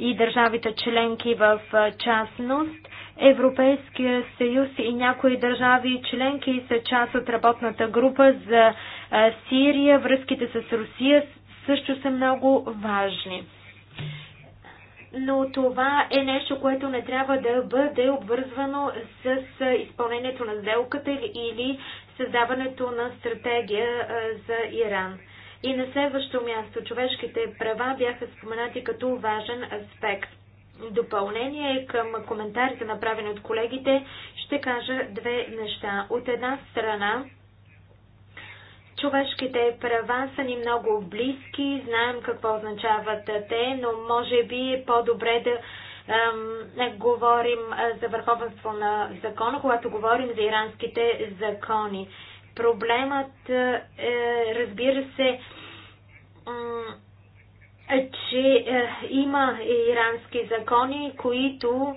и държавите членки в частност. Европейския съюз и някои държави членки са част от работната група за Сирия. Връзките с Русия също са много важни. Но това е нещо, което не трябва да бъде обвързвано с изпълнението на сделката или създаването на стратегия за Иран. И на следващо място, човешките права бяха споменати като важен аспект. Допълнение към коментарите, направени от колегите, ще кажа две неща. От една страна, човешките права са ни много близки, знаем какво означават те, но може би е по-добре да ем, говорим за върховенство на закона, когато говорим за иранските закони. Проблемът, е, разбира се, е, че е, има ирански закони, които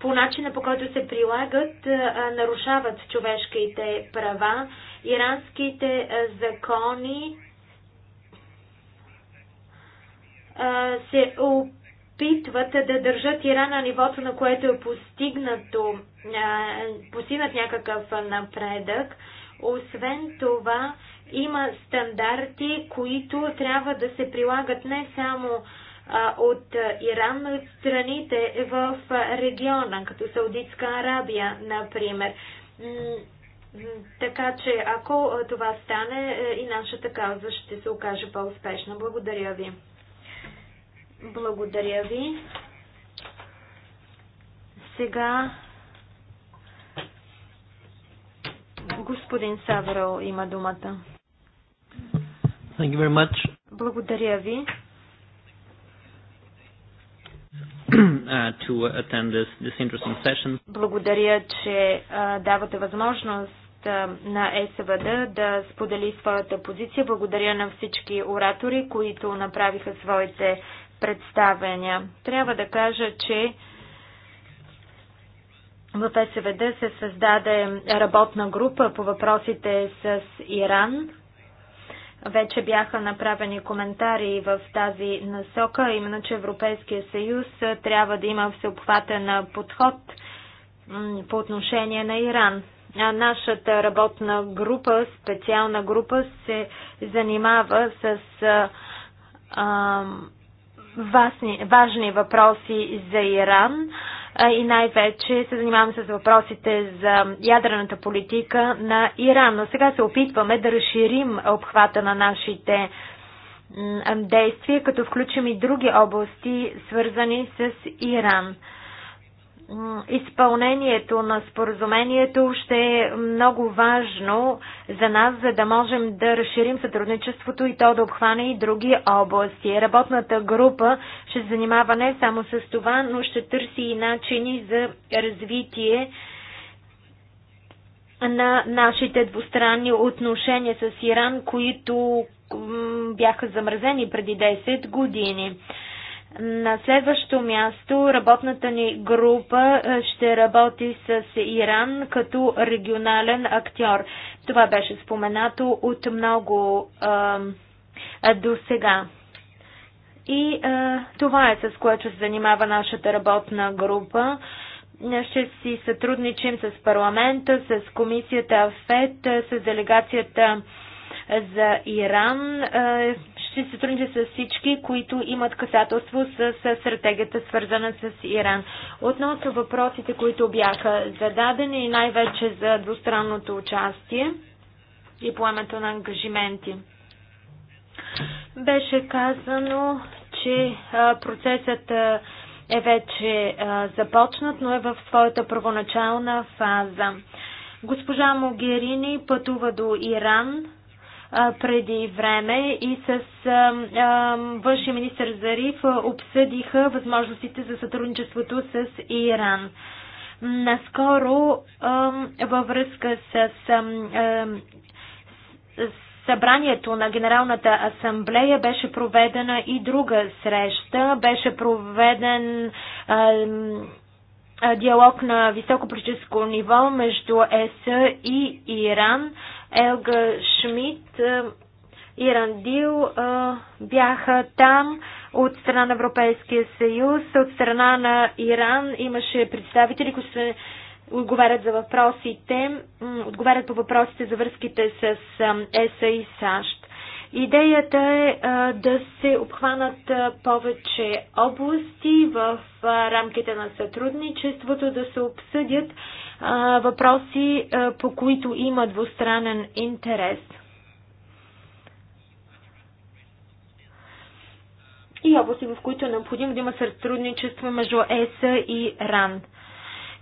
по начина по който се прилагат, е, е, нарушават човешките права. Иранските е, закони се опитват опитват да държат Иран на нивото, на което е постигнато, постигнат някакъв напредък. Освен това, има стандарти, които трябва да се прилагат не само от Иран, но и страните в региона, като Саудитска Арабия, например. Така че, ако това стане, е, и нашата кауза ще се окаже по-успешна. Благодаря ви. Благодаря ви. Сега господин Саверо има думата. Thank you very much. Благодаря ви. Uh, to attend this, this interesting session. Благодаря, че uh, давате възможност uh, на СВД да сподели своята позиция. Благодаря на всички оратори, които направиха своите представяния. Трябва да кажа, че в СВД се създаде работна група по въпросите с Иран. Вече бяха направени коментари в тази насока, именно че Европейския съюз трябва да има всеобхватен подход по отношение на Иран. Нашата работна група, специална група, се занимава с а, важни, важни въпроси за Иран и най-вече се занимавам с въпросите за ядрената политика на Иран. Но сега се опитваме да разширим обхвата на нашите действия, като включим и други области, свързани с Иран изпълнението на споразумението ще е много важно за нас, за да можем да разширим сътрудничеството и то да обхване и други области. Работната група ще се занимава не само с това, но ще търси и начини за развитие на нашите двустранни отношения с Иран, които бяха замразени преди 10 години. На следващо място работната ни група е, ще работи с Иран като регионален актьор. Това беше споменато от много а, до сега. И а, това е с което се занимава нашата работна група. Ще си сътрудничим с парламента, с комисията ФЕД, с делегацията за Иран. Е, ще се сътрудничи с всички, които имат касателство с, с стратегията, свързана с Иран. Относно въпросите, които бяха зададени, най-вече за двустранното участие и поемето на ангажименти. Беше казано, че процесът е вече започнат, но е в своята първоначална фаза. Госпожа Могерини пътува до Иран преди време и с външния министр Зариф обсъдиха възможностите за сътрудничеството с Иран. Наскоро във връзка с събранието на Генералната асамблея беше проведена и друга среща. Беше проведен диалог на високо политическо ниво между ЕС и Иран. Елга Шмидт е, и Рандил е, бяха там от страна на Европейския съюз, от страна на Иран имаше представители, които се отговарят за въпросите, отговарят по въпросите за връзките с е, ЕСА и САЩ. Идеята е да се обхванат повече области в рамките на сътрудничеството, да се обсъдят въпроси, по които има двустранен интерес. И области, в които е необходимо да има сътрудничество между ЕС и РАН.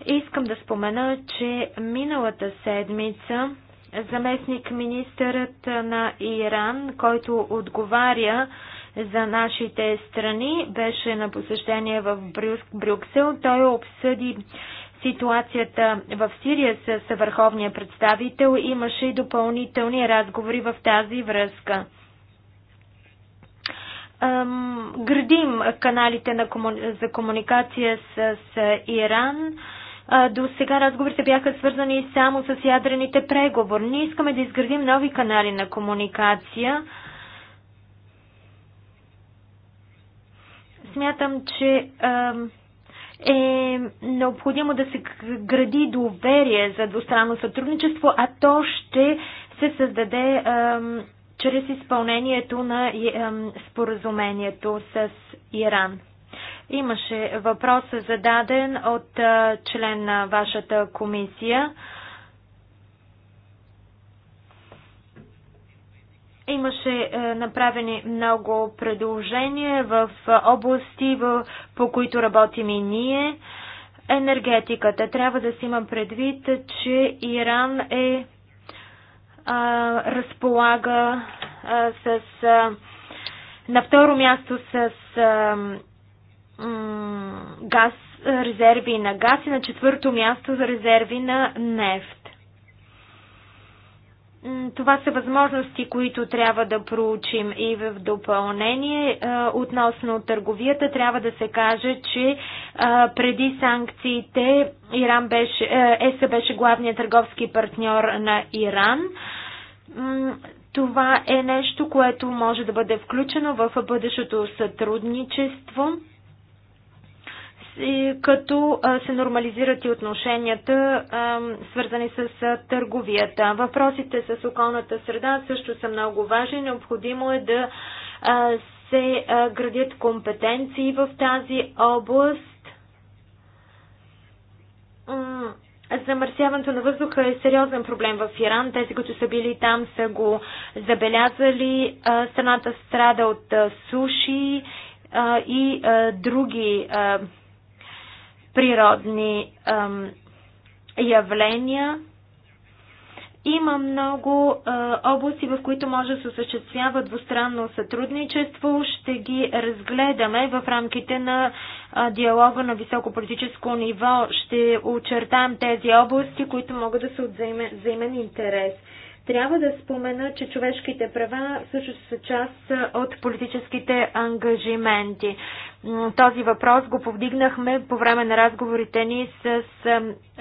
Искам да спомена, че миналата седмица заместник министърът на Иран, който отговаря за нашите страни, беше на посещение в Брюксел. Той обсъди ситуацията в Сирия с върховния представител имаше и допълнителни разговори в тази връзка. Градим каналите на кому... за комуникация с, с Иран. До сега разговорите бяха свързани само с ядрените преговори. Ние искаме да изградим нови канали на комуникация. Смятам, че. а, е необходимо да се гради доверие за двустранно сътрудничество, а то ще се създаде е, чрез изпълнението на е, споразумението с Иран. Имаше въпрос зададен от е, член на вашата комисия. Е, Имаше е, направени много предложения в области, в, по които работим и ние. Енергетиката. Трябва да си има предвид, че Иран е а, е, разполага а, е, с. А, е, на второ място с а, м, газ, резерви на газ и на четвърто място за резерви на нефт това са възможности, които трябва да проучим и в допълнение. Е, относно търговията трябва да се каже, че е, преди санкциите Иран беше, е, ЕСА беше главният търговски партньор на Иран. Това е нещо, което може да бъде включено в бъдещото сътрудничество като се нормализират и отношенията, свързани с търговията. Въпросите с околната среда също са много важни. Необходимо е да се градят компетенции в тази област. Замърсяването на въздуха е сериозен проблем в Иран. Тези, които са били там, са го забелязали. Страната страда от суши и други природни ам, явления. Има много а, области, в които може да се осъществява двустранно сътрудничество. Ще ги разгледаме в рамките на а, диалога на високополитическо ниво. Ще очертаем тези области, които могат да са от взаимен интерес. Трябва да спомена, че човешките права също са част от политическите ангажименти. Този въпрос го повдигнахме по време на разговорите ни с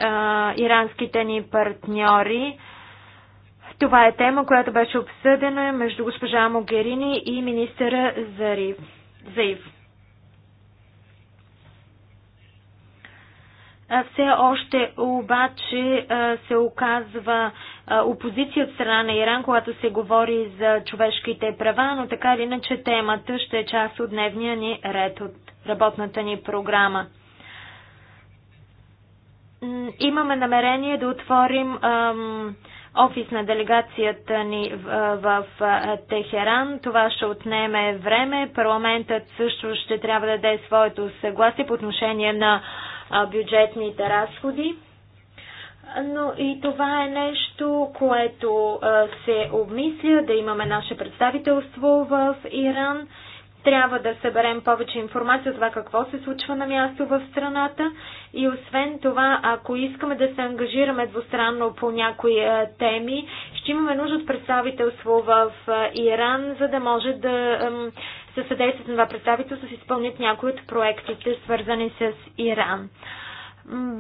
а, иранските ни партньори. Това е тема, която беше обсъдена между госпожа Могерини и министъра Зарив. Заив. Все още обаче се оказва опозиция от страна на Иран, когато се говори за човешките права, но така или иначе темата ще е част от дневния ни ред, от работната ни програма. Имаме намерение да отворим ам, офис на делегацията ни в, в, в Техеран. Това ще отнеме време. Парламентът също ще трябва да даде своето съгласие по отношение на бюджетните разходи. Но и това е нещо, което се обмисля, да имаме наше представителство в Иран. Трябва да съберем повече информация за това какво се случва на място в страната и освен това, ако искаме да се ангажираме двустранно по някои теми, ще имаме нужда от представителство в Иран, за да може да се съдействат на това представителство, се изпълнят някои от проектите, свързани с Иран.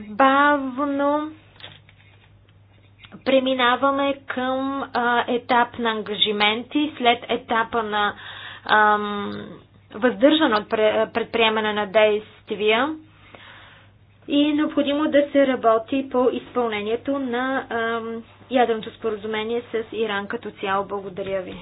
Бавно Преминаваме към а, етап на ангажименти, след етапа на ам, въздържано предприемане на действия и е необходимо да се работи по изпълнението на ам, ядреното споразумение с Иран като цяло. Благодаря ви.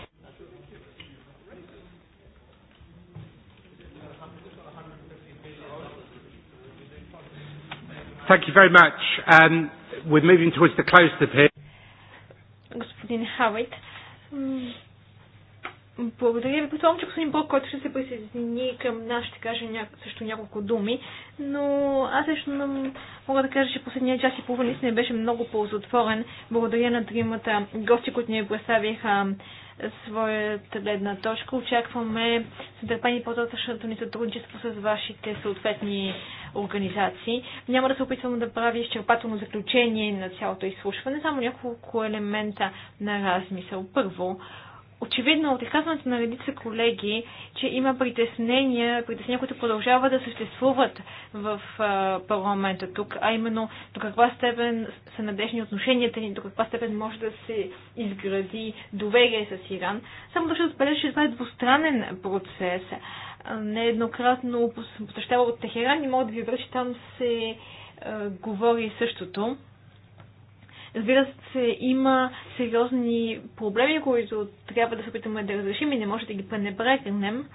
Thank you very much. Um, We're moving towards the close of here. Господин Хавайт, благодаря ви. господин че господин Бог, който ще се присъедини към нас, ще каже няко, също няколко думи, но аз също мога да кажа, че последния час и половина не беше много ползотворен. Благодаря на тримата гости, които ни представиха своята гледна точка. Очакваме с по-нататъчното ни сътрудничество с вашите съответни организации. Няма да се опитвам да правя изчерпателно заключение на цялото изслушване, само няколко елемента на размисъл. Първо, очевидно от изказването на редица колеги, че има притеснения, притеснения, които продължават да съществуват в парламента тук, а именно до каква степен са надежни отношенията ни, до каква степен може да се изгради доверие с Иран. Само да ще отбележа, че това е двустранен процес. Нееднократно посещава от Техеран и мога да ви връща, там се а, говори същото. Разбира се, има сериозни проблеми, които трябва да се опитаме да разрешим и не може да ги пренебрегнем.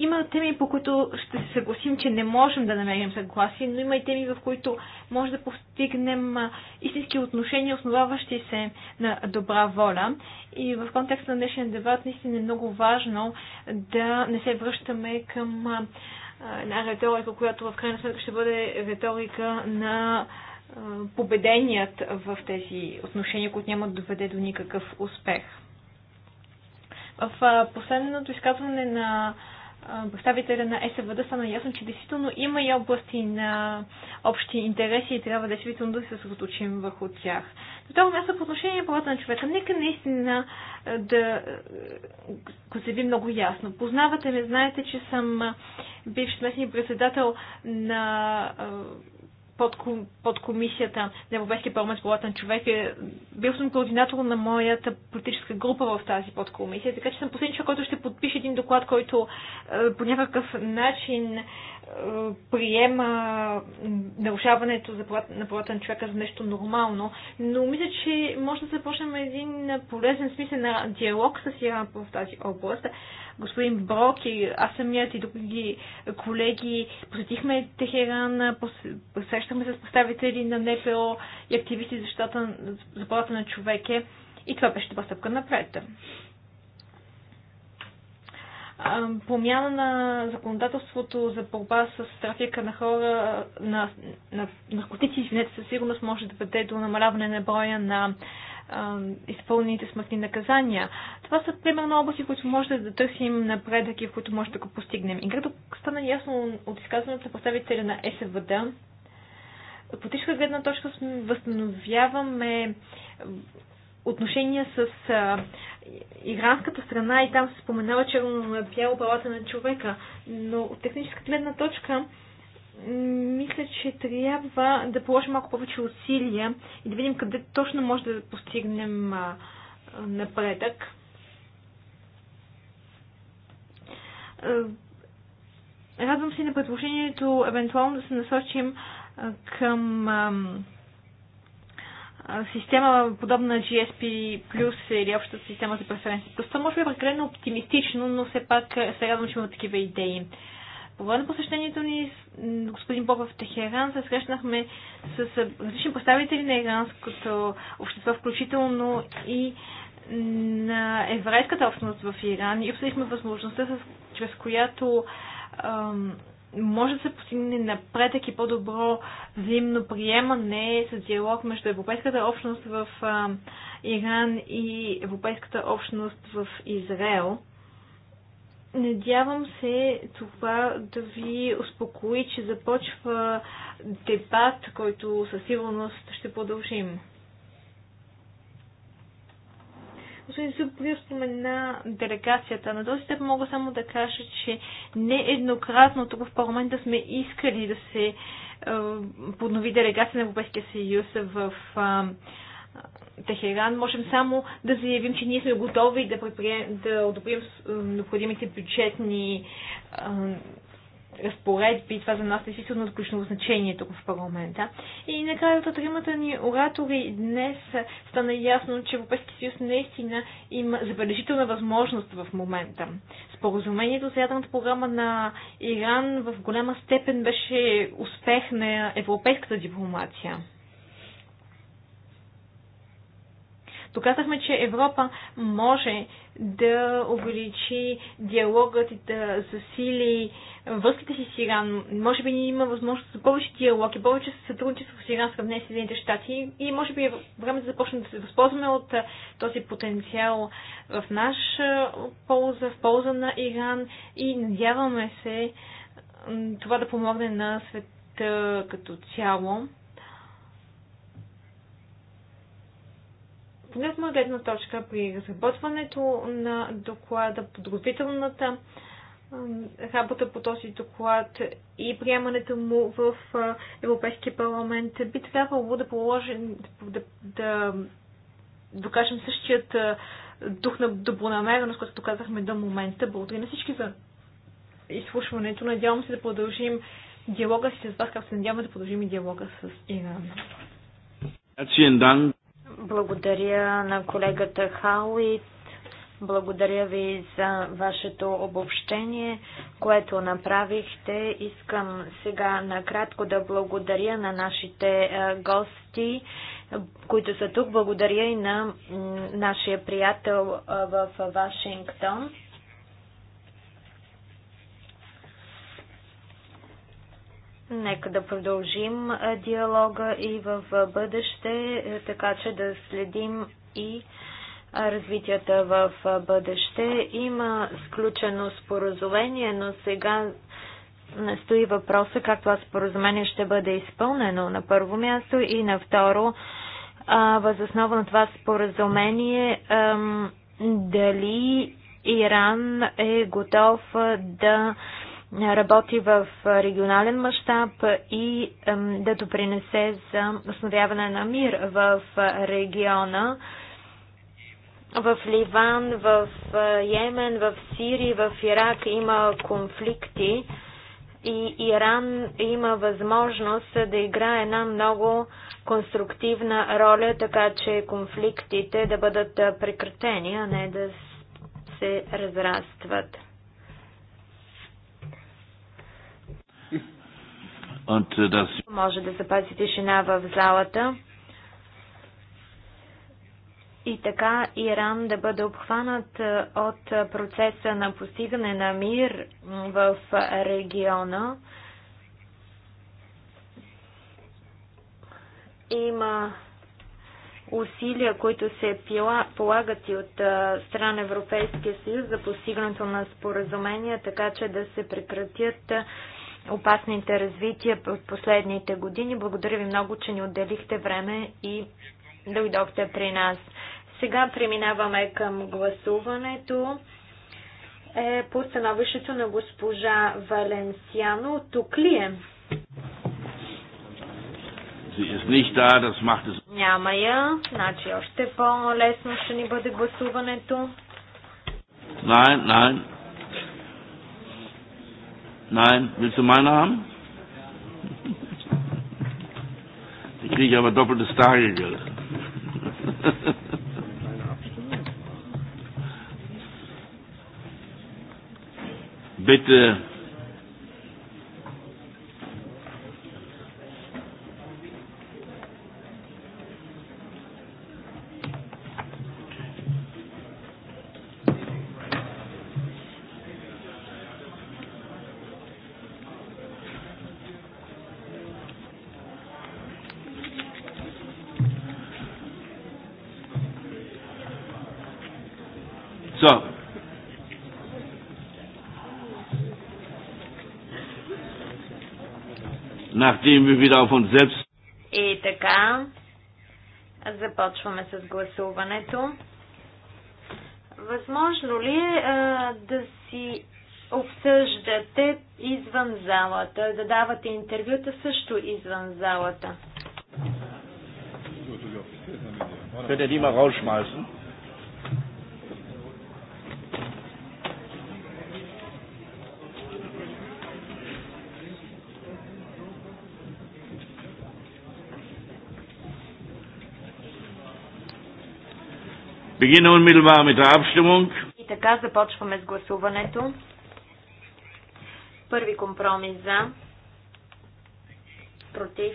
Има теми, по които ще се съгласим, че не можем да намерим съгласие, но има и теми, в които може да постигнем истински отношения, основаващи се на добра воля. И в контекста на днешния дебат наистина е много важно да не се връщаме към една риторика, която в крайна сметка ще бъде риторика на победеният в тези отношения, които няма да доведе до никакъв успех. В последното изказване на представителя на СВД стана ясно, че действително има и области на общи интереси и трябва действително да се съсредоточим върху тях. На това място по отношение на правата на човека, нека наистина да го ви много ясно. Познавате ме, знаете, че съм бивш местния председател на под, под комисията на Европейския парламент по на човек. Е, бил съм координатор на моята политическа група в тази подкомисия, така че съм последния човек, който ще подпише един доклад, който е, по някакъв начин приема нарушаването на правата на човека за нещо нормално, но мисля, че може да започнем един полезен смисъл на диалог с Иран в тази област. Господин Брок и аз самият и други колеги посетихме Техеран, срещахме с представители на НПО и активисти за, за правата на човека и това беше добра стъпка напред промяна на законодателството за борба с трафика на хора, на, на наркотици, извинете, със сигурност може да бъде до намаляване на броя на изпълнените смъртни наказания. Това са примерно области, в които може да търсим напредък и в които може да го постигнем. И като стана ясно от изказването на представителя на СВД, от политическа гледна точка възстановяваме отношения с иранската страна и там се споменава черно на бяло палата на човека. Но от техническа гледна точка мисля, че трябва да положим малко повече усилия и да видим къде точно може да постигнем напредък. Радвам се на предложението, евентуално да се насочим към система, подобна на GSP или общата система за преференции Това може би е прекалено оптимистично, но все пак е, се радвам, че има такива идеи. По време на посещението ни с господин Бобов в Техеран се срещнахме с различни представители на иранското общество, включително и на еврейската общност в Иран и обсъдихме възможността, чрез която ам, може да се постигне напредък и по-добро взаимно приемане с диалог между Европейската общност в Иран и Европейската общност в Израел. Надявам се това да ви успокои, че започва дебат, който със сигурност ще продължим. Господин Зубрил спомена делегацията. На този степ мога само да кажа, че нееднократно тук в парламента сме искали да се е, поднови делегация на Европейския съюз в е, Техеран, можем само да заявим, че ние сме готови да, да одобрим е, необходимите бюджетни е, разпоредби. Това за нас е действително от значение тук в парламента. И накрая от тримата ни оратори днес стана ясно, че Европейския съюз наистина има забележителна възможност в момента. Споразумението за ядрената програма на Иран в голяма степен беше успех на европейската дипломация. Доказахме, че Европа може да увеличи диалогът и да засили връзките си с Иран. Може би има възможност за повече диалог и повече сътрудничество с Иран в сравнение с Съединените щати и може би е време да започнем да се възползваме от този потенциал в наш полза, в полза на Иран и надяваме се това да помогне на света като цяло. поне от гледна точка при разработването на доклада, подготвителната работа по този доклад и приемането му в Европейския парламент би трябвало да положим, да, да докажем същият дух на добронамереност, който казахме до момента. Благодаря на всички за изслушването. Надявам се да продължим диалога си с вас, както се надяваме да продължим и диалога с Иран. Благодаря на колегата Хауит. Благодаря ви за вашето обобщение, което направихте. Искам сега накратко да благодаря на нашите е, гости, които са тук. Благодаря и на нашия приятел е, в Вашингтон. Нека да продължим диалога и в бъдеще, е, така че да следим и развитията в бъдеще. Има сключено споразумение, но сега не стои въпроса как това споразумение ще бъде изпълнено на първо място и на второ, възоснова на това споразумение, дали Иран е готов да работи в регионален мащаб и да допринесе за основяване на мир в региона, в Ливан, в е, Йемен, в Сирия, в Ирак има конфликти и Иран има възможност да играе една много конструктивна роля, така че конфликтите да бъдат прекратени, а не да се разрастват. Е, Може да запази тишина в залата. И така Иран да бъде обхванат е, от процеса на постигане на мир в региона. Има усилия, които се полагат и от е, страна Европейския съюз за постигането на споразумения, така че да се прекратят опасните развития от последните години. Благодаря ви много, че ни отделихте време и дойдохте при нас. Сега преминаваме към гласуването е по становището на госпожа Валенсиано. Тук ли е? е Няма я, значи още по-лесно ще ни бъде гласуването. Не, не. Nein, willst du meine haben? Ich kriege aber doppeltes Tagegeld. Bitte nachdem wir wieder auf uns selbst. И така, започваме с гласуването. Възможно ли е да си обсъждате извън залата, да давате интервюта също извън залата? Ще да има mal beginnen unmittelbar mit der Abstimmung. И така започваме с гласуването. Първи компромис за, против,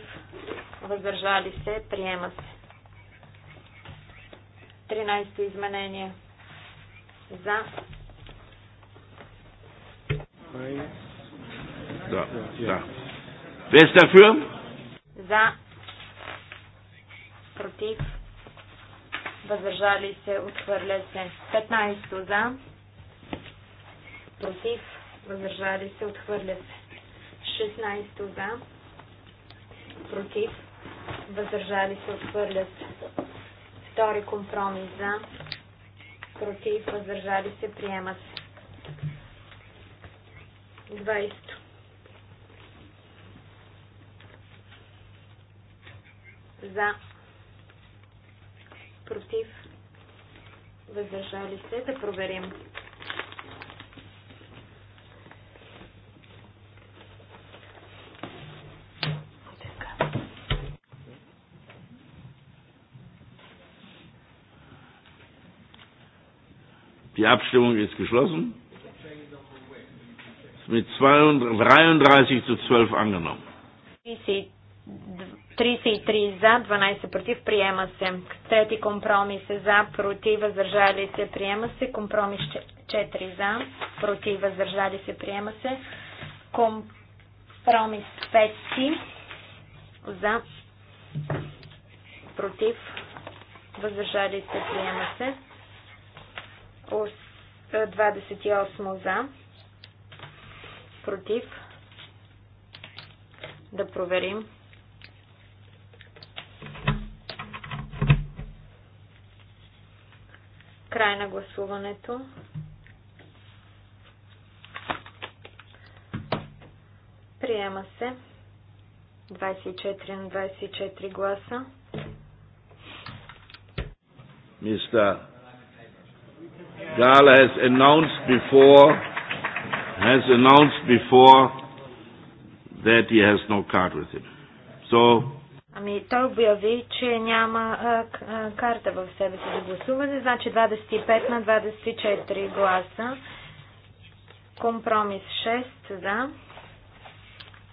въздържали се, приема се. 13 то изменение за. Да, да. Wer За. Против въздържали се, отхвърля се. 15 за, против, въздържали се, отхвърля се. 16 за, против, въздържали се, отхвърля се. Втори компромис за, против, въздържали се, приема се. 20. За против, въздържали се, да проверим. Die Abstimmung ist geschlossen. Mit 32, zu 12 angenommen. 32 33 за, 12 против, приема се. Трети компромис е за, против, въздържали се, приема се. Компромис 4 за, против, въздържали се, приема се. Компромис 5 за, против, въздържали се, приема се. 28 за, против. Да проверим. Край на гласуването. Приема се 24 на 24 гласа. Mr. Gala has announced before has announced before that he has no card with him. So Ами той обяви, че няма а, карта в себе си за гласуване, значи 25 на 24 гласа. Компромис 6 за.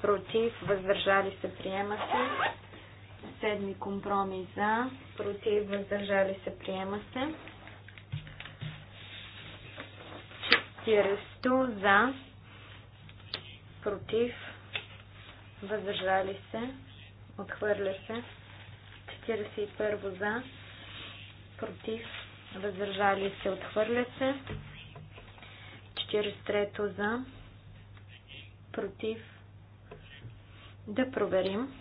Против, въздържали се, приема се. Седми компромис за. Против, въздържали се, приема се. Четиристо за. Против, въздържали се. Отхвърля се. 41 за. Против. Въздържали се. Отхвърля се. 43 за. Против. Да проверим.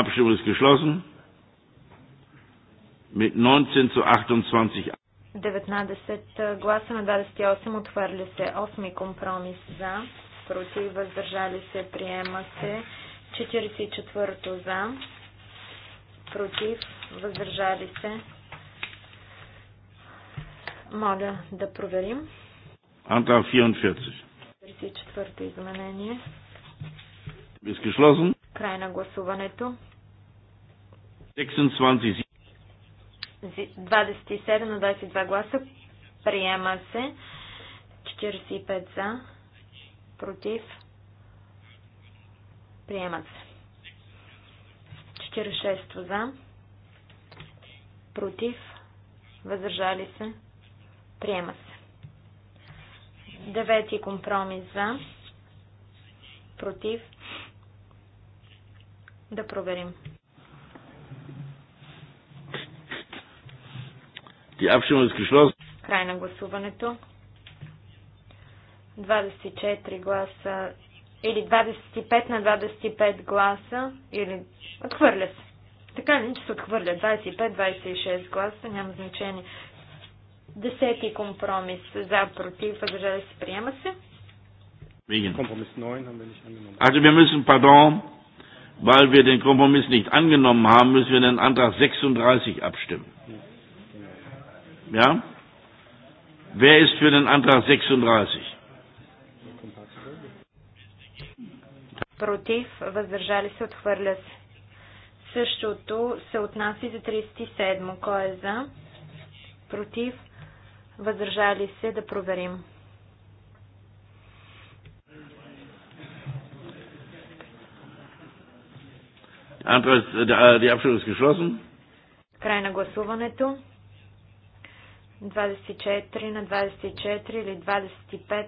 Abstimmung ist geschlossen. Mit 19 zu 28. 19 гласа на 28 отвърли се. 8 компромис за, против, въздържали се, приема се. 44 за, против, въздържали се. Моля да проверим. Антрал 44. 44 изменение. Безкишлозен. Край на гласуването. 26 27 на 22 гласа. Приема се. 45 за. Против. Приемат се. 46 за. Против. Въздържали се. Приема се. Девети компромис за. Против. Да проверим. Ти апшим възкрешно. Край на гласуването. 24 гласа или 25 на 25 гласа или отхвърля се. Така ли, че се отхвърля? 25-26 гласа, няма значение. Десети компромис за, против, въздържали се, приема се. Also wir müssen, pardon, weil wir den Kompromiss nicht angenommen haben, müssen wir den Antrag 36 abstimmen. Ja? Wer ist für den Antrag 36? Против, въздържали се, отхвърля се. Същото се отнася за 37. Кой е за? Против, въздържали се, да проверим. Е, е Край на гласуването. 24 на 24 или 25.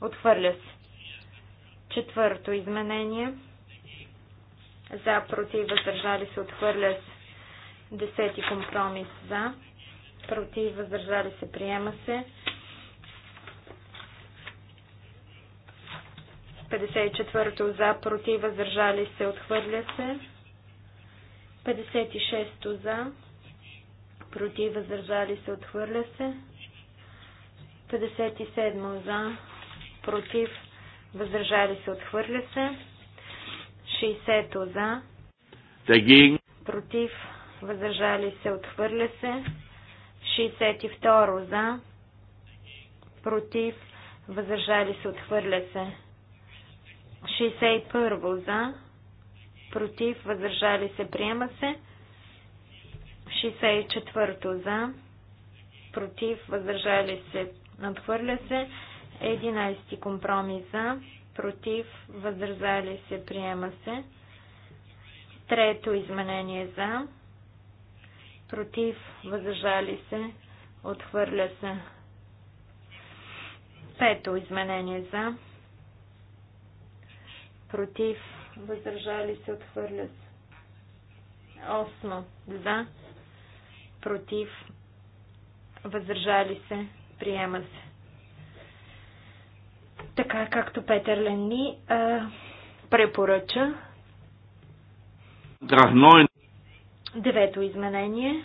Отхвърля се. Четвърто изменение. За, против, въздържали се, отхвърля се. Десети компромис. За, против, въздържали се, приема се. 54-то за, против, въздържали се, отхвърля се. 56-то за, против, въздържали се, отхвърля се. 57 за, против, въздържали се, отхвърля се. 60 за, против, въздържали се, отхвърля се. 62 за, против, въздържали се, отхвърля се. 61 за, против, въздържали се, приема се. 64 за, против, въздържали се, надхвърля се. 11 компромис за, против, въздържали се, приема се. Трето изменение за, против, въздържали се, отхвърля се. Пето изменение за, против, въздържали се, отхвърля се. Осмо за, против, въздържали се, приема се. Така както Петър Лени а, препоръча. Девето изменение.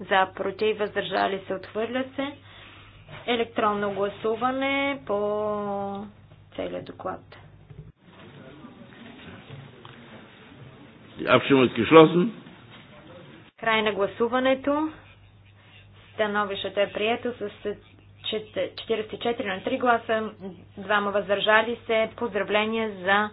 За, против, въздържали се, отхвърля се. Електронно гласуване по целия доклад. Абсолютно кишлосен. Край на гласуването. Становището е прието с 44 на 3 гласа, двама въздържали се. Поздравления за